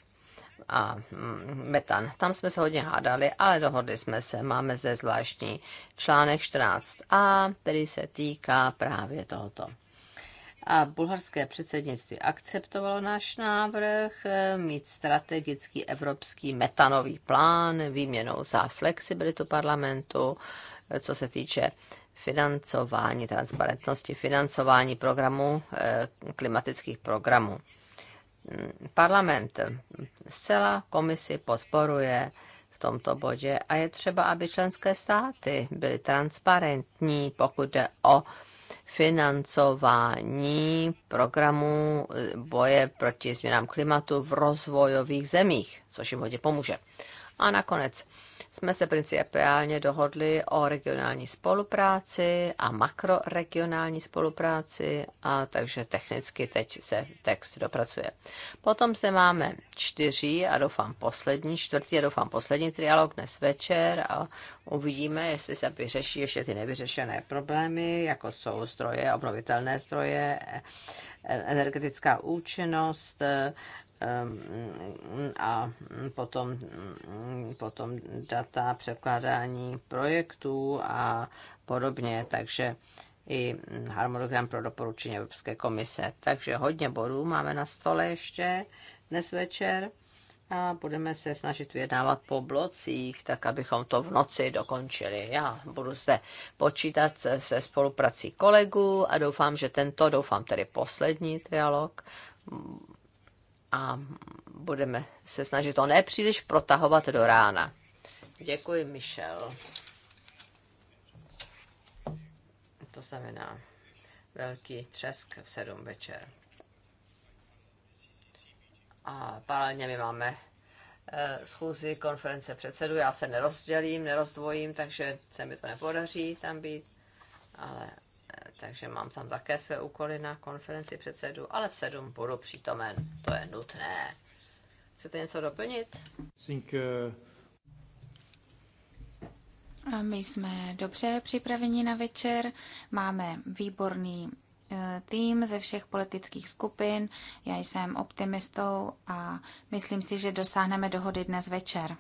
a mm, metan. Tam jsme se hodně hádali, ale dohodli jsme se. Máme zde zvláštní článek 14a, který se týká právě tohoto. A bulharské předsednictví akceptovalo náš návrh eh, mít strategický evropský metanový plán výměnou za flexibilitu parlamentu, eh, co se týče financování, transparentnosti financování programů, eh, klimatických programů parlament zcela komisi podporuje v tomto bodě a je třeba, aby členské státy byly transparentní, pokud jde o financování programů boje proti změnám klimatu v rozvojových zemích, což jim hodně pomůže. A nakonec jsme se principiálně dohodli o regionální spolupráci a makroregionální spolupráci, a takže technicky teď se text dopracuje. Potom se máme čtyři a doufám poslední, čtvrtý a doufám poslední trialog dnes večer a uvidíme, jestli se vyřeší ještě ty nevyřešené problémy, jako jsou zdroje, obnovitelné zdroje, e, e, energetická účinnost, Ehm, a potom, potom data překládání projektů a podobně, takže i harmonogram pro doporučení Evropské komise. Takže hodně bodů máme na stole ještě dnes večer a budeme se snažit vyjednávat po blocích, tak abychom to v noci dokončili. Já budu se počítat se, se spoluprací kolegů a doufám, že tento, doufám tedy poslední trialog, a budeme se snažit to nepříliš protahovat do rána. Děkuji, Michel. To znamená velký třesk v sedm večer. A paralelně my máme eh, schůzi konference předsedu. Já se nerozdělím, nerozdvojím, takže se mi to nepodaří tam být. Ale takže mám tam také své úkoly na konferenci předsedu, ale v sedm budu přítomen, to je nutné. Chcete něco doplnit? Think, uh... My jsme dobře připraveni na večer, máme výborný eh, tým ze všech politických skupin. Já jsem optimistou a myslím si, že dosáhneme dohody dnes večer.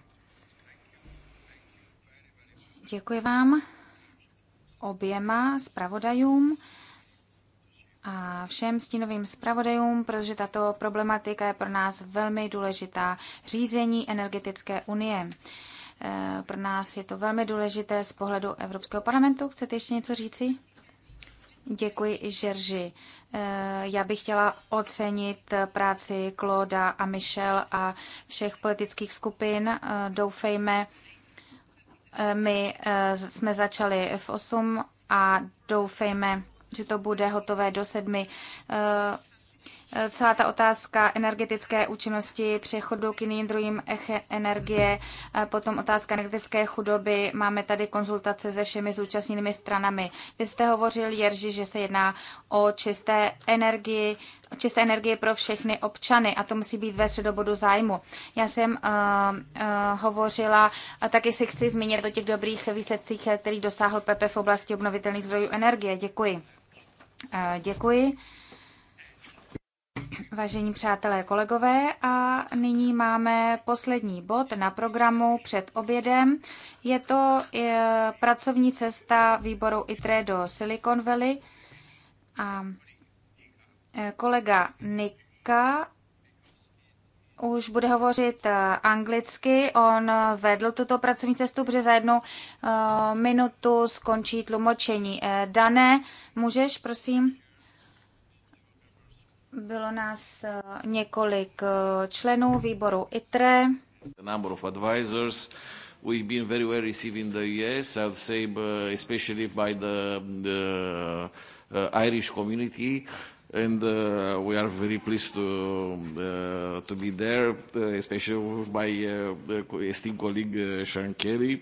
Děkuji vám oběma zpravodajům a všem stínovým zpravodajům, protože tato problematika je pro nás velmi důležitá. Řízení energetické unie. Eh, pro nás je to velmi důležité z pohledu Evropského parlamentu. Chcete ještě něco říci? Děkuji, Žerži. Eh, já bych chtěla ocenit práci Kloda a Michel a všech politických skupin. Eh, doufejme, my eh, jsme začali v 8 a doufejme, že to bude hotové do 7. Eh, celá ta otázka energetické účinnosti, přechodu k jiným druhým energie, eh, potom otázka energetické chudoby. Máme tady konzultace se všemi zúčastněnými stranami. Vy jste hovořil, Jerži, že se jedná o čisté energii, čisté energie pro všechny občany a to musí být ve středobodu zájmu. Já jsem uh, uh, hovořila a taky si chci zmínit o těch dobrých výsledcích, který dosáhl PP v oblasti obnovitelných zdrojů energie. Děkuji. Uh, děkuji. Vážení přátelé, kolegové, a nyní máme poslední bod na programu před obědem. Je to e, pracovní cesta výboru ITRE do Silicon Valley. A e, kolega Nika už bude hovořit e, anglicky. On vedl tuto pracovní cestu, protože za jednu minutu skončí tlumočení. Dané, můžeš, prosím? Bylo nás eh, několik eh, členů výboru ITRE. The number of advisors. We've been very well received in the US, I'd say especially by the, the uh, Irish community and uh, we are very pleased to uh, to be there, especially by uh, esteemed colleague uh, Sean Kelly.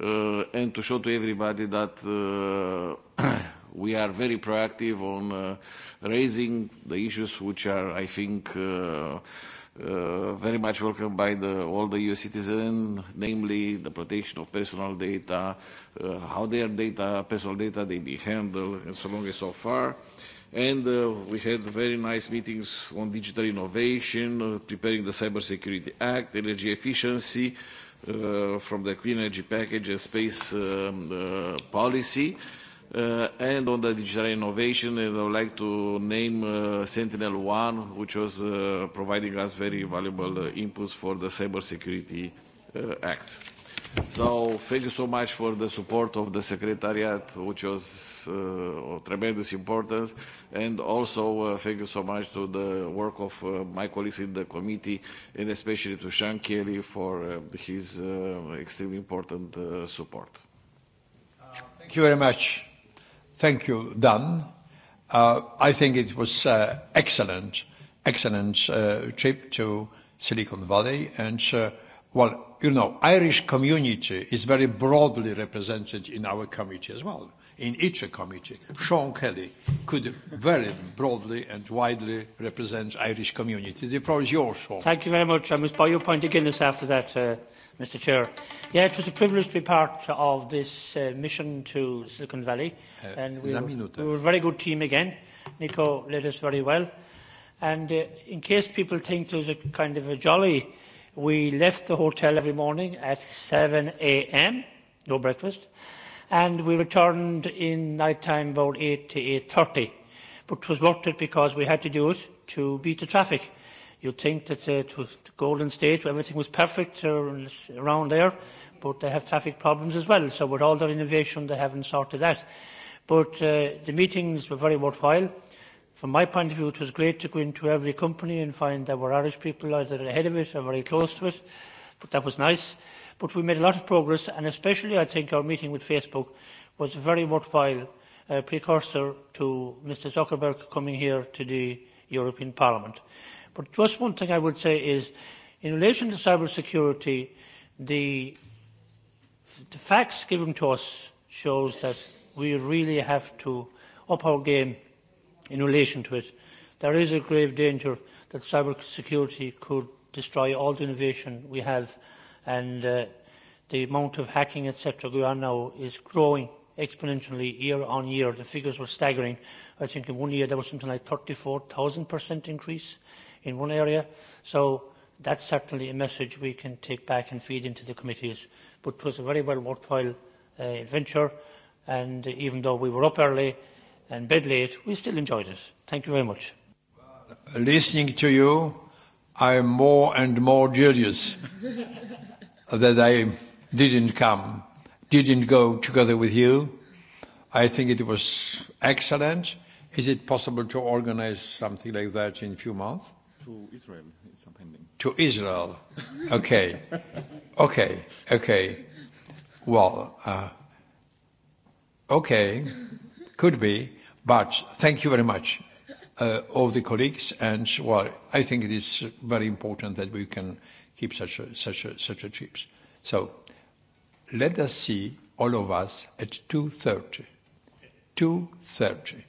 uh, and to show to everybody that uh, [CLEARS THROAT] we are very proactive on uh, raising the issues which are, I think, uh, uh, very much welcomed by the, all the EU citizens, namely the protection of personal data, uh, how their data, personal data, they be handled, and so long and so far. And uh, we had very nice meetings on digital innovation, uh, preparing the Cybersecurity Act, energy efficiency, Uh, from the clean energy package and space um, uh, policy. Uh, and on the digital innovation, and I would like to name uh, Sentinel-1, which was uh, providing us very valuable uh, inputs for the cybersecurity uh, acts. So thank you so much for the support of the Secretariat, which was uh, of tremendous importance, and also uh, thank you so much to the work of uh, my colleagues in the committee, and especially to Sean Kelly for uh, his uh, extremely important uh, support. Uh, thank you very much. Thank you, Dan. Uh, I think it was uh, excellent, excellent uh, trip to Silicon Valley, and uh, well You know, Irish community is very broadly represented in our committee as well, in each committee. Sean Kelly could very broadly and widely represent Irish community. The floor is yours, Sean. Thank you very much. I must buy your point again this after that, uh, Mr Chair. Yeah, it was a privilege to be part of this uh, mission to Silicon Valley. Uh, and we were, we were a very good team again. Nico led us very well. And uh, in case people think there's a kind of a jolly We left the hotel every morning at 7 a.m., no breakfast, and we returned in night time about 8 to 8.30. But it was worth it because we had to do it to beat the traffic. You'd think that uh, it was the Golden State, where everything was perfect around there, but they have traffic problems as well. So with all their innovation, they haven't sorted that. But uh, the meetings were very worthwhile From my point of view, it was great to go into every company and find there were Irish people either ahead of it or very close to it, but that was nice. But we made a lot of progress, and especially I think our meeting with Facebook was a very worthwhile uh, precursor to Mr. Zuckerberg coming here to the European Parliament. But just one thing I would say is, in relation to cybersecurity, the, the facts given to us shows that we really have to up our game in relation to it. There is a grave danger that cyber security could destroy all the innovation we have and uh, the amount of hacking etc. going on now is growing exponentially year on year. The figures were staggering. I think in one year there was something like 34,000% increase in one area. So that's certainly a message we can take back and feed into the committees. But it was a very well worthwhile uh, venture and even though we were up early, and bed late, we still enjoyed it. Thank you very much. Listening to you, I am more and more jealous [LAUGHS] that I didn't come, didn't go together with you. I think it was excellent. Is it possible to organize something like that in a few months? To Israel, it's pending. To Israel, okay, okay, okay. Well, uh, okay, could be. But thank you very much, uh, all the colleagues, and well, I think it is very important that we can keep such a, such a, such a trips. So let us see all of us at 2.30. 2.30.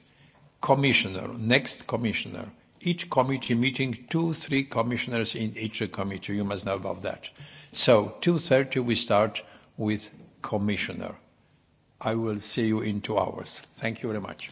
Commissioner, next commissioner. Each committee meeting, two, three commissioners in each committee. You must know about that. So 2.30 we start with commissioner. I will see you in two hours. Thank you very much.